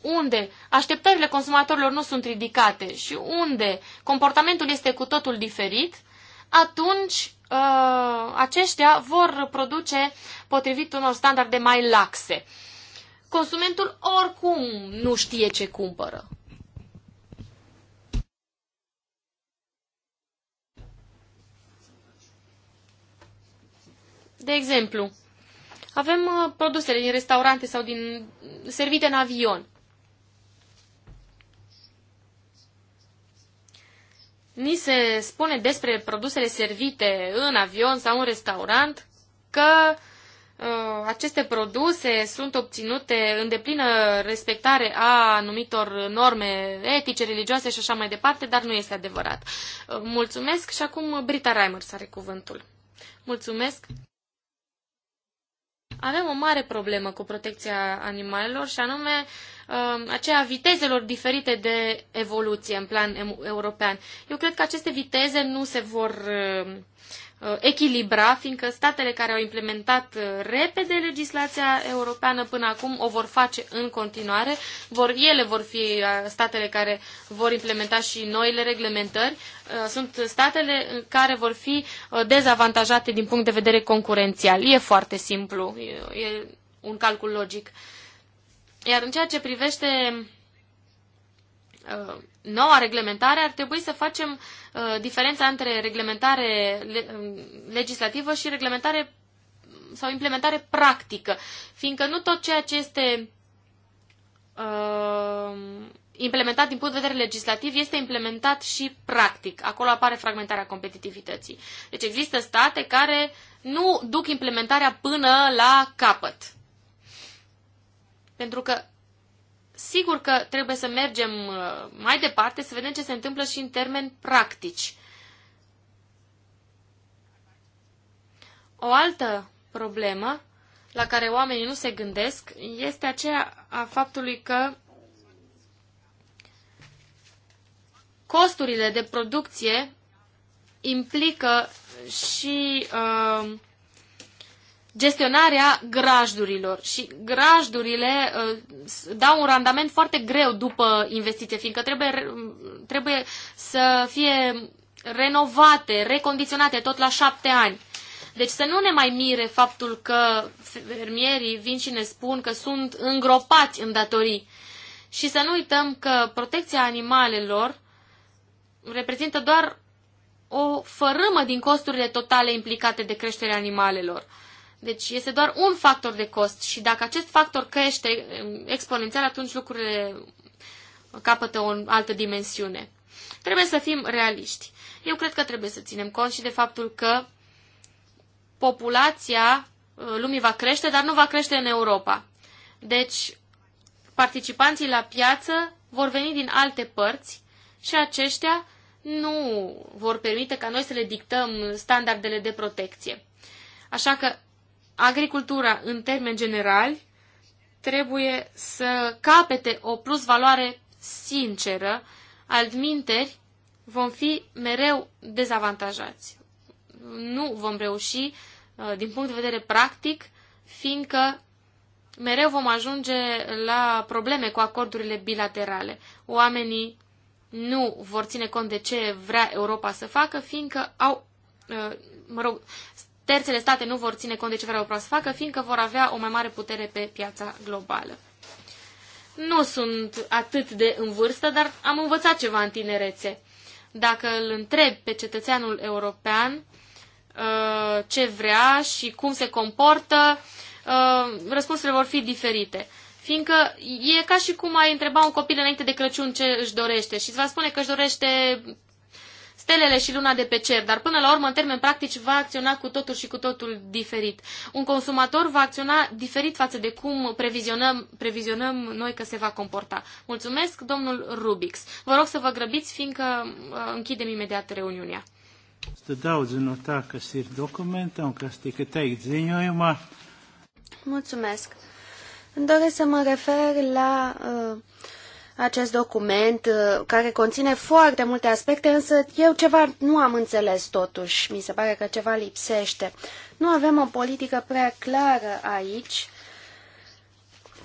unde așteptările consumatorilor nu sunt ridicate și unde comportamentul este cu totul diferit, atunci uh, aceștia vor produce potrivit unor standarde mai laxe. Consumentul oricum nu știe ce cumpără. De exemplu, avem uh, produsele din restaurante sau din servite în avion. Ni se spune despre produsele servite în avion sau în restaurant că uh, aceste produse sunt obținute în deplină respectare a anumitor norme etice, religioase și așa mai departe, dar nu este adevărat. Uh, mulțumesc și acum Brita Reimers are cuvântul. Mulțumesc! avem o mare problemă cu protecția animalelor și anume um, aceea vitezelor diferite de evoluție în plan european. Eu cred că aceste viteze nu se vor um, Uh, echilibra, fiindcă statele care au implementat uh, repede legislația europeană până acum o vor face în continuare. Vor, ele vor fi uh, statele care vor implementa și noile reglementări. Sunt statele care vor fi dezavantajate din punct de vedere concurențial. E foarte simplu, e un calcul logic. Iar în ceea ce privește noua reglementare, ar trebui să facem uh, diferența între reglementare le, um, legislativă și reglementare sau implementare practică, fiindcă nu tot ceea ce este uh, implementat din punct de vedere legislativ este implementat și practic. Acolo apare fragmentarea competitivității. Deci există state care nu duc implementarea până la capăt. Pentru că sigur că trebuie să mergem uh, mai departe, să vedem ce se întâmplă și în termeni practici. O altă problemă la care oamenii nu se gândesc este aceea a faptului că costurile de producție implică și uh, gestionarea grajdurilor. Și grajdurile uh, dau un randament foarte greu după investiție, fiindcă trebuie, trebuie să fie renovate, recondiționate tot la șapte ani. Deci să nu ne mai mire faptul că fermierii vin și ne spun că sunt îngropați în datorii. Și să nu uităm că protecția animalelor reprezintă doar o fărâmă din costurile totale implicate de creșterea animalelor. Deci este doar un factor de cost și dacă acest factor crește um, exponențial, atunci lucrurile capătă o altă dimensiune. Trebuie să fim realiști. Eu cred că trebuie să ținem cont și de faptul că populația uh, lumii va crește, dar nu va crește în Europa. Deci, participanții la piață vor veni din alte părți și aceștia nu vor permite ca noi să le dictăm standardele de protecție. Așa că agricultura în termeni generali trebuie să capete o plus valoare sinceră, altminteri vom fi mereu dezavantajați. Nu vom reuși uh, din punct de vedere practic, fiindcă mereu vom ajunge la probleme cu acordurile bilaterale. Oamenii nu vor ține cont de ce vrea Europa să facă, fiindcă au, uh, mă rog, terțele state nu vor ține cont de ce vreau să facă, fiindcă vor avea o mai mare putere pe piața globală. Nu sunt atât de în vârstă, dar am învățat ceva în tinerețe. Dacă îl întreb pe cetățeanul european uh, ce vrea și cum se comportă, uh, răspunsurile vor fi diferite. Fiindcă e ca și cum ai întreba un copil înainte de Crăciun ce își dorește și îți va spune că își dorește stelele și luna de pe cer, dar până la urmă, în termeni practici, va acționa cu totul și cu totul diferit. Un consumator va acționa diferit față de cum previzionăm, previzionăm noi că se va comporta. Mulțumesc, domnul Rubix. Vă rog să vă grăbiți, fiindcă uh, închidem imediat reuniunea. Mulțumesc. Îmi doresc să mă refer la uh, acest document uh, care conține foarte multe aspecte, însă eu ceva nu am înțeles totuși, mi se pare că ceva lipsește. Nu avem o politică prea clară aici,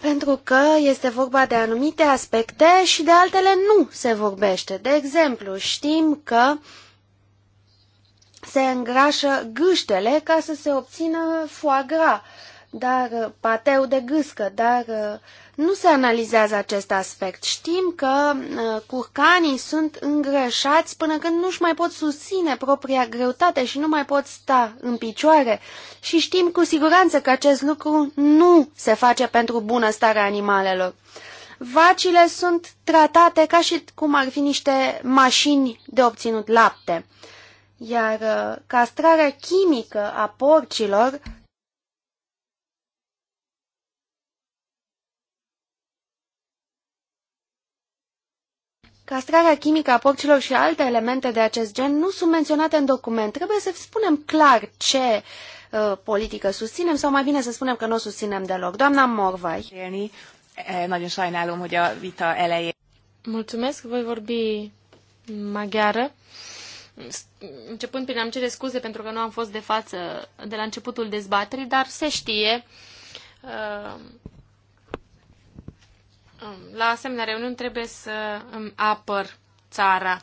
pentru că este vorba de anumite aspecte și de altele nu se vorbește. De exemplu, știm că se îngrașă gâștele ca să se obțină foagra dar uh, pateu de gâscă, dar uh, nu se analizează acest aspect. Știm că uh, curcanii sunt îngrășați până când nu-și mai pot susține propria greutate și nu mai pot sta în picioare și știm cu siguranță că acest lucru nu se face pentru bunăstarea animalelor. Vacile sunt tratate ca și cum ar fi niște mașini de obținut lapte iar castrarea chimică a porcilor Castrarea chimică a porcilor și alte elemente de acest gen nu sunt menționate în document. Trebuie să spunem clar ce uh, politică susținem sau mai bine să spunem că nu o susținem deloc. Doamna Morvai. Eh, a Mulțumesc, voi vorbi maghiară. Începând prin am cere scuze pentru că nu am fost de față de la începutul dezbaterii, dar se știe uh, Um, la asemenea reuniuni trebuie să îmi apăr țara.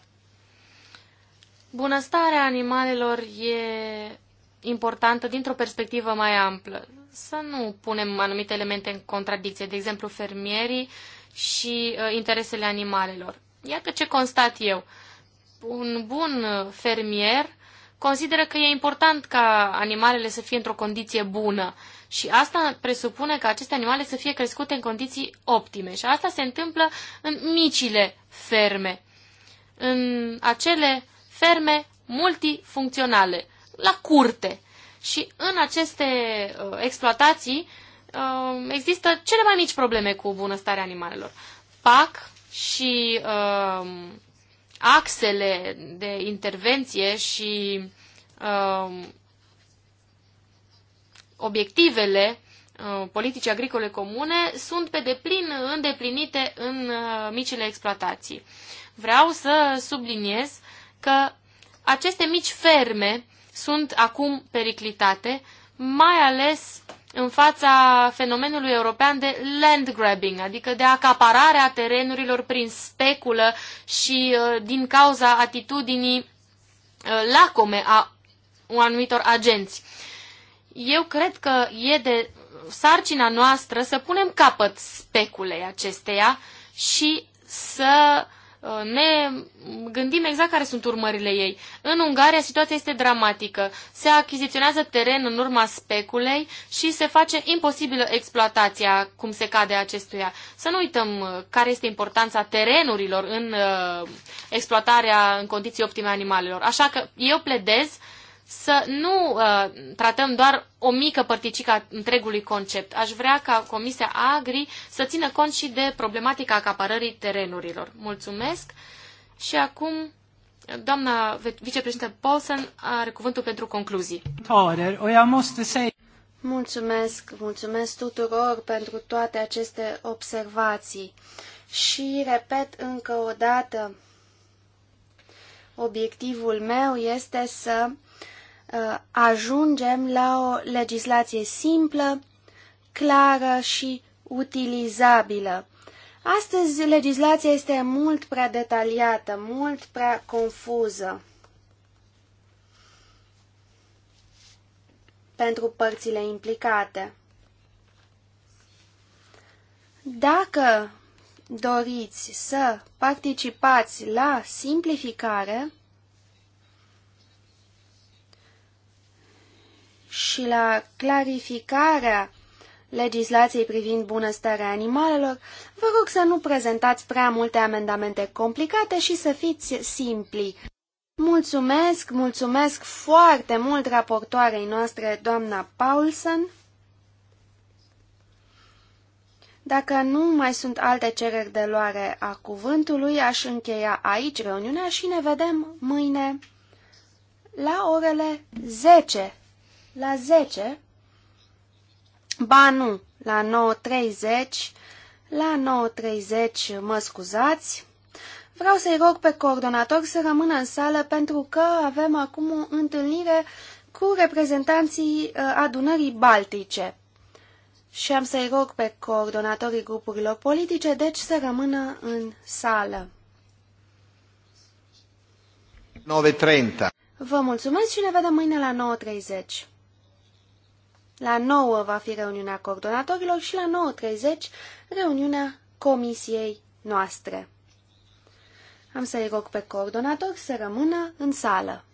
Bunăstarea animalelor e importantă dintr-o perspectivă mai amplă. Să nu punem anumite elemente în contradicție, de exemplu fermierii și uh, interesele animalelor. Iată ce constat eu. Un bun fermier consideră că e important ca animalele să fie într-o condiție bună și asta presupune că aceste animale să fie crescute în condiții optime. Și asta se întâmplă în micile ferme, în acele ferme multifuncționale, la curte. Și în aceste uh, exploatații uh, există cele mai mici probleme cu bunăstarea animalelor. PAC și uh, axele de intervenție și uh, obiectivele uh, politicii agricole comune sunt pe deplin îndeplinite în uh, micile exploatații. Vreau să subliniez că aceste mici ferme sunt acum periclitate, mai ales în fața fenomenului european de land grabbing, adică de acapararea terenurilor prin speculă și uh, din cauza atitudinii lacome a anumitor agenți eu cred că e de sarcina noastră să punem capăt speculei acesteia și să uh, ne gândim exact care sunt urmările ei. În Ungaria situația este dramatică. Se achiziționează teren în urma speculei și se face imposibilă exploatația cum se cade acestuia. Să nu uităm uh, care este importanța terenurilor în uh, exploatarea în condiții optime animalelor. Așa că eu pledez uh, să nu uh, tratăm doar o mică părticică a întregului concept. Aș vrea ca Comisia Agri să țină cont și de problematica acapărării terenurilor. Mulțumesc și acum doamna vicepreședinte Paulsen are cuvântul pentru concluzii. Mulțumesc, mulțumesc tuturor pentru toate aceste observații și repet încă o dată, obiectivul meu este să Uh, ajungem la o legislație simplă, clară și utilizabilă. Astăzi, legislația este mult prea detaliată, mult prea confuză pentru părțile implicate. Dacă doriți să participați la simplificare, și la clarificarea legislației privind bunăstarea animalelor, vă rog să nu prezentați prea multe amendamente complicate și să fiți simpli. Mulțumesc, mulțumesc foarte mult raportoarei noastre, doamna Paulsen. Dacă nu mai sunt alte cereri de luare a cuvântului, aș încheia aici reuniunea și ne vedem mâine la orele 10 la 10? Ba nu, la 9.30. La 9.30, mă scuzați. Vreau să-i rog pe coordonator să rămână în sală pentru că avem acum o întâlnire cu reprezentanții uh, adunării baltice. Și am să-i rog pe coordonatorii grupurilor politice, deci să rămână în sală. 9.30 Vă mulțumesc și ne vedem mâine la 9.30. La 9 va fi reuniunea coordonatorilor și la 9.30 reuniunea comisiei noastre. Am să-i rog pe coordonator să rămână în sală.